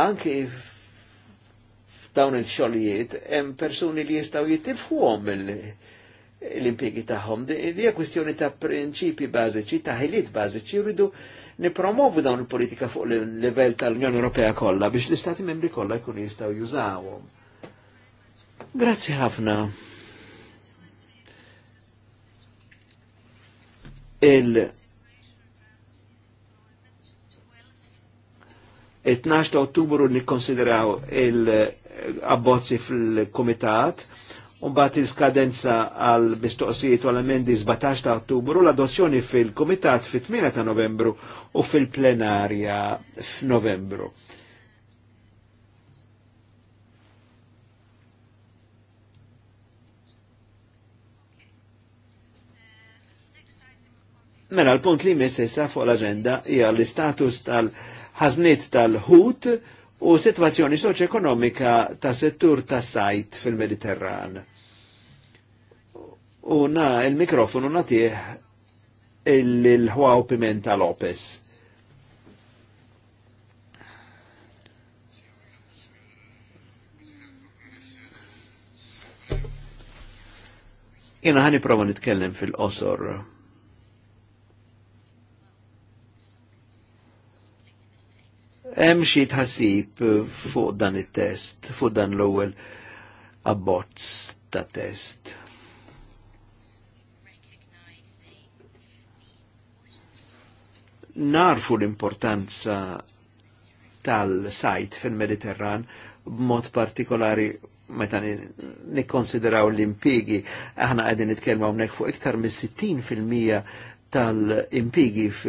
Speaker 4: anki dawn il-xogħlijiet hemm persuni li jistgħu jitilfuhom l-impjegi tagħhom. Li hija kwistjoni ta' prinċipi bażiċi, ta' ħiliet bażiċi jridu nipromovu dawn il-politika fuq il-level tal-Unjoni Ewropea kollha biex l-Istati membri kollha jkun jistgħu jużawhom. Grazzi ħafna. Il- 12 ta' ottubru nikkonsideraw il- abbozzi fil-komitat, bat il-skadenza għal mistoqsijiet u għal-emendi 17 ta' ottubru, l-adozzjoni fil-komitat fil 8 ta' novembru u fil-plenarja f'novembru. Mela, l-punt li messessa fuq l-agenda hija l-istatus tal-ħaznit tal-ħut tal ħażniet tal ħut tal tal ħut u situazzjoni soċ-ekonomika ta' settur ta' sajt fil-Mediterran. U na il-mikrofonu natieħ il ħuaw Pimenta Lopez. Jena ħani prova nitkellem fil-qosor hemm xi tħassib fuq dan it-test, fuq dan l-ewwel abbozz ta' test. Narfu l-importanza tal-sajt fil-Mediterran b'mod partikolari meta nikkonsideraw l-impigi, aħna għedin nitkellmu hawnhekk fuq iktar mis-60 fil-mija tal-impigi fil-sajt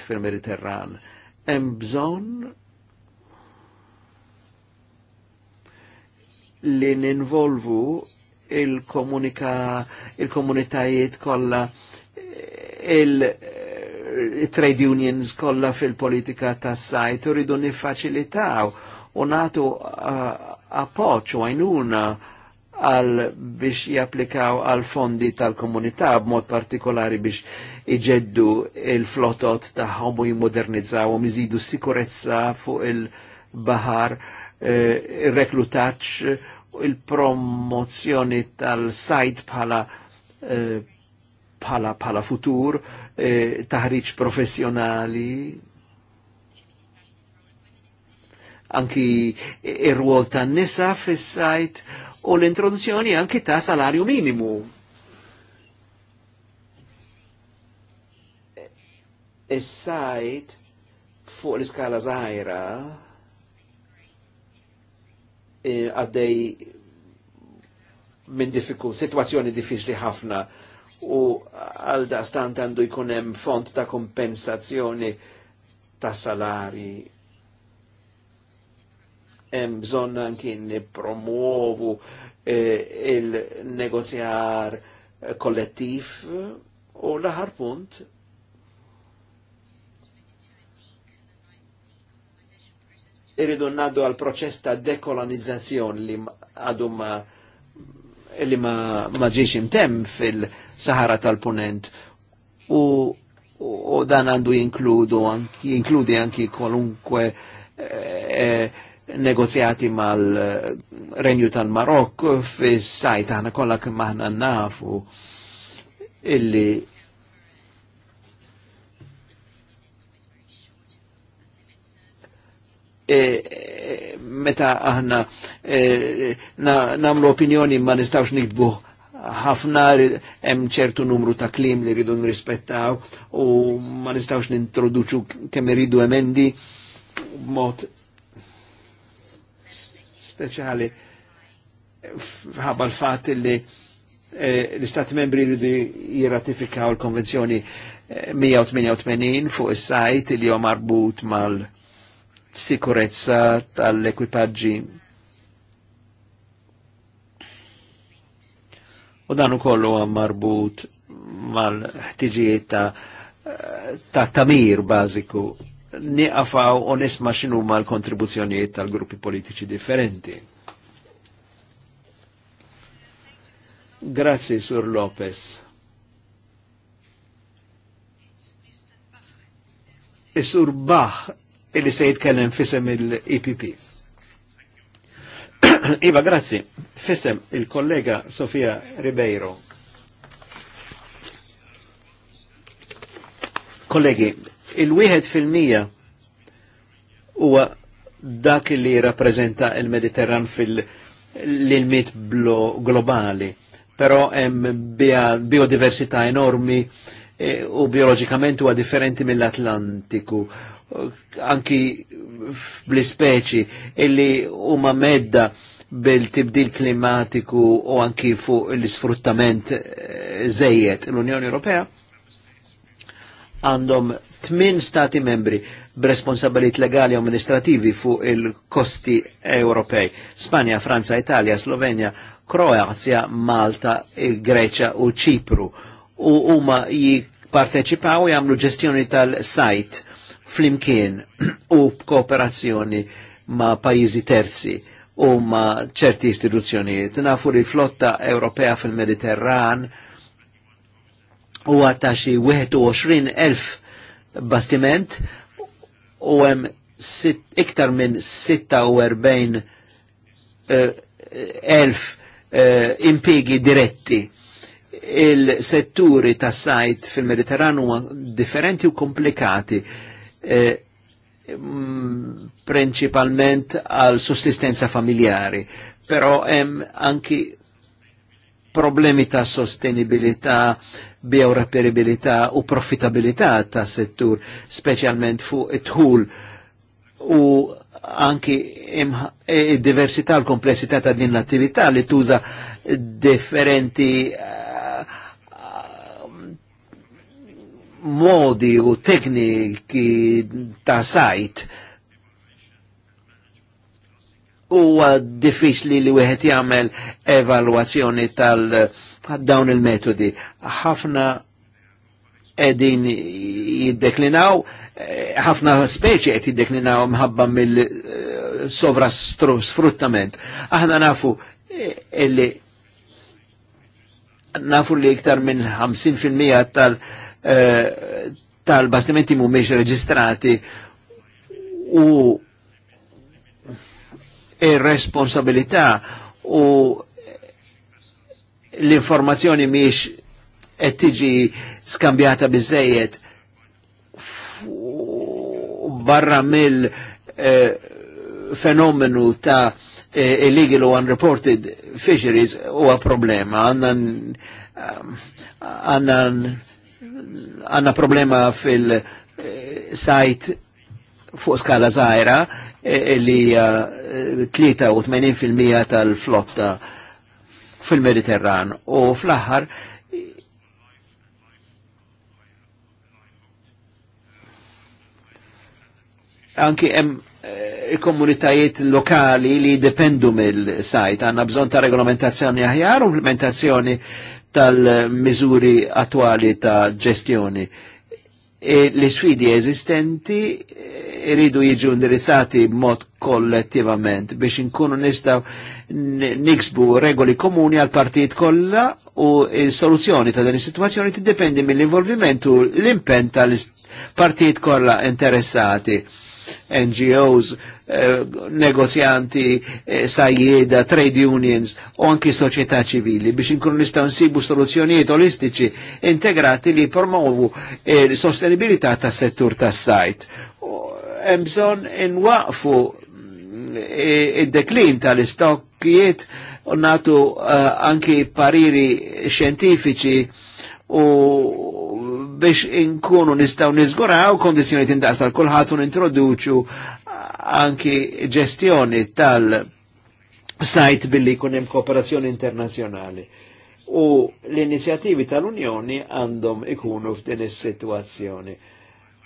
Speaker 4: fil-Mediterran. fil sajt fil mediterran hemm bżonn li ninvolvu il komunika eh, il komunitajiet kollha il-trade unions kollha fil-politika tas-sajt uridu nifaċilitaw u nagħtu eh, appoġġ u għajnuna uh, għal biex japplikaw għal fondi tal-komunità b'mod partikolari biex iġeddu il-flotot tagħhom u jimmodernizzawhom iżidu sikurezza fuq il-bahar, eh, il-reklutaċ, il-promozzjoni tal-sajt bħala eh, bħala bħala futur, eh, taħriġ professjonali, anki ir-rwol tan-nisa fis-sajt u l-introduzzjoni anki ta' salarju minimu. Is-sajt fuq l-iskala zaħira eh, għaddej minn diffikult, situazzjoni diffiċli ħafna u għal daqstant għandu jkunem font ta' kompensazzjoni ta' salari hemm bżonn anki nippromuovu eh, il-negozjar kollettiv u l-aħar punt irridu naddu għal proċess ta' dekolonizzazzjoni li għadu ma li ma maġiex imtem fil-Sahara tal-Punent u, u, u dan għandu jinkludu anki, jinkludi anki kolunkwe eh, eh, negozjati mal-Renju eh, tal-Marok fis-sajt aħna kolla kem aħna nafu illi E, meta aħna e, na, namlu opinjoni ma nistawx nikdbu ħafna hemm ċertu numru ta' klim li rridu nrispettaw u ma nistawx nintroduċu kemm iridu emendi mod speċjali ħabba l-fat li eh, l-Istati membri jridu jirratifikaw l-Konvenzjoni 188 eh, fuq is-sajt li huwa marbut mal-sikurezza tal-ekwipaġġi. U dan ukoll huwa marbut mal-ħtiġijiet ta' eh, ta' tamir bażiku niqafaw u nisma xinu ma l-kontribuzzjonijiet tal-gruppi politiċi differenti. Grazzi, Sur Lopez. E sur Bach, illi se jitkellem fisem il ipp iva, grazzi. Fisem il-kollega Sofia Ribeiro. Kollegi, il-wieħed fil-mija huwa dak li rappresenta il-Mediterran fil-limit globali, però hemm biodiversità enormi e, u biologikament huwa differenti mill-Atlantiku anki bl speċi illi huma medda bil-tibdil klimatiku u anki fuq l sfruttament e, zejjed l-Unjoni Ewropea għandhom tmin stati membri b'responsabilit legali u amministrativi fuq il-kosti Ewropej. Spanja, Franza, Italja, Slovenja, Kroazja, Malta, Greċja u Ċipru. U huma jipparteċipaw jagħmlu ġestjoni tal-sajt flimkien u kooperazzjoni ma' pajjiżi terzi u ma' ċerti istituzzjonijiet. Nafu li flotta Ewropea fil-Mediterran u għatta xi 21 elf bastiment u hemm iktar minn 46 uh, eh, elf uh, impiegi diretti. Il-setturi ta' sajt fil-Mediterran huwa differenti u komplikati, uh, principalment għal sussistenza familjari, però hemm anki problemi ta' sostenibilità, bioreperabilità u profitabilità ta' settur, specialment fuq it-ħul u anki e, e, diversità l komplessità ta' din l-attività li tuża differenti eh, modi u tekniki ta' sajt huwa diffiċli li wieħed jagħmel evalwazzjoni tal dawn il-metodi. Ħafna qegħdin jiddeklinaw, eh, ħafna speċi qed jiddeklinaw mħabba mill eh, sovra sfruttament. Aħna nafu eh, illi nafu li iktar minn 50% tal- tal-bastimenti mhumiex reġistrati u irresponsabilità responsabilità u l-informazzjoni miex qed tiġi skambjata biżejjed barra mill eh, fenomenu ta' eh, illegal u unreported fisheries huwa problema. Għanna għanna problema fil-sajt eh, fuq skala zaħira E, e, li hija 83% e, tal-flotta fil-Mediterran u fl-aħħar anki hemm il komunitajiet lokali li dependu mill-sajt, għanna bżon ta' regolamentazzjoni aħjar u implementazzjoni tal-miżuri attuali ta' ġestjoni E l sfidi eżistenti eh, iridu jiġu indirizzati b'mod kollettivament biex inkunu nistaw niksbu regoli komuni għal partit kollha u il-soluzzjoni ta' din is-sitwazzjoni tiddependi mill-involviment u l-impenn tal tal-ist-partit kollha interessati NGOs, eh, negozjanti, eh, sajjeda, trade unions u anki soċjetà ċivili biex inkunu nistaw nsibu soluzzjonijiet olistiċi integrati li promovu l-sostenibilità eh, ta' settur ta' sajt Hemm bżonn inwaqfu id-deklin tal-istokkijiet u natu anki pariri xjentifiċi u biex inkunu nistaw nizguraw kondizjoni tindaqs tal-kulħat un introduċu anki ġestjoni tal-sajt billi kunem kooperazzjoni internazjonali. U l-inizjativi tal-Unjoni għandhom ikunu f'din is-sitwazzjoni,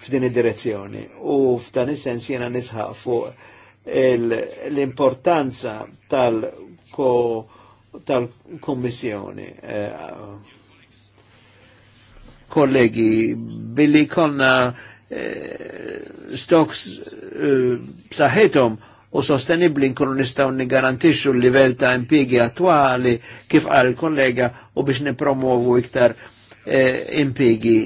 Speaker 4: f'din id-direzzjoni. U f'dan is-sens jena nisħaq fuq l-importanza tal-Kommissjoni. Tal eh, kollegi, billi konna e, eh, stoks e, eh, saħetom u sostenibli nkunu nistaw nigarantixxu l-livell ta' impiegi attwali kif qal kollega u biex nipromuovu iktar e, eh, impiegi.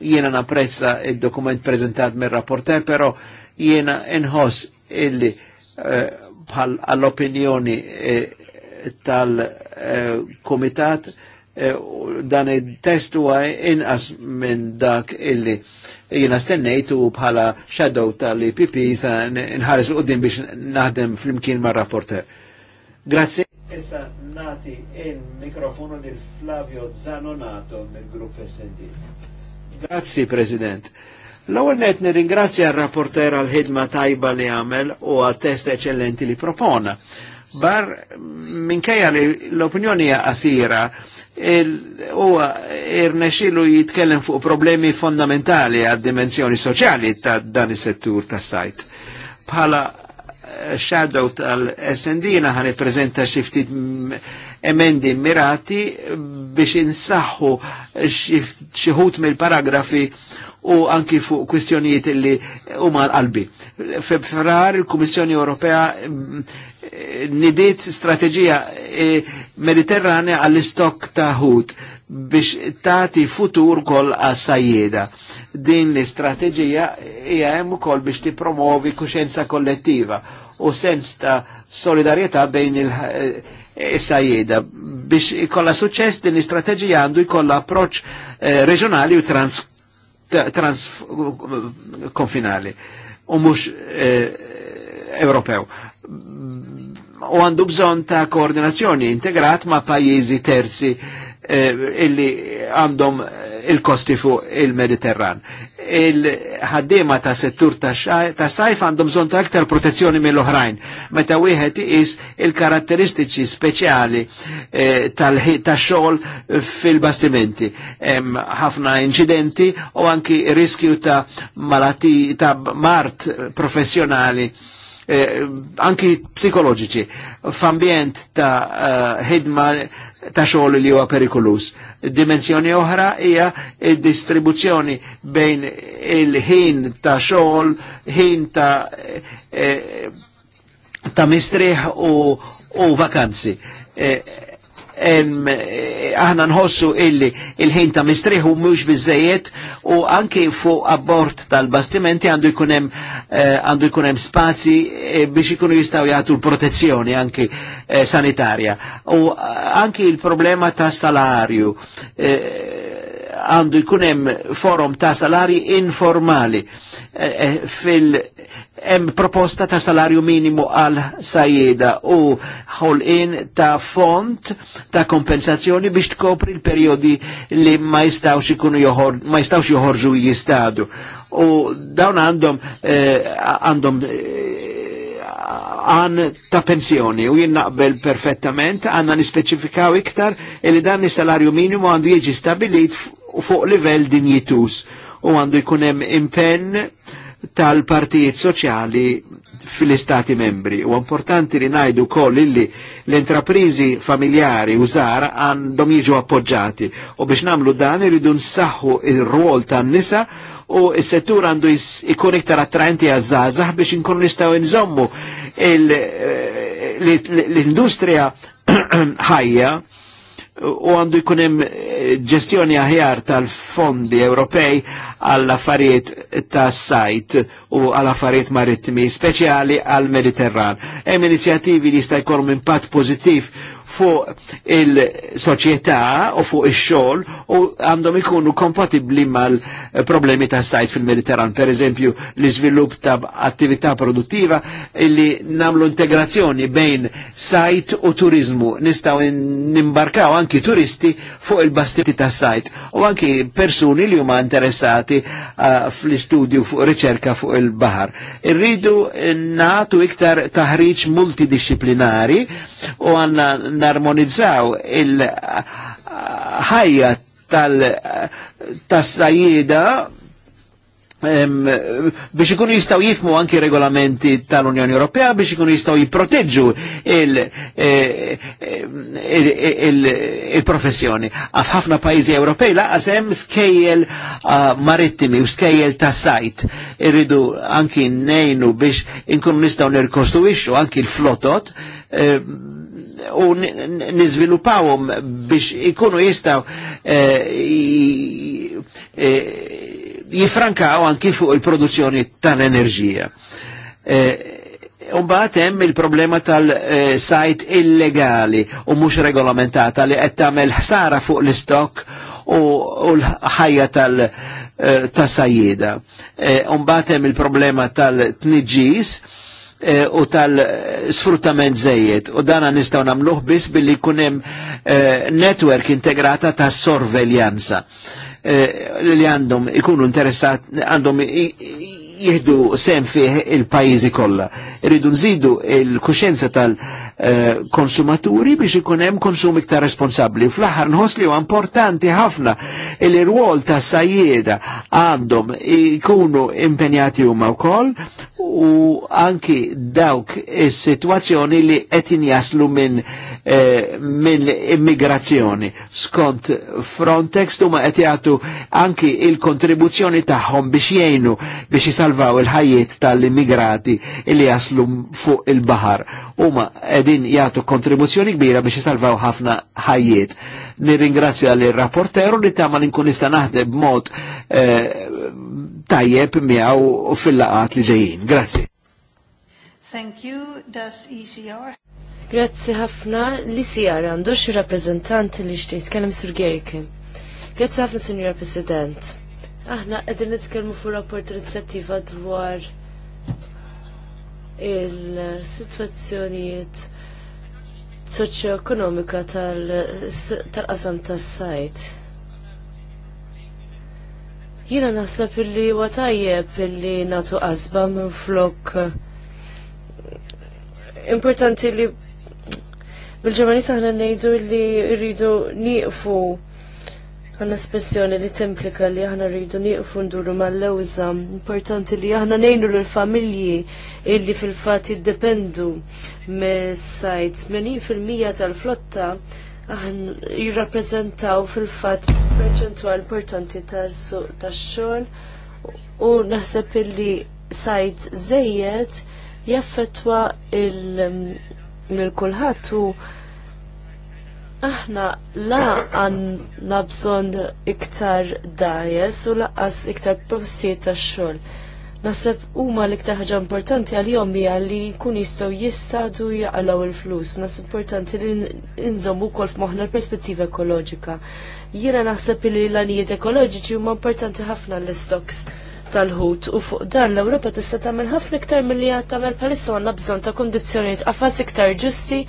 Speaker 4: Jiena napprezza id-dokument prezentat mir rapporter però jiena inħoss illi bħal għall-opinjoni e, tal-komitat e, Eh, dan il-test u għaj inqas minn dak illi jina stennejtu bħala shadow tal-IPP sa nħares l-qoddim biex naħdem fl-imkien ma' rapporter. Grazie. Issa nati il-mikrofonu lil Flavio Zanonato mill-grupp SND. Grazie, President. l għol net nir-ingrazzja rapporter għal ħidma tajba li għamel u għal test eccellenti li propona bar minkejja li l-opinjoni għasira qasira huwa irnexilu jitkellem fuq problemi fondamentali għad dimensjoni soċjali ta' dan is-settur tas-sajt. Bħala eh, shadow tal-SND ħan ippreżenta xi ftit emendi mirati biex insaħħu xi ħut mill-paragrafi u anki fuq kwistjonijiet li huma qalbi. Febrar il-Kummissjoni Ewropea mm, nidiet strategija e, mediterranea għall-istok ta' ħut biex tati futur kol għas-sajjeda. Din l-istrateġija hija hemm ukoll biex tippromovi kuxenza kollettiva u sens ta' solidarieta bejn il- e, sajjeda biex ikolla suċess din l-istrateġija għandu ikolla approċ eh, reġjonali u trans trans-konfinali u mux e, Ewropew. U għandu bżon ta' koordinazzjoni integrat ma' pajjiżi terzi e, illi għandhom il-kosti fuq il-Mediterran. Il-ħaddima ta' settur ta' sajf għandhom bżon ta' aktar protezzjoni mill-oħrajn. Meta wieħed is il-karatteristiċi speċjali eh, tal-xogħol fil-bastimenti. Ħafna incidenti u anki riskju ta' malati ta' mart professjonali eh, anki psikoloġiċi, f'ambjent ta' eh, ħidma eh, ta' xogħol li huwa perikolus. Dimensjoni oħra hija d-distribuzzjoni bejn il-ħin ta' xogħol, ħin ta' eh, ta' mistrieħ u, u vakanzi. Eh, Eh, aħna nħossu illi il-ħin ta' mistriħu mux biżejjed u anki fuq abort tal-bastimenti għandu jkunem eh, għandu jkunem spazi eh, biex jkunu jistaw jgħatu l-protezzjoni anki sanitarja. U anki il-problema ta' salarju għandu jkun hemm forum ta' salari informali e, e, fil hemm proposta ta' salarju minimu għal sajjeda u ħolqien ta' font ta' kompensazzjoni biex tkopri l-perjodi li ma jistawx ikunu ma jistawx joħorġu jistadu. U dawn għandhom e, għandhom għan ta' pensjoni u jien naqbel perfettament għanna nispeċifikaw iktar li dan is-salarju minimu għandu jieġi stabilit u fuq livell dinjitus u għandu jkun hemm impenn tal-partijiet soċjali fil-istati membri. U importanti li najdu koll illi l-intraprizi familjari u zar għandhom jiġu appoġġati. U biex namlu dan irridu nsaħħu il ruol tan nisa u s-settur għandu ikun iktar attraenti għazzazah biex nkun nistaw nżommu eh, l-industrija ħajja u għandu jkunem eh, ġestjoni aħjar tal-fondi Ewropej għall-affarijiet tas sajt u għall-affarijiet marittimi, speċjali għall-Mediterran. Hemm inizjattivi li jista' jkollhom impatt pożittiv fuq il-soċjetà u fuq ix-xogħol u għandhom ikunu kompatibbli mal-problemi ta' sajt fil-Mediterran, per eżempju l-iżvilupp ta' attività produttiva illi namlu integrazzjoni bejn sajt u turizmu. Nistaw nimbarkaw anki turisti fuq il-bastiti ta' sajt u anki persuni li huma interessati uh, fl-istudju fuq riċerka fuq il-bahar. Irridu natu iktar taħriġ multidisciplinari u għanna jarmonizzaw il-ħajja tal-sajjida biex ikunu jistaw jifmu anki regolamenti tal-Unjoni Ewropea biex ikunu jistaw jiproteġu e, e, e, il-professjoni. Il, il, Ewropej laqas hemm skejjel marittimi u skejjel ta' sajt. Irridu anki nejnu biex inkunu nistgħu nirkostuwixxu anki l-flotot u nizvilupawhom biex ikunu jistaw eh, eh, jifrankaw anki fuq il-produzzjoni tal-enerġija. Eh, Umbaħt hemm il-problema tal-sajt illegali u mhux regolamentata li qed tagħmel ħsara fuq l-istok u l-ħajja tal-sajjeda. Umbaħt hemm il-problema tal-tniġġis Eh, u tal-sfruttament zejiet U dana nistaw namluħ bis billi kunem eh, network integrata ta' sorveljanza eh, li għandhom ikunu interessat, għandhom jihdu sem fih il-pajizi kolla. Rridu nżidu il-kuxenza tal- Eh, konsumaturi biex ikun hemm konsum iktar responsabbli. Fl-aħħar nħoss li huwa importanti ħafna il rwol ta' sajjeda għandhom ikunu impenjati huma wkoll u anki dawk is-sitwazzjoni li qed jaslu minn eh, min immigrazzjoni. Skont Frontex huma qed jagħtu anki il-kontribuzzjoni tagħhom biex jgħinu biex jisalvaw il-ħajjiet tal-immigrati li jaslu fuq il-baħar. Huma din jagħtu kontribuzzjoni kbira biex jisalvaw ħafna ħajjiet. Nirringrazzja l rapporteru li li nkun nista' naħdem b'mod eh, tajjeb miegħu fil-laqat li ġejjin. Grazzi.
Speaker 1: Thank you, does ECR?
Speaker 3: Grazzi ħafna li sijar e għandu xi rappreżentant li xtejt kellem Sur Gerike. Grazzi ħafna, Sinjur President. Aħna qegħdin nitkellmu fuq rapport inizjattiva dwar il-sitwazzjonijiet soċjoekonomika tal-qasam tas-sajt. Jiena naħseb illi huwa tajjeb illi nagħtu qasba minn flok eh, importanti li bil-Ġermani saħna ngħidu li rridu nieqfu għanna spessjoni li templika li aħna rridu niqfu nduru mal-lewża. Importanti li aħna nejnu l-familji illi fil-fat jiddependu mis-sajt. 80% tal-flotta jirrappreżentaw fil-fat perċentwal importanti tax-xogħol u naħseb illi sajt żejjed jaffettwa il kulħatu u il Aħna la għanna bżon iktar dajes u laqas iktar postijiet ta' xogħol. Naseb huma l-iktar ħaġa importanti għal-jom hija li jkun jistgħu jistadu jaqalgħu il-flus. nas importanti li nżommu wkoll f'moħħna l-perspettiva ekoloġika. Jiena naħseb li l-anijiet ekoloġiċi huma importanti ħafna l-istoks tal-ħut u fuq dan l-Ewropa tista' tagħmel ħafna iktar milli tagħmel bħalissa għandna bżonn ta' kundizzjonijiet qafas iktar ġusti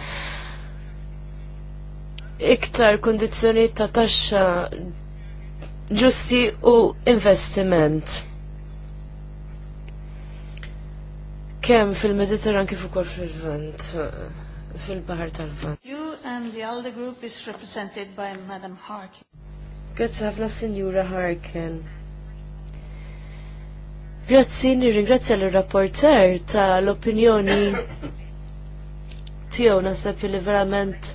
Speaker 3: iktar kondizjoni ta' taxxa ġusti u investiment. Kem fil-Mediterran kif ukoll fil-Vent, fil-Bahar tal-Vent.
Speaker 1: You and the Alde Group is represented by Madam Harkin.
Speaker 3: Grazie ħafna Sinjura Harkin. Grazzi, nirringrazzja l-rapporter tal opinjoni tiegħu nasab li verament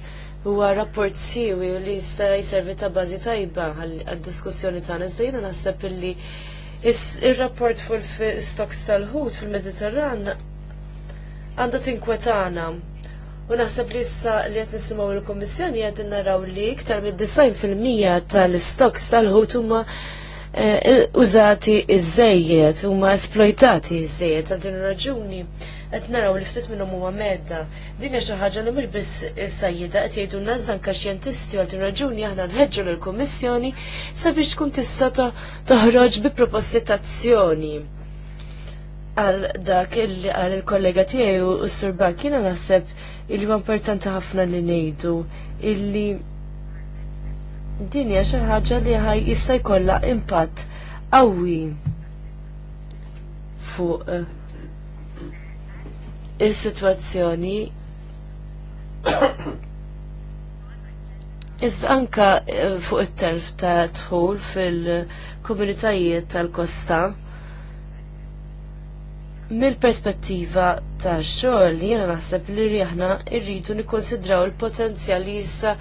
Speaker 3: huwa rapport siwi u li jista' jservi ta' bażi tajba għad-diskussjoni tagħna iżda jiena naħseb illi ir-rapport fuq stocks tal-ħut fil-Mediterran għandha tinkwetana U naħseb li issa li qed nisimgħu l-Kummissjoni qed naraw li iktar minn 90% tal-istoks tal-ħut huma eh, użati iż-żejjed, huma esploitati iż-żejjed għal din ir raġuni qed naraw li ftit minnhom huma medda. Din hija xi ħaġa li mhux biss is-sajjida qed jgħidu n-nas dan kaxjentisti għal raġuni aħna nħeġġu lill-Kummissjoni sabiex tkun tista' toħroġ bi proposti tazzjoni għal dak illi għal il-kollega tiegħi u s-sur jiena naħseb li huwa importanti ħafna li ngħidu illi din hija xi ħaġa li ħaj jista' jkollha impatt qawwi fuq eh, is-sitwazzjoni Iżd anka eh, fuq it-telf ta' tħul fil-komunitajiet tal-kosta, mill-perspettiva ta' xogħol jiena naħseb li aħna rridu nikkonsidraw il-potenzjal li jista'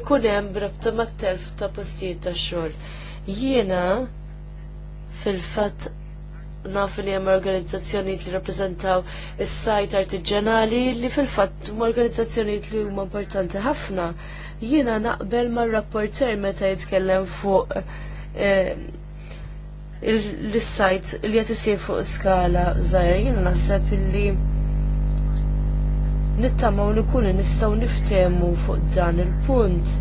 Speaker 3: ikun hemm rabta mat-telf ta' postijiet ta' xogħol. Jiena fil-fatt naf li hemm organizzazzjonijiet li rappreżentaw is-sajt artiġjanali li fil-fatt huma organizzazzjonijiet li huma importanti ħafna. Jiena naqbel mar-rapporter meta jitkellem fuq eh, il sajt li qed isir fuq skala żgħira, jiena naħseb illi nittama li kun nistgħu niftemu fuq dan il-punt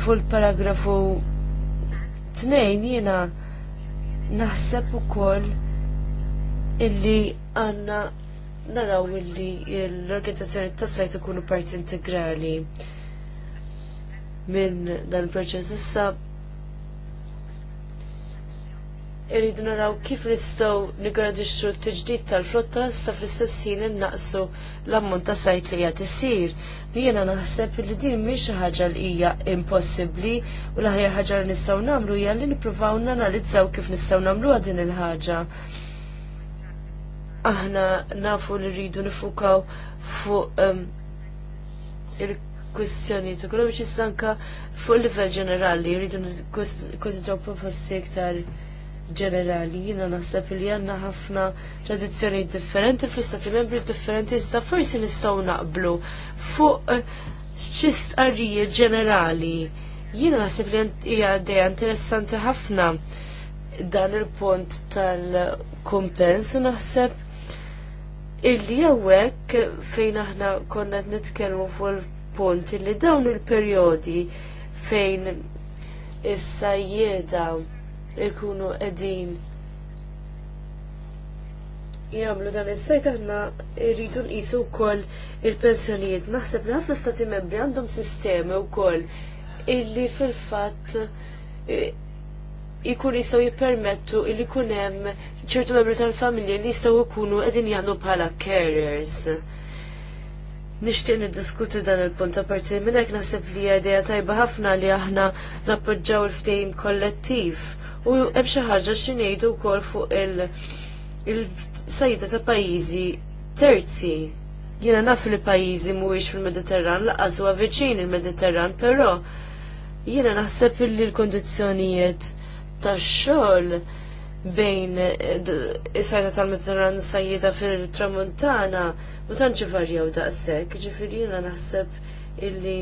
Speaker 3: fuq il-paragrafu nejn jiena naħseb ukoll illi għanna naraw illi l-organizzazzjoni tas-sajt ikunu parti integrali minn dan il-proċess issa irridu naraw kif nistgħu niggradixxu t-tiġdid tal-flotta sa fl-istess ħin innaqsu l-ammont ta' sajt li qed isir. Jiena naħseb li din mhix xi ħaġa li hija impossibbli u l-aħjar ħaġa li nistgħu nagħmlu hija li nippruvaw nanalizzaw kif nistgħu nagħmluha din il-ħaġa. Aħna nafu li rridu nifukaw fuq ehm, il kwistjonijiet ekonomiċi stanka fuq livell ġenerali, jridu kwistaw proposti iktar ġenerali, jina naħseb li għanna ħafna tradizzjoni differenti fl-istati membri differenti, iżda forsi nistaw naqblu fuq eh, xist arrijiet ġenerali. Jina naħseb li hija għaddeja interessanti ħafna dan il-punt tal-kumpens u naħseb illi għawek fejn aħna konna nitkellmu fuq il-punt illi dawn il-periodi fejn issa jieda ikunu edin jagħmlu dan is-sajt aħna rridu nqisu wkoll il-pensjonijiet. Naħseb li ħafna stati membri għandhom sistemi wkoll illi fil-fatt eh, ikun jistgħu jippermettu illi jkun hemm ċertu membri tal-familja li jistgħu jkunu qegħdin jagħmlu bħala carers. Nishtiq niddiskutu dan il-punt apparti minn hekk naħseb li idea tajba ħafna li aħna nappoġġaw il-ftehim kollettiv u hemm xi ħaġa xi ngħidu wkoll fuq il-sajda ta' pajjiżi terzi jiena naf li pajjiżi mhuwiex fil-Mediterran laqas huwa viċin il-Mediterran, però jiena naħseb li l-kondizzjonijiet tax-xogħol bejn eh, is-sajda tal-Mediterran u sajda fil-Tramuntana ma tantx varjaw daqshekk, ġifir jiena naħseb illi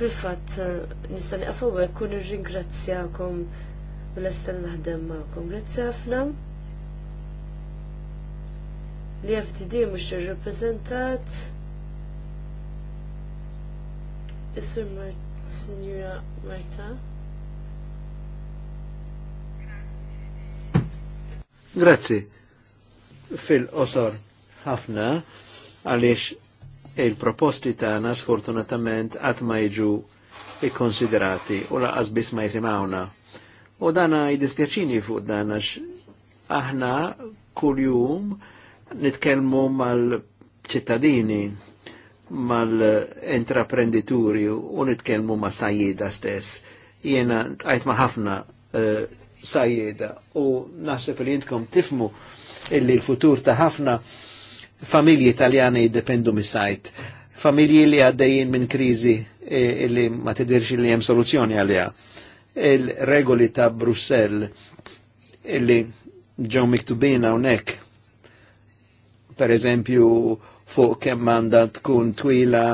Speaker 3: fil-fatt eh, nista' nieqaf hawnhekk u nirringrazzjakom u l-estan naħdem ma'kom. Grazzi ħafna. Li FTD mhux irrappreżentat. Is-Sur Sinjura Marta.
Speaker 4: Grazzi. Fil-qosor ħafna għaliex il-proposti tagħna sfortunatament qatt ma jiġu ikkonsiderati u laqas biss ma jisimgħuna. U dana jidispjaċini fuq dana x. aħna kuljum nitkellmu mal-ċittadini, mal-intraprendituri u nitkellmu ma' sajjeda stess. Jena tqajt ma' ħafna uh, sajjeda u naħseb li jintkom tifmu illi l-futur ta' ħafna familji italjani jiddependu mis-sajt. Familji li għaddejjien minn krizi eh, illi ma tidirx li hemm soluzzjoni għalija il-regoli ta' Brussel illi ġew miktubin hawnhekk. Per eżempju, fuq kemm għandha tkun twila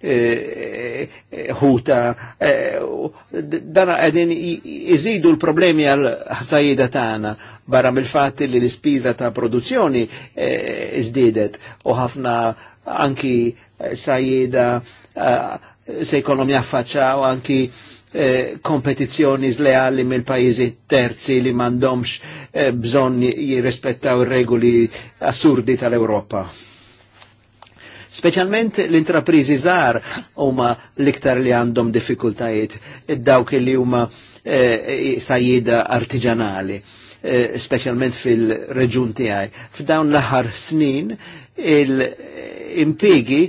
Speaker 4: e, e, ħuta, e, e, dan għedin iżidu l-problemi għal ħsajida tagħna barra mill-fatt li l-ispiża ta' produzzjoni e, iżdiedet u ħafna anki sajjida se jkollhom jaffaċċaw anki kompetizjoni eh, kompetizzjoni zleali mill pajizi terzi li mandomx eh, bżon jirrespettaw regoli assurdi tal-Europa. Speċjalment l-intraprizi żgħar huma l-iktar li għandhom diffikultajiet dawk li huma eh, sajjida artiġanali, speċjalment fil-reġun tiegħi. F'dawn l-aħħar snin il-impigi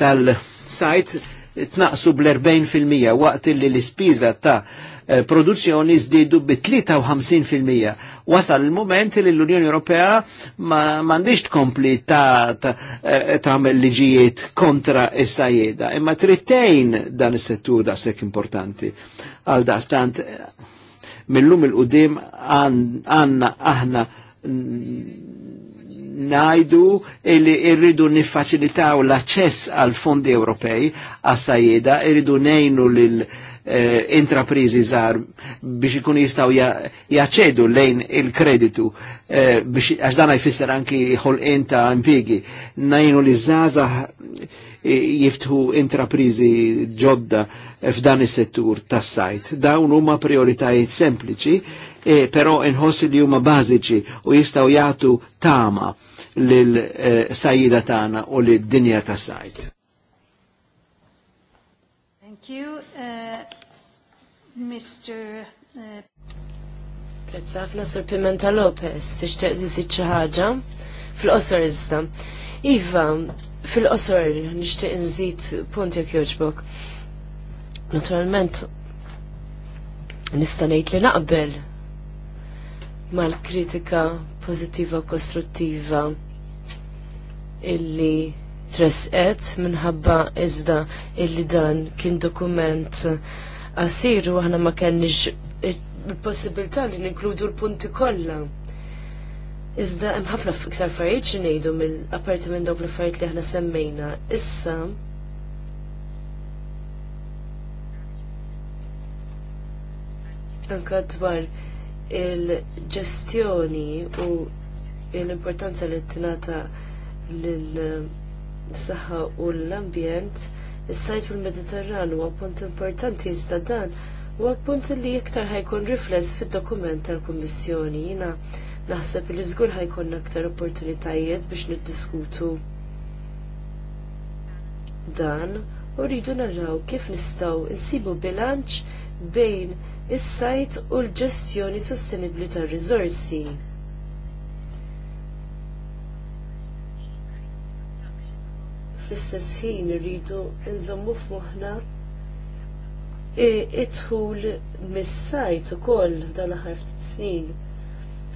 Speaker 4: tal-sajt tnaqsu bl-40% waqt li l-ispiża ta' eh, produzzjoni zdidu bi 53%. Wasal il-moment li l-Unjoni Ewropea ma m'għandix tkompli ta' eh, tagħmel liġijiet kontra is-sajjeda, imma trittejn dan is-settur da' sekk importanti. Għal da' stant eh, millum il-qudiem għanna aħna najdu illi irridu nifacilitaw l-aċċess għal fondi Ewropej għas-sajjeda, irridu nejnu lil eh, intraprizi zar biex ikun jistaw jaċedu lejn il-kreditu eh, biex għax dan jfisser anki ħolqien ta' impigi najnu li zaza eh, jiftħu intraprizi ġodda f'dan is-settur tas-sajt. Dawn huma prioritajiet sempliċi, eh, però inħossi li huma bażiċi u jistgħu jagħtu tama lil-sajjida tagħna u lid-dinja ta' sajt.
Speaker 1: Thank you, uh, Mr. Uh...
Speaker 3: Sir ħafna Sur Pimenta Lopez, tixtieq tiżid xi ħaġa fil-qosor iżda. Iva, fil-qosor nixtieq nżid punt jekk jogħġbok. Naturalment, nista' ngħid li naqbel mal-kritika pozittiva u kostruttiva illi tresqet minħabba iżda illi dan kien dokument għasir u aħna ma kenniġ il-possibilità li ninkludu l-punti kollha. Iżda hemm ħafna iktar affarijiet xi ngħidu mill-apparti minn dawk l-affarijiet li aħna semmejna. Issa anka dwar il-ġestjoni u l-importanza li tingħata lill-saħħa u l-ambjent, is-sajt fil-Mediterran huwa punt importanti iżda dan huwa punt li iktar ħajkun rifless fid-dokument tal-Kummissjoni. Jina naħseb li zgur ħajkun aktar opportunitajiet biex niddiskutu dan u rridu naraw kif nistgħu insibu bilanċ bejn is-sajt u l-ġestjoni sostenibbli tar-riżorsi. Fl-istess ħin irridu nżommu f'moħħna idħul mis-sajt ukoll dawn l-aħħar ftit snin.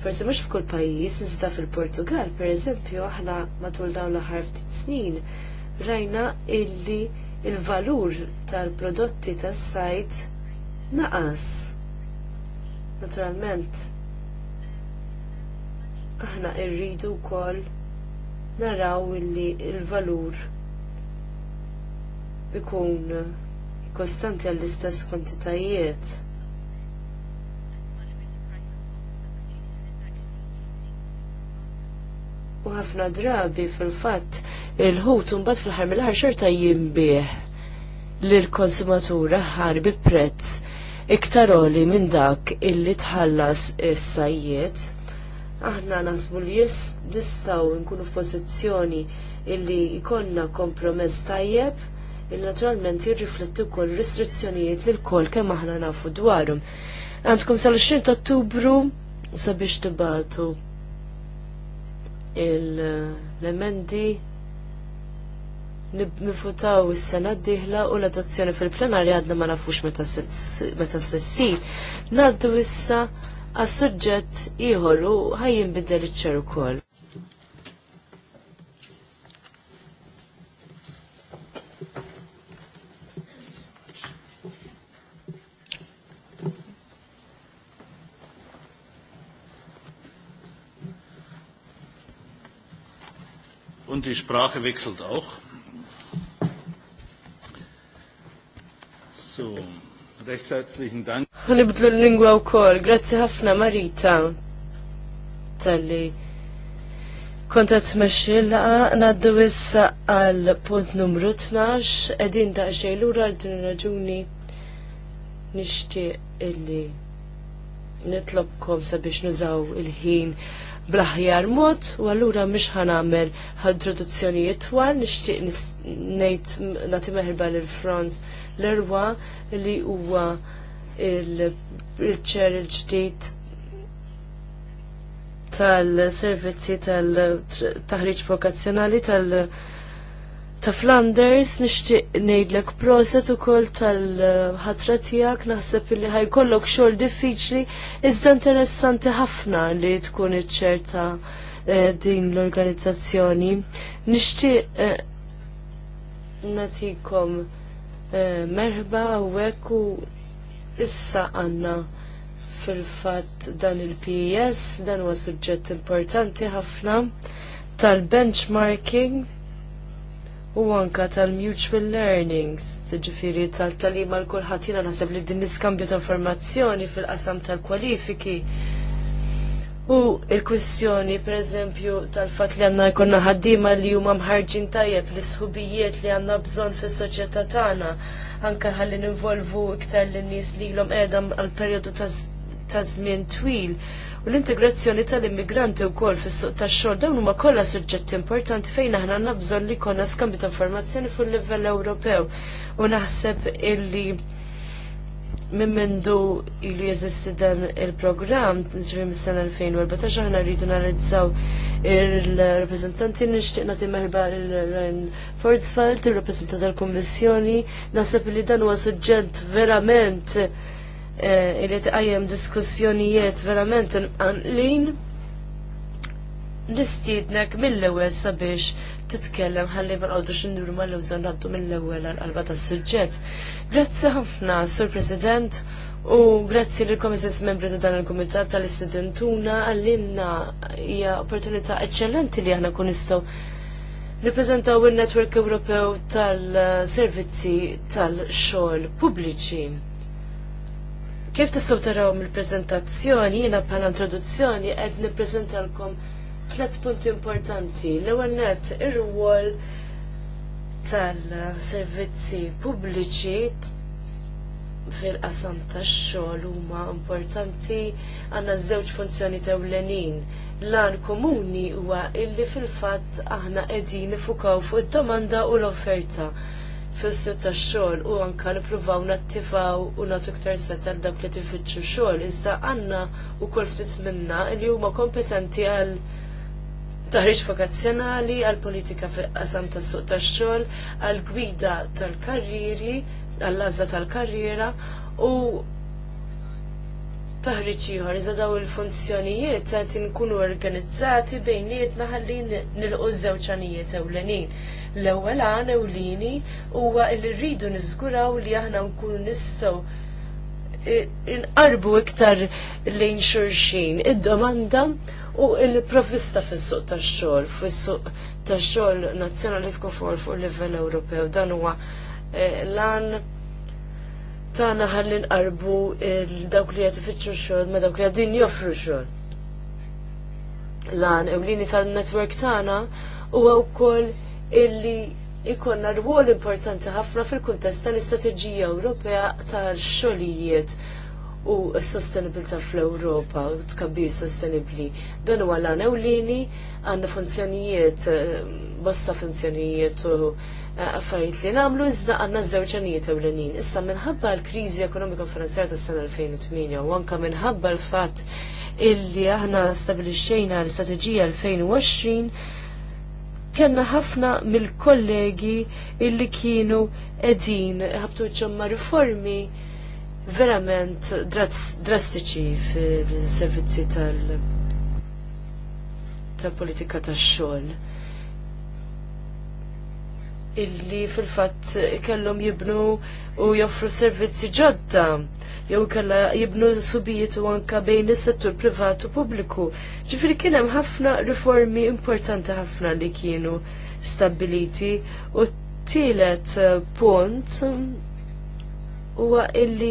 Speaker 3: Forsi mhux f'kull pajjiż iżda fil-Portugal, pereżempju, aħna matul dawn l-aħħar ftit snin rajna illi il-valur tal-prodotti tas-sajt naqas. Naturalment, aħna irridu wkoll naraw illi il-valur ikun kostanti għall-istess kwantitajiet. U ħafna drabi fil-fatt il-ħut unbat fil-ħar mill-ħar xorta jinbih lill-konsumatur aħħar bi prezz iktar oli minn dak illi tħallas is-sajjiet. Aħna nasbu li nistgħu nkunu f'pożizzjoni illi jkollna kompromess tajjeb il naturalment jirrifletti wkoll restrizzjonijiet li l-koll kemm aħna nafu dwarhom. Għandkom sal-20 Ottubru sabiex tibatu l-emendi nifutaw is-sena d-dieħla u l-adozzjoni fil-plenarja għadna ma nafux meta s sessi Naddu issa għas-suġġett iħor u ħajjin bidel iċ-ċer
Speaker 1: Und die Sprache wechselt auch.
Speaker 4: So, recht herzlichen Dank.
Speaker 3: Nibdlu l-lingwa u kol, grazzi ħafna Marita. Talli. Kontat meċilla, naddu issa għal punt numru 12, edin daċġej l-ura l-din raġuni nishti illi nitlobkom sabiex nużaw il-ħin blaħjar mod u allura mhix ħanamel introduzzjonijiet twal nixtieq ngħid nagħti meħba il Franz l-erwa li huwa il-ċer il-ġdid tal-servizzi tal-taħriġ vokazzjonali tal- ta' Flanders nixtieq ngħidlek proset ukoll tal-ħatra tiegħek naħseb li ħajkollok xogħol diffiċli iżda interessanti ħafna li tkun iċċerta eh, din l-organizzazzjoni. Nixtieq eh, natikom Eh, merħba u u issa għanna fil-fat dan il-PES, dan huwa suġġett importanti ħafna tal-benchmarking u anka tal-mutual learnings, ġifiri tal-talima l-kulħatina nasab li din niskambju ta' informazzjoni fil-qasam tal-kwalifiki U il-kwistjoni, per eżempju, tal-fat li għanna jkonna ħaddima li huma mħarġin tajjeb l sħubijiet li għanna bżon fis soċjetà tagħna, anke ħalli ninvolvu iktar l nies li l-om edam għal-periodu ta' żmien twil. U l-integrazzjoni tal-immigranti wkoll fis-suq tax-xogħol dawn huma kollha suġġetti importanti fejn aħna għandna bżonn li jkollna skambju ta' informazzjoni fuq livell Ewropew. U naħseb illi minn mindu ilu jeżisti dan il-programm, ġivim s-sena 2014, ħana rridu analizzaw il-reprezentanti nishtiq nati merba il-Ryan Forzfeld, il-reprezentant tal-Kommissjoni, nasab li dan huwa suġġent verament eh, li tqajjem diskussjonijiet verament lin nistiednek mill-ewwel sabiex titkellem ħalli ma nqogħdux indurma mal-lewża ngħaddu mill-ewwel għall-qalba tas-suġġett. Grazzi ħafna, Sur President, u grazzi lil komisis membri ta' dan il-Kumitat tal-Istudentuna għallinna hija opportunità eċċellenti li aħna kun nistgħu nippreżentaw il-Netwerk Ewropew tal-Servizzi tal-Xogħol Pubbliċi. Kif tistgħu taraw mill-preżentazzjoni jiena bħala introduzzjoni qed nippreżentalkom tlet punti importanti. L-ewwel net ir-rwol tal-servizzi pubbliċi fil-qasam tax-xogħol huma importanti għandna żewġ funzjoni tewlenin. L-għan komuni huwa illi fil-fatt aħna qegħdin nifukaw fuq id-domanda u l-offerta fis sitt tax-xogħol u anke nippruvaw nattivaw u nagħtu iktar setar dawk li tifittxu xogħol iżda għandna wkoll ftit minna li huma kompetenti għal taħriġ vokazzjonali, għal politika qasam tas suq tax-xogħol, għal gwida tal-karriri, għall għażla tal-karriera u taħriġ ieħor iżda daw il-funzjonijiet qed inkunu organizzati bejnietna ħalli nilqu żewġ ewlenin. L-ewwel għan ewlieni huwa li rridu niżguraw li aħna nkunu nistgħu inqarbu iktar lejn xulxin. Id-domanda u il-provvista fis-suq tax-xogħol, fis xol tax-xogħol nazzjonali fuq il-livell Ewropew. Dan huwa eh, lan tagħna ħalli nqarbu dawk li qed ifittxu xogħol ma dawk li qegħdin joffru xogħol. Lan ewlieni tal-netwerk tagħna huwa wkoll illi ikonna rwol importanti ħafna fil-kuntest tal-istrateġija Ewropea tal-xogħlijiet u s-sostenibilità fl-Ewropa u tkabbir sostenibli. Dan huwa l ewlieni għandna funzjonijiet, eh, bosta funzjonijiet u eh, affarijiet li nagħmlu iżda għandna żewġ anijiet ewlenin. Issa minħabba l-kriżi ekonomika finanzjara tas-sena 2008 u anke minħabba l-fatt illi aħna stabilixxejna l-istrateġija 2020 kellna ħafna mill-kollegi illi kienu qegħdin ħabtu ċemma riformi verament drastiċi fil-servizzi tal- tal-politika tax-xogħol illi fil-fatt kellhom jibnu u joffru servizzi ġodda jew kella jibnu subijiet u anka bejn is-settur privat u pubbliku. Ġifieri kien hemm ħafna riformi importanti ħafna li kienu stabbiliti u tielet punt huwa illi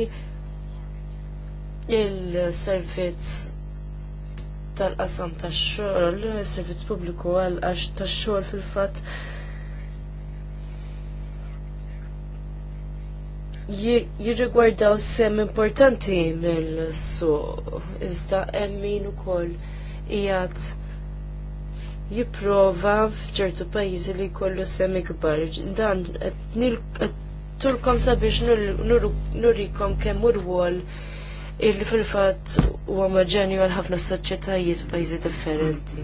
Speaker 3: il-servizz tal-qasam tax-xogħol, servizz pubbliku għal għax tax-xogħol fil-fatt jirrigwardaw sem importanti mill su iżda hemm min ukoll qiegħed jipprova f'ċertu pajjiżi li jkollu sem ikbar. Dan turkom sabiex nurikom kemm urwol li fil-fatt huwa maġenju għal ħafna soċjetajiet pajjiżi differenti.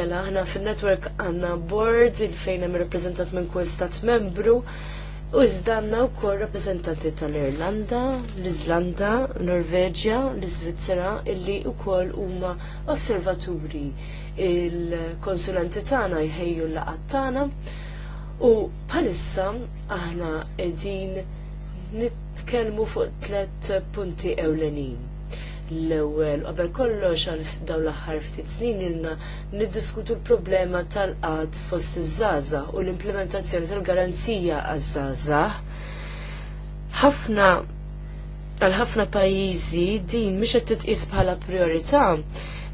Speaker 3: Mela aħna fin-network għandna boards il fejn hemm reprezentat minn kull stat membru u iżda għandna wkoll rappreżentanti tal-Irlanda, l-Iżlanda, Norveġja, l-Iżvizzera illi wkoll huma osservaturi il-konsulenti tagħna jħejju l-laqat tagħna U bħalissa aħna qegħdin nitkellmu fuq tliet punti ewlenin. L-ewwel għabel kollox għal dawn l-aħħar ftit snin ilna niddiskutu l-problema tal qad fost iż żaza u l-implementazzjoni tal-garanzija għaż żaza Ħafna għal ħafna pajjiżi din mhix qed titqis bħala priorità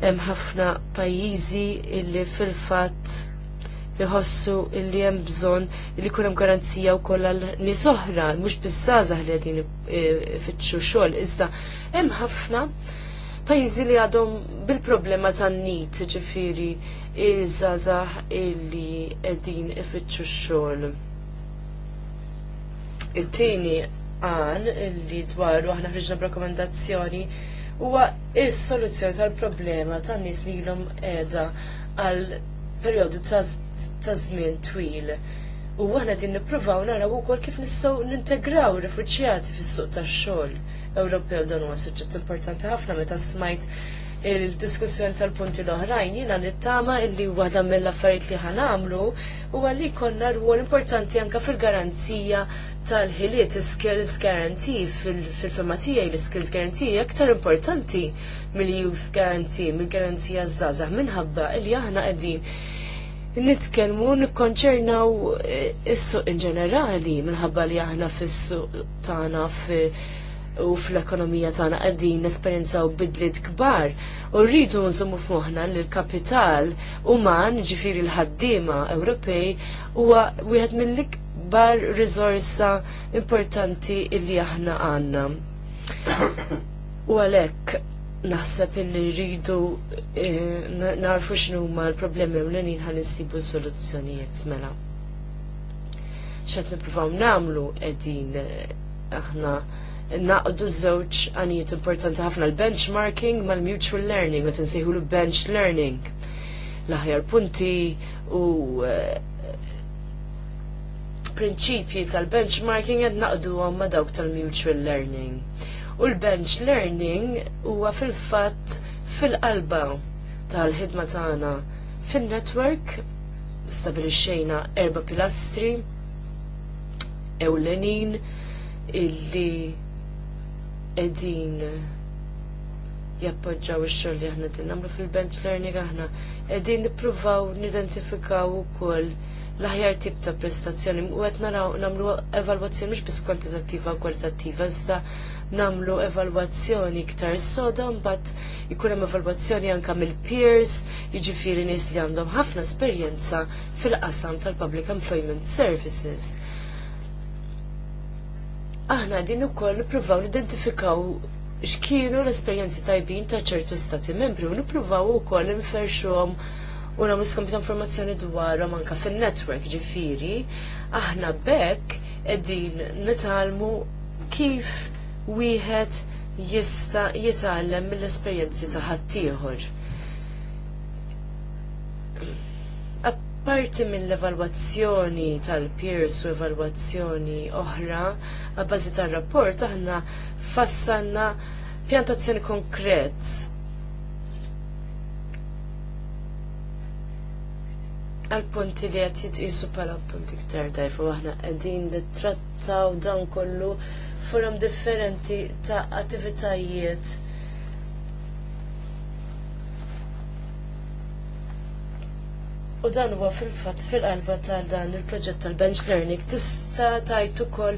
Speaker 3: hemm ħafna pajjiżi illi fil-fatt iħossu li hemm bżonn li jkun hemm garanzija wkoll kolla nies oħra, mhux biż li qegħdin eh, fitxu xogħol, iżda hemm ħafna pajjiżi li għadhom bil-problema tan-nit, ġifieri iż-żgħażagħ illi qegħdin ifittxu xogħol It-tieni għan li dwaru aħna ħriġna b'rakkomandazzjoni huwa is-soluzzjoni tal-problema tan-nies li ilhom qiegħda għal perjodu ta' żmien twil. U għana din nippruvaw naraw ukoll kif nistgħu nintegraw ir-rifuġjati fis-suq tax-xogħol Ewropew dan huwa suġġett importanti ħafna meta smajt il-diskussjoni tal-punti l-oħrajn, jina nittama illi waħda mill-affarijiet li ħanamlu u għalli konna rwol importanti anka fil-garanzija tal-ħiliet skills guarantee fil firmatija l-skills guarantee aktar importanti mill-youth guarantee, mill-garanzija zaza minħabba illi aħna qegħdin nitkelmu nikkonċernaw is-suq in ġenerali minħabba li aħna fis-suq tagħna fi u fl-ekonomija tagħna qegħdin nesperjenzaw bidliet kbar u rridu nżommu f'moħħna li l-kapital uman, ġifieri l-ħaddiema Ewropej huwa wieħed mill-ikbar riżorsa importanti li aħna għandna. U għalhekk naħseb illi rridu eh, narfu x'nu huma l-problemi u l-nin insibu soluzzjonijiet mela. ċet nippruvaw namlu edin eh, aħna naqdu żewġ għanijiet importanti ħafna l-benchmarking mal-mutual learning, u tinsiħu l-bench learning. L-aħjar punti u eh, prinċipji tal-benchmarking għed naqdu għamma dawk tal-mutual learning. U l-bench learning huwa fil-fatt fil-qalba tal-ħidma tagħna fin-network stabilixxejna erba' pilastri ewlenin illi edin jappoġġaw ix-xogħol li aħna din nagħmlu fil-bench learning aħna qegħdin nippruvaw nidentifikaw ukoll l-aħjar tip ta' prestazzjoni u qed naraw nagħmlu evalwazzjoni mhux biss kwantitattiva u kwalitattiva iżda namlu evalwazzjoni iktar soda mbagħad ikun hemm evalwazzjoni anke mill-peers, jiġifieri nies li għandhom ħafna esperjenza fil-qasam tal-Public Employment Services aħna din ukoll nippruvaw nidentifikaw x'kienu l-esperjenzi tajbin ta' ċertu stati membri u nippruvaw ukoll nferxuhom u nagħmlu skambju ta' informazzjoni dwarhom anke fin-network ġifiri, aħna bekk qegħdin nitalmu kif wieħed jista' jitgħallem mill-esperjenzi ta' ħaddieħor Parti mill-evalwazzjoni tal-peers u evalwazzjoni oħra, għabbażi tal-rapport, aħna fassanna pjantazzjoni konkret. Għal-punti li għat jitqisu pala punti ktar tajfu, aħna għedin li trattaw dan kollu forum differenti ta' attivitajiet U dan huwa fil-fatt fil-qalba tal dan il-proġett tal-bench learning tista' tajt ukoll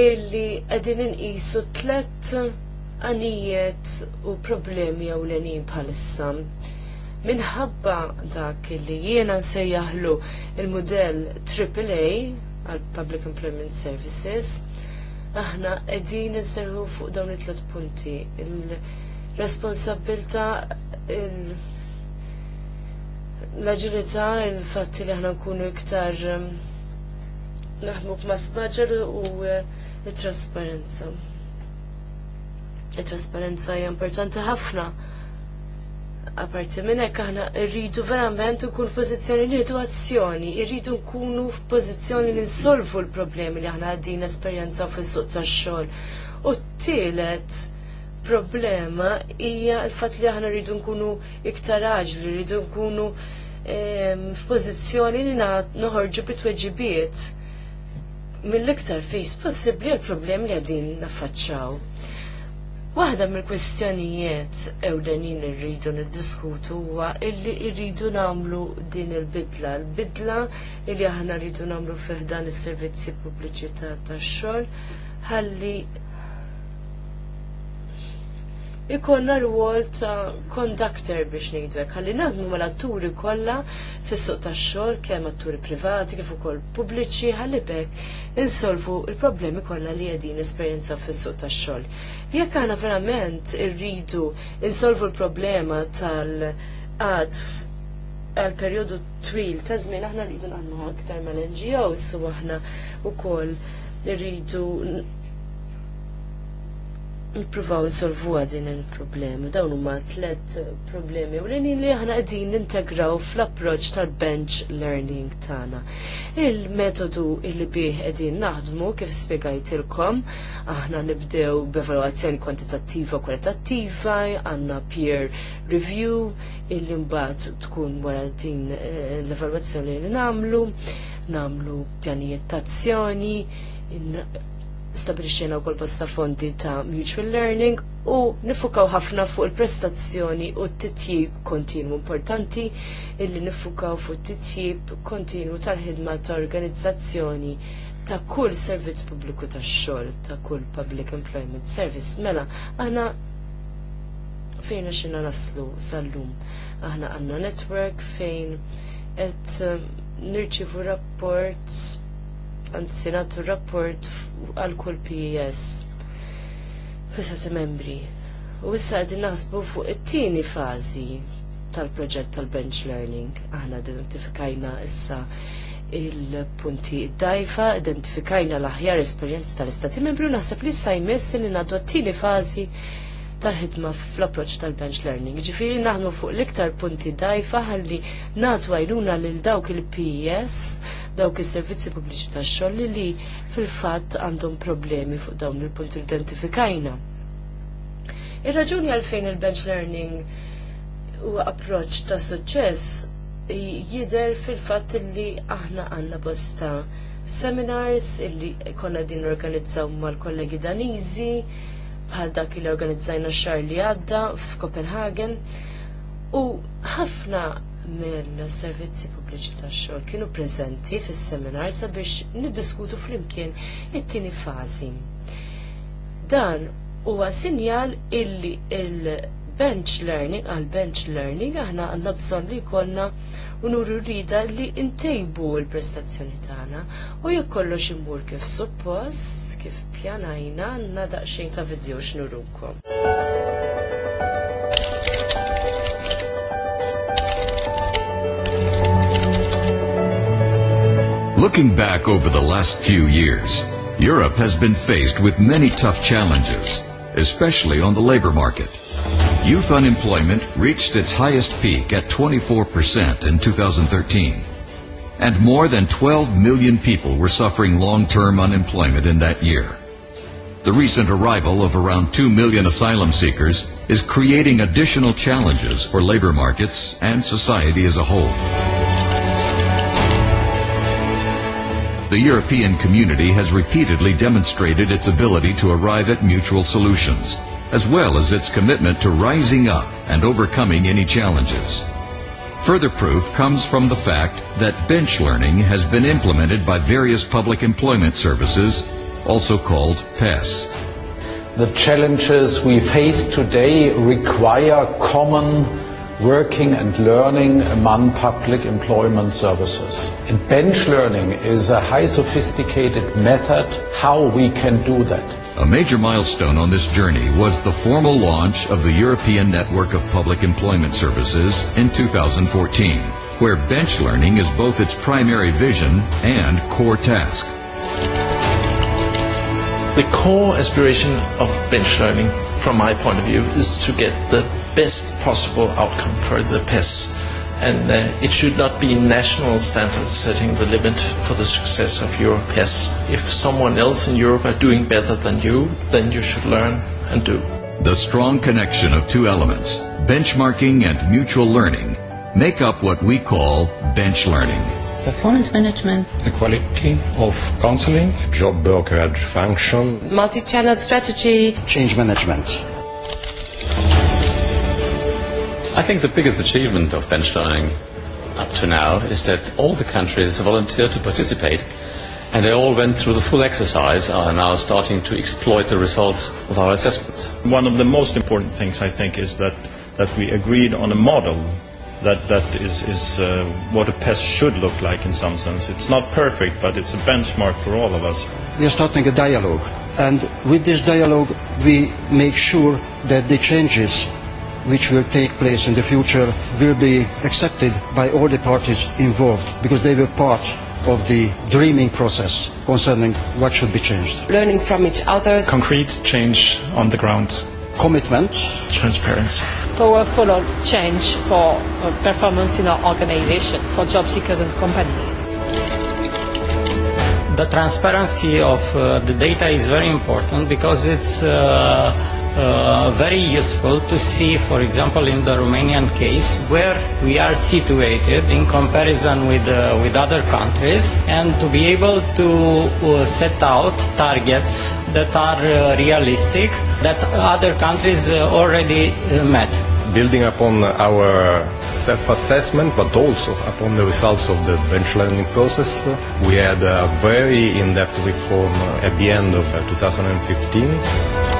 Speaker 3: illi qegħdin inqisu tlet għanijiet u problemi ewlenin bħalissa. Minħabba dak illi jiena nsejjaħlu il-modell AAA għal Public Employment Services, aħna qegħdin nserħu fuq dawn it-tlet punti. Il-responsabilta il, -responsabilta, il l-aġilità, il-fatt li aħna nkunu iktar um, naħmuk masbaġar u uh, il trasparenza It-trasparenza hija importanti ħafna. Aparti minn hekk aħna rridu verament nkun f'pożizzjoni li rridu azzjoni, rridu nkunu f'pożizzjoni li nsolvu l-problemi li aħna għaddin esperjenza fis-suq tax-xogħol. U t-tielet, problema hija l-fatt li aħna rridu nkunu iktar aġli, rridu nkunu ehm, f'pożizzjoni li noħorġu bit-tweġibiet mill-iktar fis possibbli l-problem li għadin naffaċċaw. Waħda mill-kwistjonijiet ewlenin irridu niddiskutu huwa illi rridu nagħmlu din il-bidla. L-bidla illi aħna rridu nagħmlu fih dan is-servizzi pubbliċità tax-xogħol ħalli ikollha rwol ta' conductor biex nejdwek. Għalli ħalli naħdmu mal-atturi kollha fis-suq tax-xogħol kemm atturi privati kif ukoll pubbliċi għalli bekk insolvu l-problemi kollha li qegħdin esperjenza fis-suq tax-xogħol. Jekk aħna verament irridu insolvu l-problema tal għad għal periodu twil ta' żmien aħna rridu nagħmlu aktar mal-NGOs u aħna wkoll rridu nipruvaw insolvuha din il-problemi. Dawn huma tliet eh, problemi u l li aħna qegħdin nintegraw fl-approċċ tal-bench learning tagħna. Il-metodu li bih qegħdin naħdmu kif spjegajtilkom, aħna nibdew b'evalwazzjoni kwantitattiva u kwalitattiva, għandna peer review illi mbagħad tkun wara din eh, l-evalwazzjoni li nagħmlu, nagħmlu pjanijiet tazzjoni, stabilixxejna wkoll bosta fondi ta' mutual learning u nifukaw ħafna fuq il-prestazzjoni u t-titjib kontinwu importanti illi nifukaw fuq t-titjib kontinu tal-ħidma ta' organizzazzjoni ta' kull servizz pubbliku ta' xogħol ta' kull public employment service mela aħna fejn xina naslu sal-lum aħna għandna network fejn qed nirċivu rapport anzi nagħtu rapport għal kull PES. Fissa membri. U issa qegħdin naħsbu fuq it-tieni fażi tal-proġett tal-bench learning. Aħna identifikajna issa il-punti id-dajfa, identifikajna l-aħjar esperjenzi tal-istati membri u naħseb li issa jmiss li ngħaddu t-tieni fażi tal-ħidma fl-approċ tal-bench learning. Ġifiri naħdmu fuq l-iktar punti dajfa ħalli natu għajnuna lil dawk il-PES dawk is-servizzi pubbliċi tax-xogħol li fil-fatt għandhom problemi fuq dawn il-punti identifikajna. Ir-raġuni għalfejn il-bench learning huwa approċċ ta' suċċess jidher fil-fatt li aħna għandna bosta seminars illi konna din organizzaw mal-kollegi Daniżi bħal dak li organizzajna xar li għadda f'Kopenhagen u ħafna mill-servizzi pubbliċi tax-xogħol kienu preżenti fis-seminar sabiex niddiskutu flimkien it-tieni fażi. Dan huwa sinjal illi il-bench learning għal bench learning aħna għandna bżonn li jkollna nuru rrida li ntejbu l-prestazzjoni tagħna u jekk kollox imur kif suppost, kif pjanajna, għandna daqsxejn ta' video x'nurukom.
Speaker 5: Looking back over the last few years, Europe has been faced with many tough challenges, especially on the labor market. Youth unemployment reached its highest peak at 24% in 2013, and more than 12 million people were suffering long-term unemployment in that year. The recent arrival of around 2 million asylum seekers is creating additional challenges for labor markets and society as a whole. The European community has repeatedly demonstrated its ability to arrive at mutual solutions, as well as its commitment to rising up and overcoming any challenges. Further proof comes from the fact that bench learning has been implemented by various public employment services, also called PES. The challenges we face today require common working and learning among public employment services. And bench learning is a high sophisticated method how we can do that. A major milestone on this journey was the formal launch of the European Network of Public Employment Services in 2014, where bench learning is both its primary vision and core task. The core aspiration of bench learning from my point of view, is to get the best possible outcome for the pests. And uh, it should not be national standards setting the limit for the success of your pests. If someone else in Europe are doing better than you, then you should learn and do. The strong connection of two elements, benchmarking and mutual learning, make up what we call bench learning
Speaker 3: performance management,
Speaker 5: the quality of counseling, job brokerage function,
Speaker 3: multi-channel strategy, change management.
Speaker 5: I think the biggest achievement of Benstein up to now is that all the countries volunteered to participate and they all went through the full exercise and are now starting to exploit the results of our assessments. One of the most important things I think is that, that we agreed on a model that, that is, is uh, what a pest should look like in some sense. It's not perfect, but it's a benchmark for all of us.
Speaker 4: We are starting a dialogue, and with this dialogue, we make sure that the changes which will take place in the future will be accepted by all the parties involved because they were part of the dreaming process concerning what should be changed.
Speaker 3: Learning from
Speaker 2: each other.
Speaker 4: Concrete change on the ground. Commitment. Transparency
Speaker 2: powerful change for uh, performance in our organization, for job seekers and
Speaker 4: companies. The transparency of uh, the data is very important because it's uh, uh, very useful to see, for example, in the Romanian case, where we are situated in comparison with, uh, with other countries, and to be able to uh, set out targets that are uh, realistic, that other countries uh, already uh, met.
Speaker 5: Building upon our self-assessment, but also upon the results of the bench learning process, we had a very in-depth reform at the end of
Speaker 3: 2015. Uh,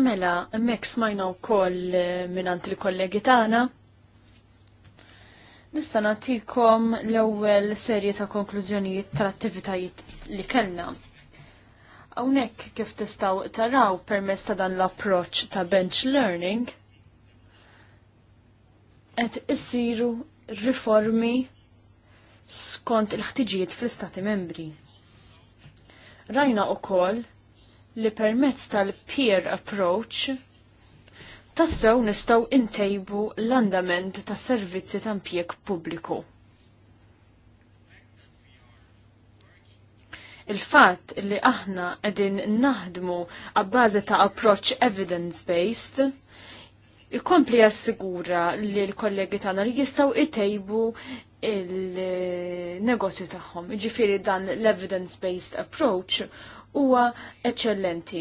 Speaker 2: Mela, mek smajna u koll eh, minant il-kollegi tana. Nista natikom l-ewwel serje ta' konklużjonijiet tal-attivitajiet li kellna. Hawnhekk kif tistaw taraw permezz ta' dan l-approċċ ta' bench learning qed issiru riformi skont il-ħtiġijiet fl-istati membri. Rajna u koll li permezz tal-peer approach tassew nistaw intejbu l-andament tas servizzi ta' impjeg pubbliku. Il-fatt li aħna qegħdin naħdmu għabbażi ta' approach evidence-based ikompli jassigura li l-kollegi tagħna li jistgħu itejbu il-negozju tagħhom. Ġifieri dan l-evidence-based approach huwa eċċellenti.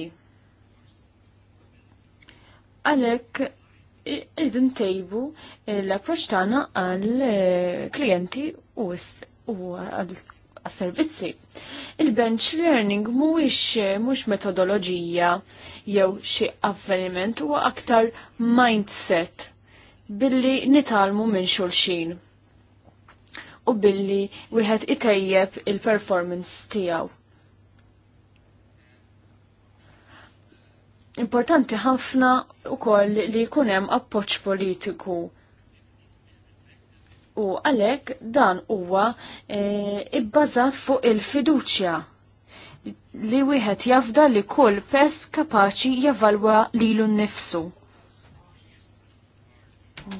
Speaker 2: Għalhekk irridu ntejbu l-approċċ tagħna għal eh, klijenti u għal għas-servizzi. Il-bench learning mhuwiex eh, mhux metodoloġija jew xi avveniment huwa aktar mindset billi nitalmu minn xulxin u billi wieħed itejjeb il-performance tiegħu. importanti ħafna wkoll li jkun hemm appoġġ politiku. U għalhekk dan huwa e, ibbażat fuq il-fiduċja li wieħed jafda li kull pest kapaċi javalwa lilu nnifsu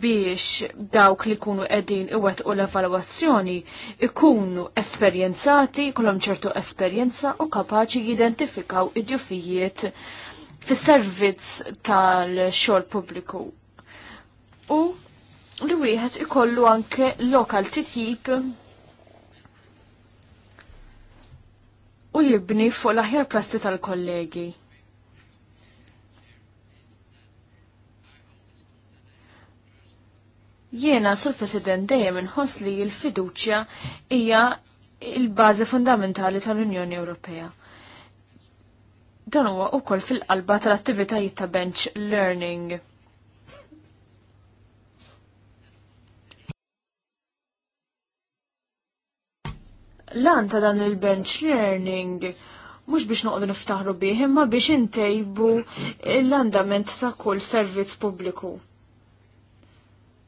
Speaker 2: biex dawk li kunu edin iwet u l-evaluazzjoni ikunu esperienzati, kolom ċertu esperienza u kapaċi jidentifikaw id-djufijiet fis-servizz tal-xogħol pubbliku. U li wieħed ikollu anke lokal titjib u jibni fuq l-aħjar plasti tal-kollegi. Jiena sur President dejjem inħoss li l-fiduċja hija il-bażi fundamentali tal-Unjoni Ewropea. Dan huwa wkoll fil-qalba tal-attivitajiet ta' bench learning. Lan ta' dan il-bench learning mhux biex noqogħdu niftaħru bih imma biex intejbu l-andament ta' kull servizz pubbliku.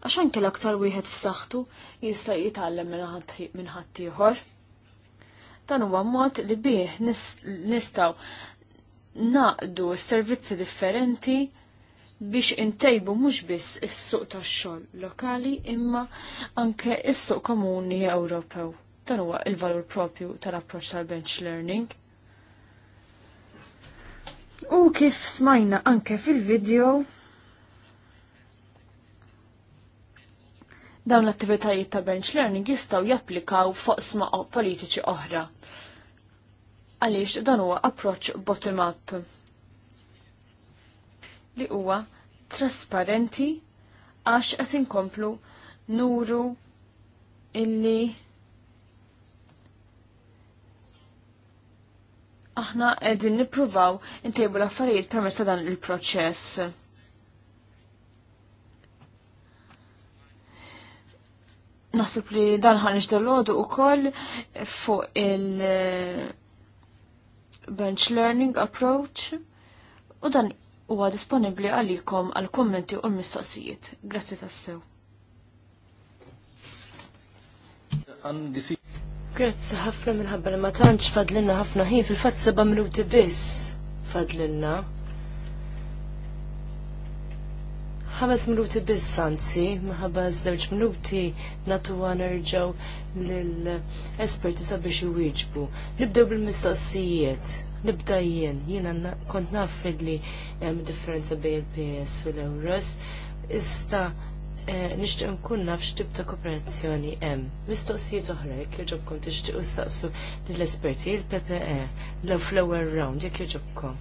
Speaker 2: Għaxan kell aktar wieħed f'saħħtu jista' jitgħallem minn ħaddieħor. ieħor. Dan huwa mod li bih nistgħu naqdu s-servizzi differenti biex intejbu mhux biss is-suq tax-xogħol lokali imma anke is-suq komuni Ewropew. Dan huwa l valur propju tal-approċċ tal-bench learning. U kif smajna anke fil-video dawn l-attivitajiet ta' bench learning jistgħu japplikaw fuq sma politiċi oħra għaliex dan huwa approach bottom-up li huwa trasparenti għax qed inkomplu nuru illi aħna qegħdin nippruvaw intejbu l-affarijiet permezz ta' dan il-proċess. Naħseb li dan ħan iġdalodu u koll fuq il- bench learning approach u dan huwa disponibbli għalikom għal kommenti u l-mistoqsijiet. Grazzi tassew.
Speaker 3: Grazzi ħafna minħabba li ma tantx fadlinna ħafna ħin fil-fatt seba' minuti biss fadlinna. Ħames minuti biss anzi, minħabba żewġ minuti natu nerġgħu l-esperti sabiex iwieġbu. Nibdew bil-mistoqsijiet, nibda jien, jiena kont naf li hemm differenza bejn il-PS u l-Euros, Issa eh, nixtieq nkun naf x'tib ta' kooperazzjoni hemm. Mistoqsijiet oħra jekk jogħġobkom tixtiequ saqsu lill-esperti il-PPE l flower ewwel round jekk jogħġobkom.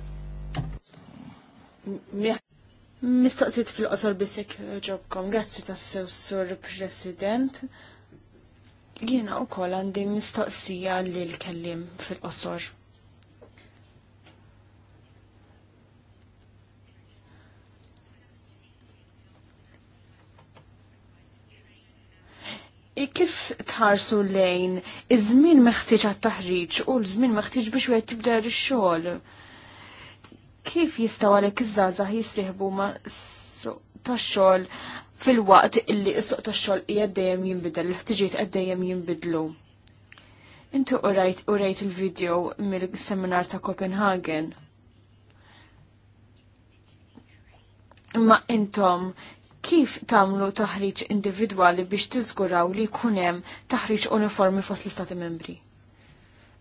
Speaker 2: Mistoqsijiet fil-qosor biss jekk jogħġobkom. Grazzi tas-sew sur President. Jiena u kol għandi mistoqsija li l-kellim
Speaker 4: fil-qosor.
Speaker 2: Kif tħarsu lejn iż-żmien meħtieġ għat-taħriġ u l-żmien meħtieġ biex wieħed tibda x-xogħol? Kif jistgħu għalhekk iż-żgħażagħ jissieħbu ma' tax-xogħol fil-waqt illi is soqta xol xogħol qiegħed dejjem jinbidel, il-ħtiġijiet qed jinbidlu. Intu urajt urajt il-video mill-seminar ta' Copenhagen. Ma intom kif tagħmlu taħriġ individwali biex tiżguraw li jkun hemm taħriġ uniformi fost l-Istati Membri?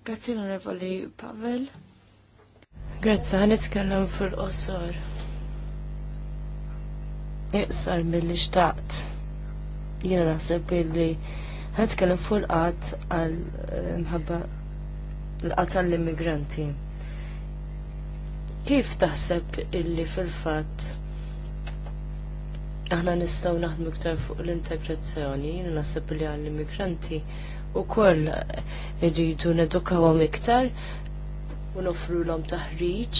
Speaker 2: Grazzi l-Onorevoli
Speaker 3: Pavel. Grazzi, ħanitkellem fil-qosor iqsar mill-li xtaqt. Jiena naħseb illi ħed fuq eh, l-qatt għal mħabba l qat għall immigranti Kif taħseb illi fil-fatt aħna nistgħu naħdmu iktar fuq l-integrazzjoni, jiena naħseb illi għall-immigranti koll irridu nedukawhom iktar u nofru l-om taħriġ,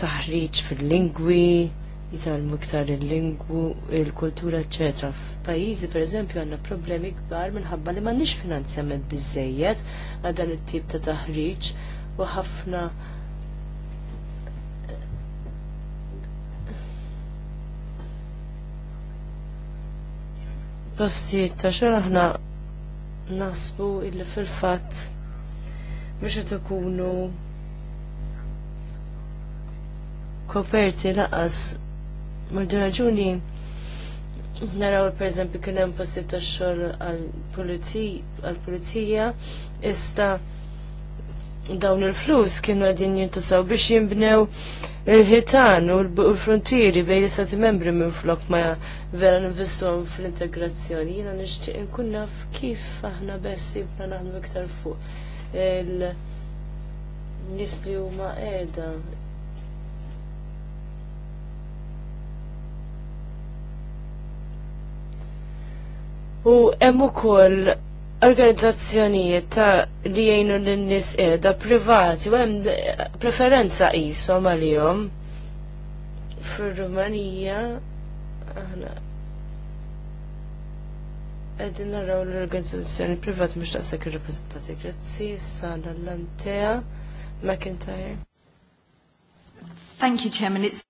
Speaker 3: taħriġ fil-lingwi, jitalmu iktar il-lingwu, il-kultura, ecc. F'pajjiżi pereżempju għandna problemi kbar minħabba li m'għandniex finanzjament biżejjed għal dan it-tip ta' taħriġ u ħafna Posti, ta' xor aħna nasbu illi fil-fatt biex qed ikunu koperti laqas Għal raġuni naraw per eżempju kien hemm postijiet tax-xogħol għall-pulizija issa dawn il-flus kienu qegħdin jintusaw biex jinbnew il-ħitan u l-frontieri bejn l-istati membri minn flok ma vera nvistuhom fl-integrazzjoni. Jiena nixtieq inkun naf kif aħna bess jibna naħdmu iktar fuq il-nies li huma qiegħda U hemm ukoll organizzazzjonijiet ta' li jgħinu lin-nies qiegħda privati u hemm preferenza qishom għalihom. Fir-Rumanija aħna Għedin naraw l-organizzazzjoni privati mux taqsak il-reprezentati grazzi, sana l-Antea, McIntyre. Thank you, Chairman. It's...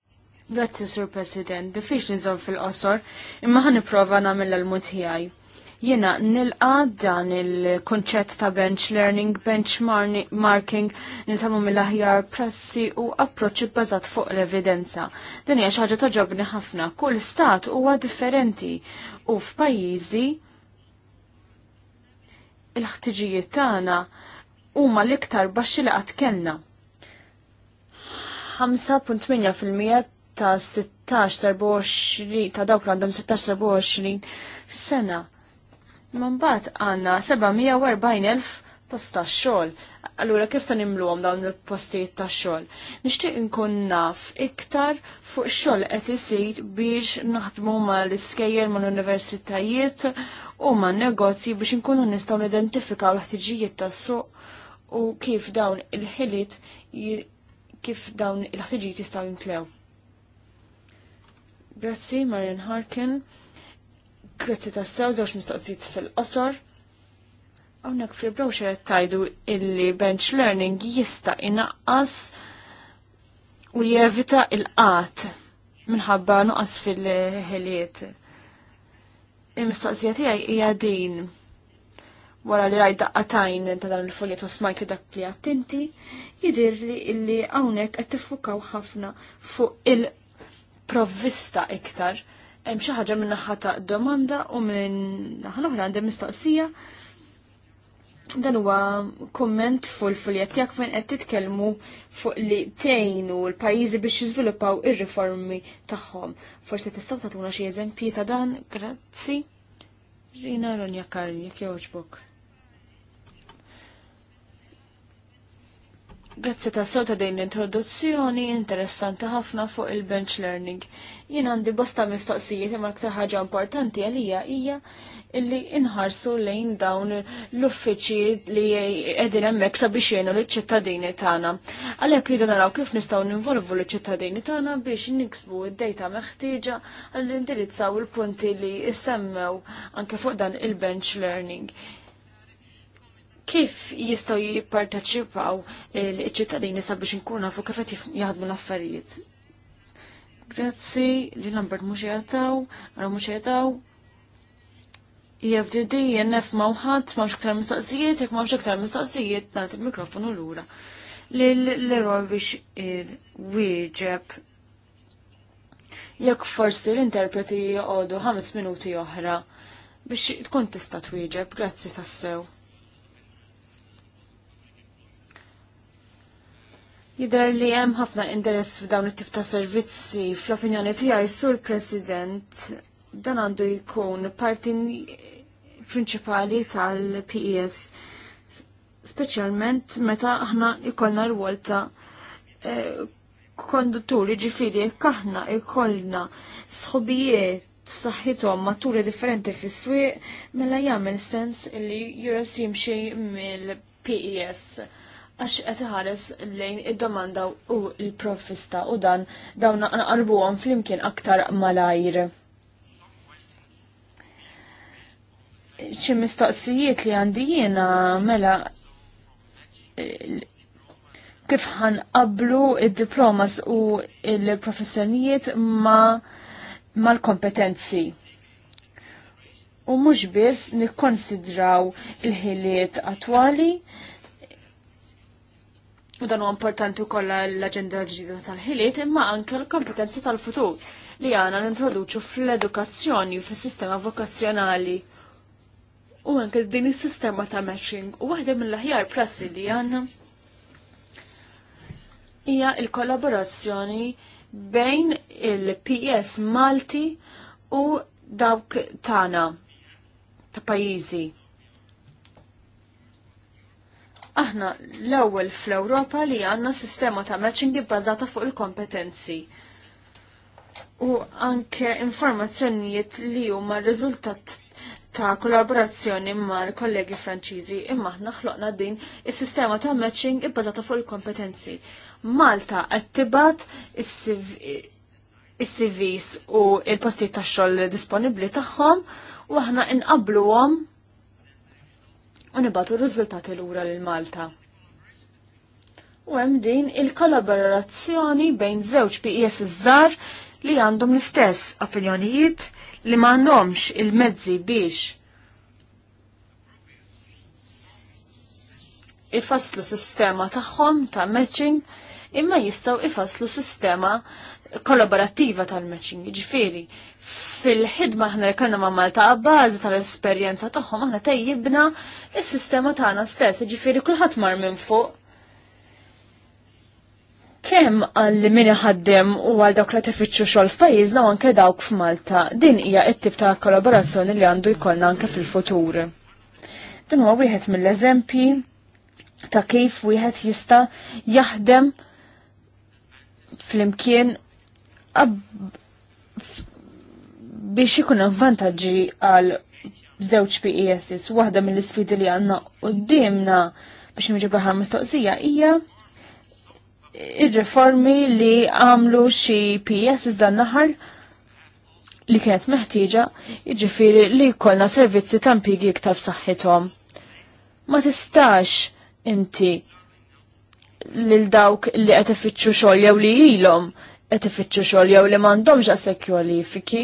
Speaker 3: Grazzi,
Speaker 2: Sur President. Diffiċ nżom fil-qosor, imma ħan niprofa namil l-mutijaj. Jena nilqa dan il-konċett ta' bench learning, benchmarking, nisamu mill-aħjar prassi u approċċi bbażat fuq l-evidenza. Din hija xi ħaġa toġobni ħafna, kull stat huwa differenti u f'pajjiżi il-ħtiġijiet tagħna huma l-iktar baxxi li qatt kellna. 5.8% ta' 16-24, ta' dawk li għandhom 16-24 sena Mbagħad għandna 740,000 post tax-xogħol. Allura kif se nimluhom dawn il-postijiet tax-xogħol? Nixtieq inkun naf iktar fuq xogħol qed isir biex naħdmu mal-iskejjer mal-universitajiet u man-negozji biex inkunu nistgħu nidentifikaw l-ħtiġijiet tas-suq u kif dawn il-ħiliet kif dawn il-ħtiġijiet jistgħu jinklew. Grazzi, Marian Harkin. Grazzi ta' sew zewx mistoqsijiet fil-qosor. Hawnhekk fil brawxer tajdu illi bench learning jista' inaqqas u jevita il-qat minħabba nuqqas fil-ħiliet. Il-mistoqsija tiegħi hija din wara li rajt għatajn ta' dan il-foljet u smajt li dak li attenti, jidir li illi hawnhekk qed tiffukaw ħafna fuq il-provvista iktar hemm xi ħaġa minn naħa ta' domanda u minn naħa l-oħra għandhem mistoqsija. Dan huwa komment il fuljet tiegħek fejn qed titkellmu fuq li tgħinu l-pajjiżi biex jiżviluppaw ir-riformi tagħhom. Forsi tistgħu tagħtuna xi eżempji ta' dan, grazzi. Rina Ronja Karni, jekk jogħġbok. Grazzi ta' sew ta' din l-introduzzjoni interessanti ħafna fuq il-bench learning. Jien għandi bosta mistoqsijiet imma aktar ħaġa importanti għalija hija illi inħarsu lejn dawn l-uffiċi li qegħdin hemmhekk sabiex jgħinu l ċittadini tagħna. Għalhekk rridu naraw kif nistgħu ninvolvu l ċittadini tagħna biex niksbu id-dejta meħtieġa għall indirizzaw il-punti li issemmew anke fuq dan il-bench learning kif jistaw jipparteċipaw il-ċittadini sabiex nkun nafu kif qed jaħdmu l-affarijiet. Grazzi li Lambert mhux jagħtaw, ara mhux jagħtaw. IFDD, e jennef mawħat, mawx ktar mistoqsijiet, jek mawx ktar mistoqsijiet, nat il-mikrofonu l-ura. L-eroj biex il-wieġeb. Jek forsi l-interpreti jgħodu 5 minuti oħra biex tkun tista' twieġeb, grazzi tassew. Jidher li hemm ħafna interess f'dawn it-tip ta' servizzi fl-opinjoni tiegħi sur President dan għandu jkun parti prinċipali tal-PES speċjalment meta aħna jkollna rwol ta' eh, kondutturi ġifiri kaħna jkollna sħobijiet f'saħħithom maturi differenti fis-swieq mela jagħmel sens li jura simxi mill-PES għax qed iħares lejn id-domanda u l profista u dan dawn naqarbuhom flimkien aktar malajr. Xi mistoqsijiet li għandi jiena mela kif ħan qablu id-diplomas u il-professjonijiet ma mal-kompetenzi. U mhux biss nikkonsidraw il-ħiliet attwali, U dan huwa importanti wkoll l-aġenda ġdida tal-ħiliet imma anke l-kompetenzi tal-futur li għana nintroduċu fl-edukazzjoni, fil-sistema vokazzjonali u anke din is-sistema ta' matching u waħda mill-aħjar prassi li għana hija il-kollaborazzjoni bejn il-PS Malti u dawk tana ta' pajizi. aħna l-ewwel fl-Ewropa li għandna sistema ta' matching bbażata fuq il-kompetenzi. U anke informazzjonijiet li huma riżultat ta' kollaborazzjoni mal kollegi Franċiżi imma aħna ħloqna din is-sistema ta' matching ibbażata fuq il-kompetenzi. Malta qed tibgħat is-CVs u il-postijiet tax-xogħol disponibbli tagħhom u aħna inqabluhom u nibatu r-riżultati lura lil Malta. U hemm din il-kollaborazzjoni bejn żewġ PIS e iż-żar li għandhom l-istess opinjonijiet li m'għandhomx il-mezzi biex ifasslu sistema tagħhom ta' matching imma jistgħu ifasslu sistema kollaborattiva tal-matching. Ġifiri, fil-ħidma ħna li kellna ma' Malta għabbażi tal-esperjenza tagħhom aħna tajjibna il sistema tagħna stess, ġifiri kulħadd mar minn fuq Kem għalli min ħaddem u għal dawk li tifittxu xogħol f'pajjiżna u anke dawk f'Malta, din hija t-tip ta' kollaborazzjoni li għandu jkollna anke fil-futur. Din huwa wieħed mill-eżempji ta' kif wieħed jista' jaħdem flimkien biex ikun vantaġġi għal żewġ PESs, waħda mill-isfidi li għandna qudiemna biex nġibha ħar mistoqsija hija ir-reformi li għamlu xi PESs dan naħar li kienet meħtieġa, jiġifieri li jkollna servizzi ta' impjiegi iktar f'saħħithom. Ma tistax inti lil dawk li qed ifittxu xogħol jew li ilhom qed ifittxu xogħol jew li m'għandhomx għasek kwalifiki.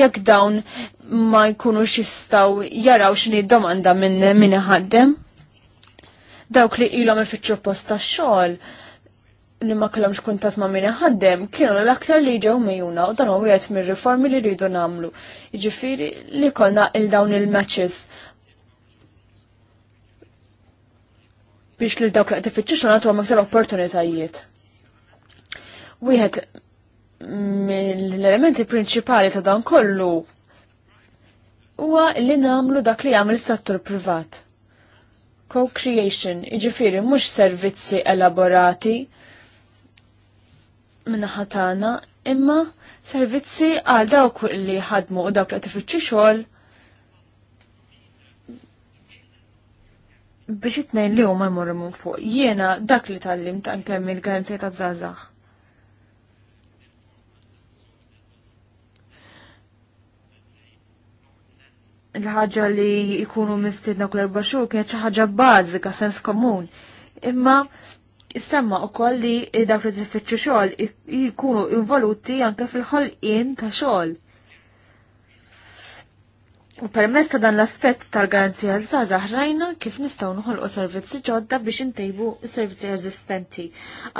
Speaker 2: Jekk dawn ma jkunux jistgħu jaraw xini domanda minne min ħaddem. Dawk li ilhom ifittxu post tax-xogħol li ma kellhomx kuntat ma' min ħaddem kienu l-aktar li ġew mejjuna u dan huwa wieħed mir-riformi li rridu nagħmlu. Jiġifieri li konna il dawn il-matches biex li dawk li qed ifittxu għatu hemm aktar opportunitajiet. Wieħed mill-elementi prinċipali ta' dan kollu huwa li nagħmlu dak li jagħmel settur privat. Co-creation, jiġifieri mhux servizzi elaborati minnaħa tagħna, imma servizzi għal dawk li ħadmu u dawk li qed xol, xogħol biex it-nejn li huma jmorru minn fuq. Jiena dak li tal-lim ta' nkemm il-garanzija ta' zazax. il ħagġa li jkunu mistidna kull erba' xhur kienet xi ħaġa bażika sens komun. Imma semma wkoll li dak li tiffiċċju xogħol jkunu involuti anke fil-ħolqien ta' xogħol. U permess ta' dan l-aspett tal-garanzija żgħażagħ ħrajna kif nistgħu nħolqu servizzi ġodda biex intejbu servizzi eżistenti.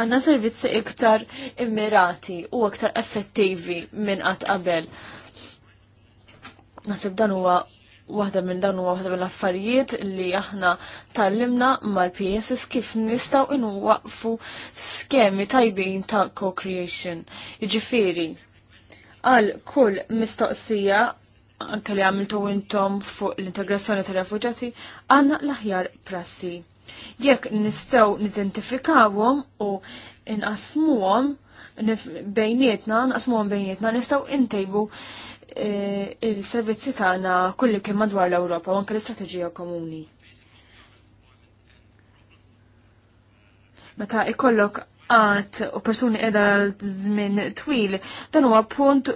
Speaker 2: Għanna servizzi iktar immirati u iktar effettivi minn qatt qabel. Nasib dan huwa waħda minn dan huwa waħda minn affarijiet li aħna tallimna mal-PSS kif nistgħu inwaqfu skemi tajbin ta' co-creation. Jiġifieri, għal kull mistoqsija anke li għamiltu intom fuq l-integrazzjoni tal-refuġati għanna l-aħjar prassi. Jekk nistgħu nidentifikawhom u inqasmuhom bejnietna, nqasmuhom bejnietna nistgħu intejbu e, il-servizzi tagħna kulli kien madwar l-Ewropa u anke l-istrateġija komuni. Meta ikollok għat u persuni edha żmien twil, dan huwa punt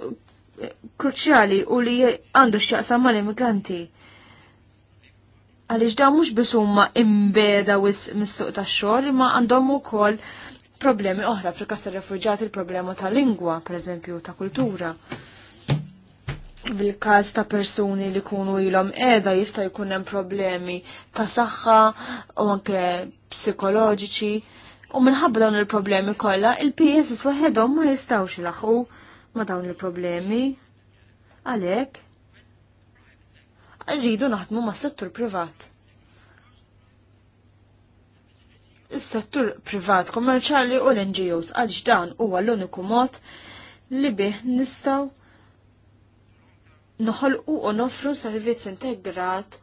Speaker 2: kruċjali u li għandu x'jaqsam mal-immigranti. Għaliex dawn mhux biss huma imbeda wis mis-suq tax-xogħol imma għandhom ukoll problemi oħra fil-kas tar-refuġjati il-problema ta' lingwa, pereżempju ta' kultura. Bil-każ ta' persuni li kunu ilhom qiegħda jista' jkun hemm problemi ta' saħħa u anke psikoloġiċi. U minħabba dawn il-problemi kollha, il-PSS waħedhom ma jistawx ilaħħu ma dawn il-problemi. Għalhekk rridu naħdmu ma' settur privat. Is-settur privat kommerċali u l-NGOs għaliex dan huwa l-uniku mod li bih nistgħu noħolqu u nofru servizz integrat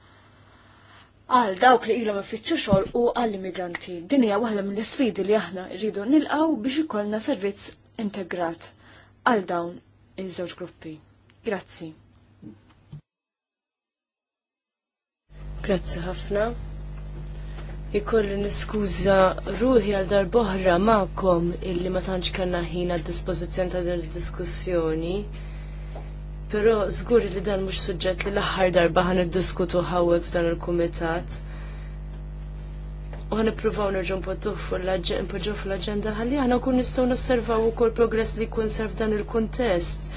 Speaker 2: għal dawk li ilom ifittxu xogħol u għall-immigranti. Din hija waħda mill-isfidi li aħna rridu nilqgħu biex ikollna servizz integrat għal dawn iż-żewġ gruppi. Grazzi.
Speaker 3: Grazzi ħafna. Ikolli niskuża ruħi għal darboħra ma'kom illi ma tantx kellna ħin għad dispożizzjoni ta' din id-diskussjoni. Però żgur li dan mhux suġġett li l-aħħar darba ħan iddiskutu ħawek f'dan il-kumitat u għan ipruvaw nerġu npoġġu fl-agenda ħalli għana kun nistaw nosservaw u kol progress li kun serv dan il-kontest.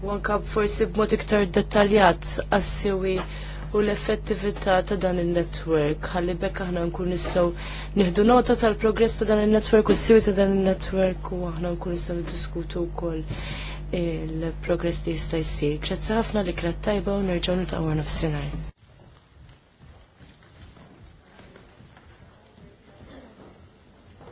Speaker 3: U forsi b'mod iktar dettaljat għassiwi u l-effettività ta' dan il-network. Ħalli bekk aħna nkun nistgħu nieħdu nota tal-progress ta' dan il-network u s-siwi ta' dan il-network u aħna nkun nistgħu u wkoll il-progress li jista' jsir. Grazzi ħafna li krat u
Speaker 1: nerġgħu nitqgħu nafsinhar.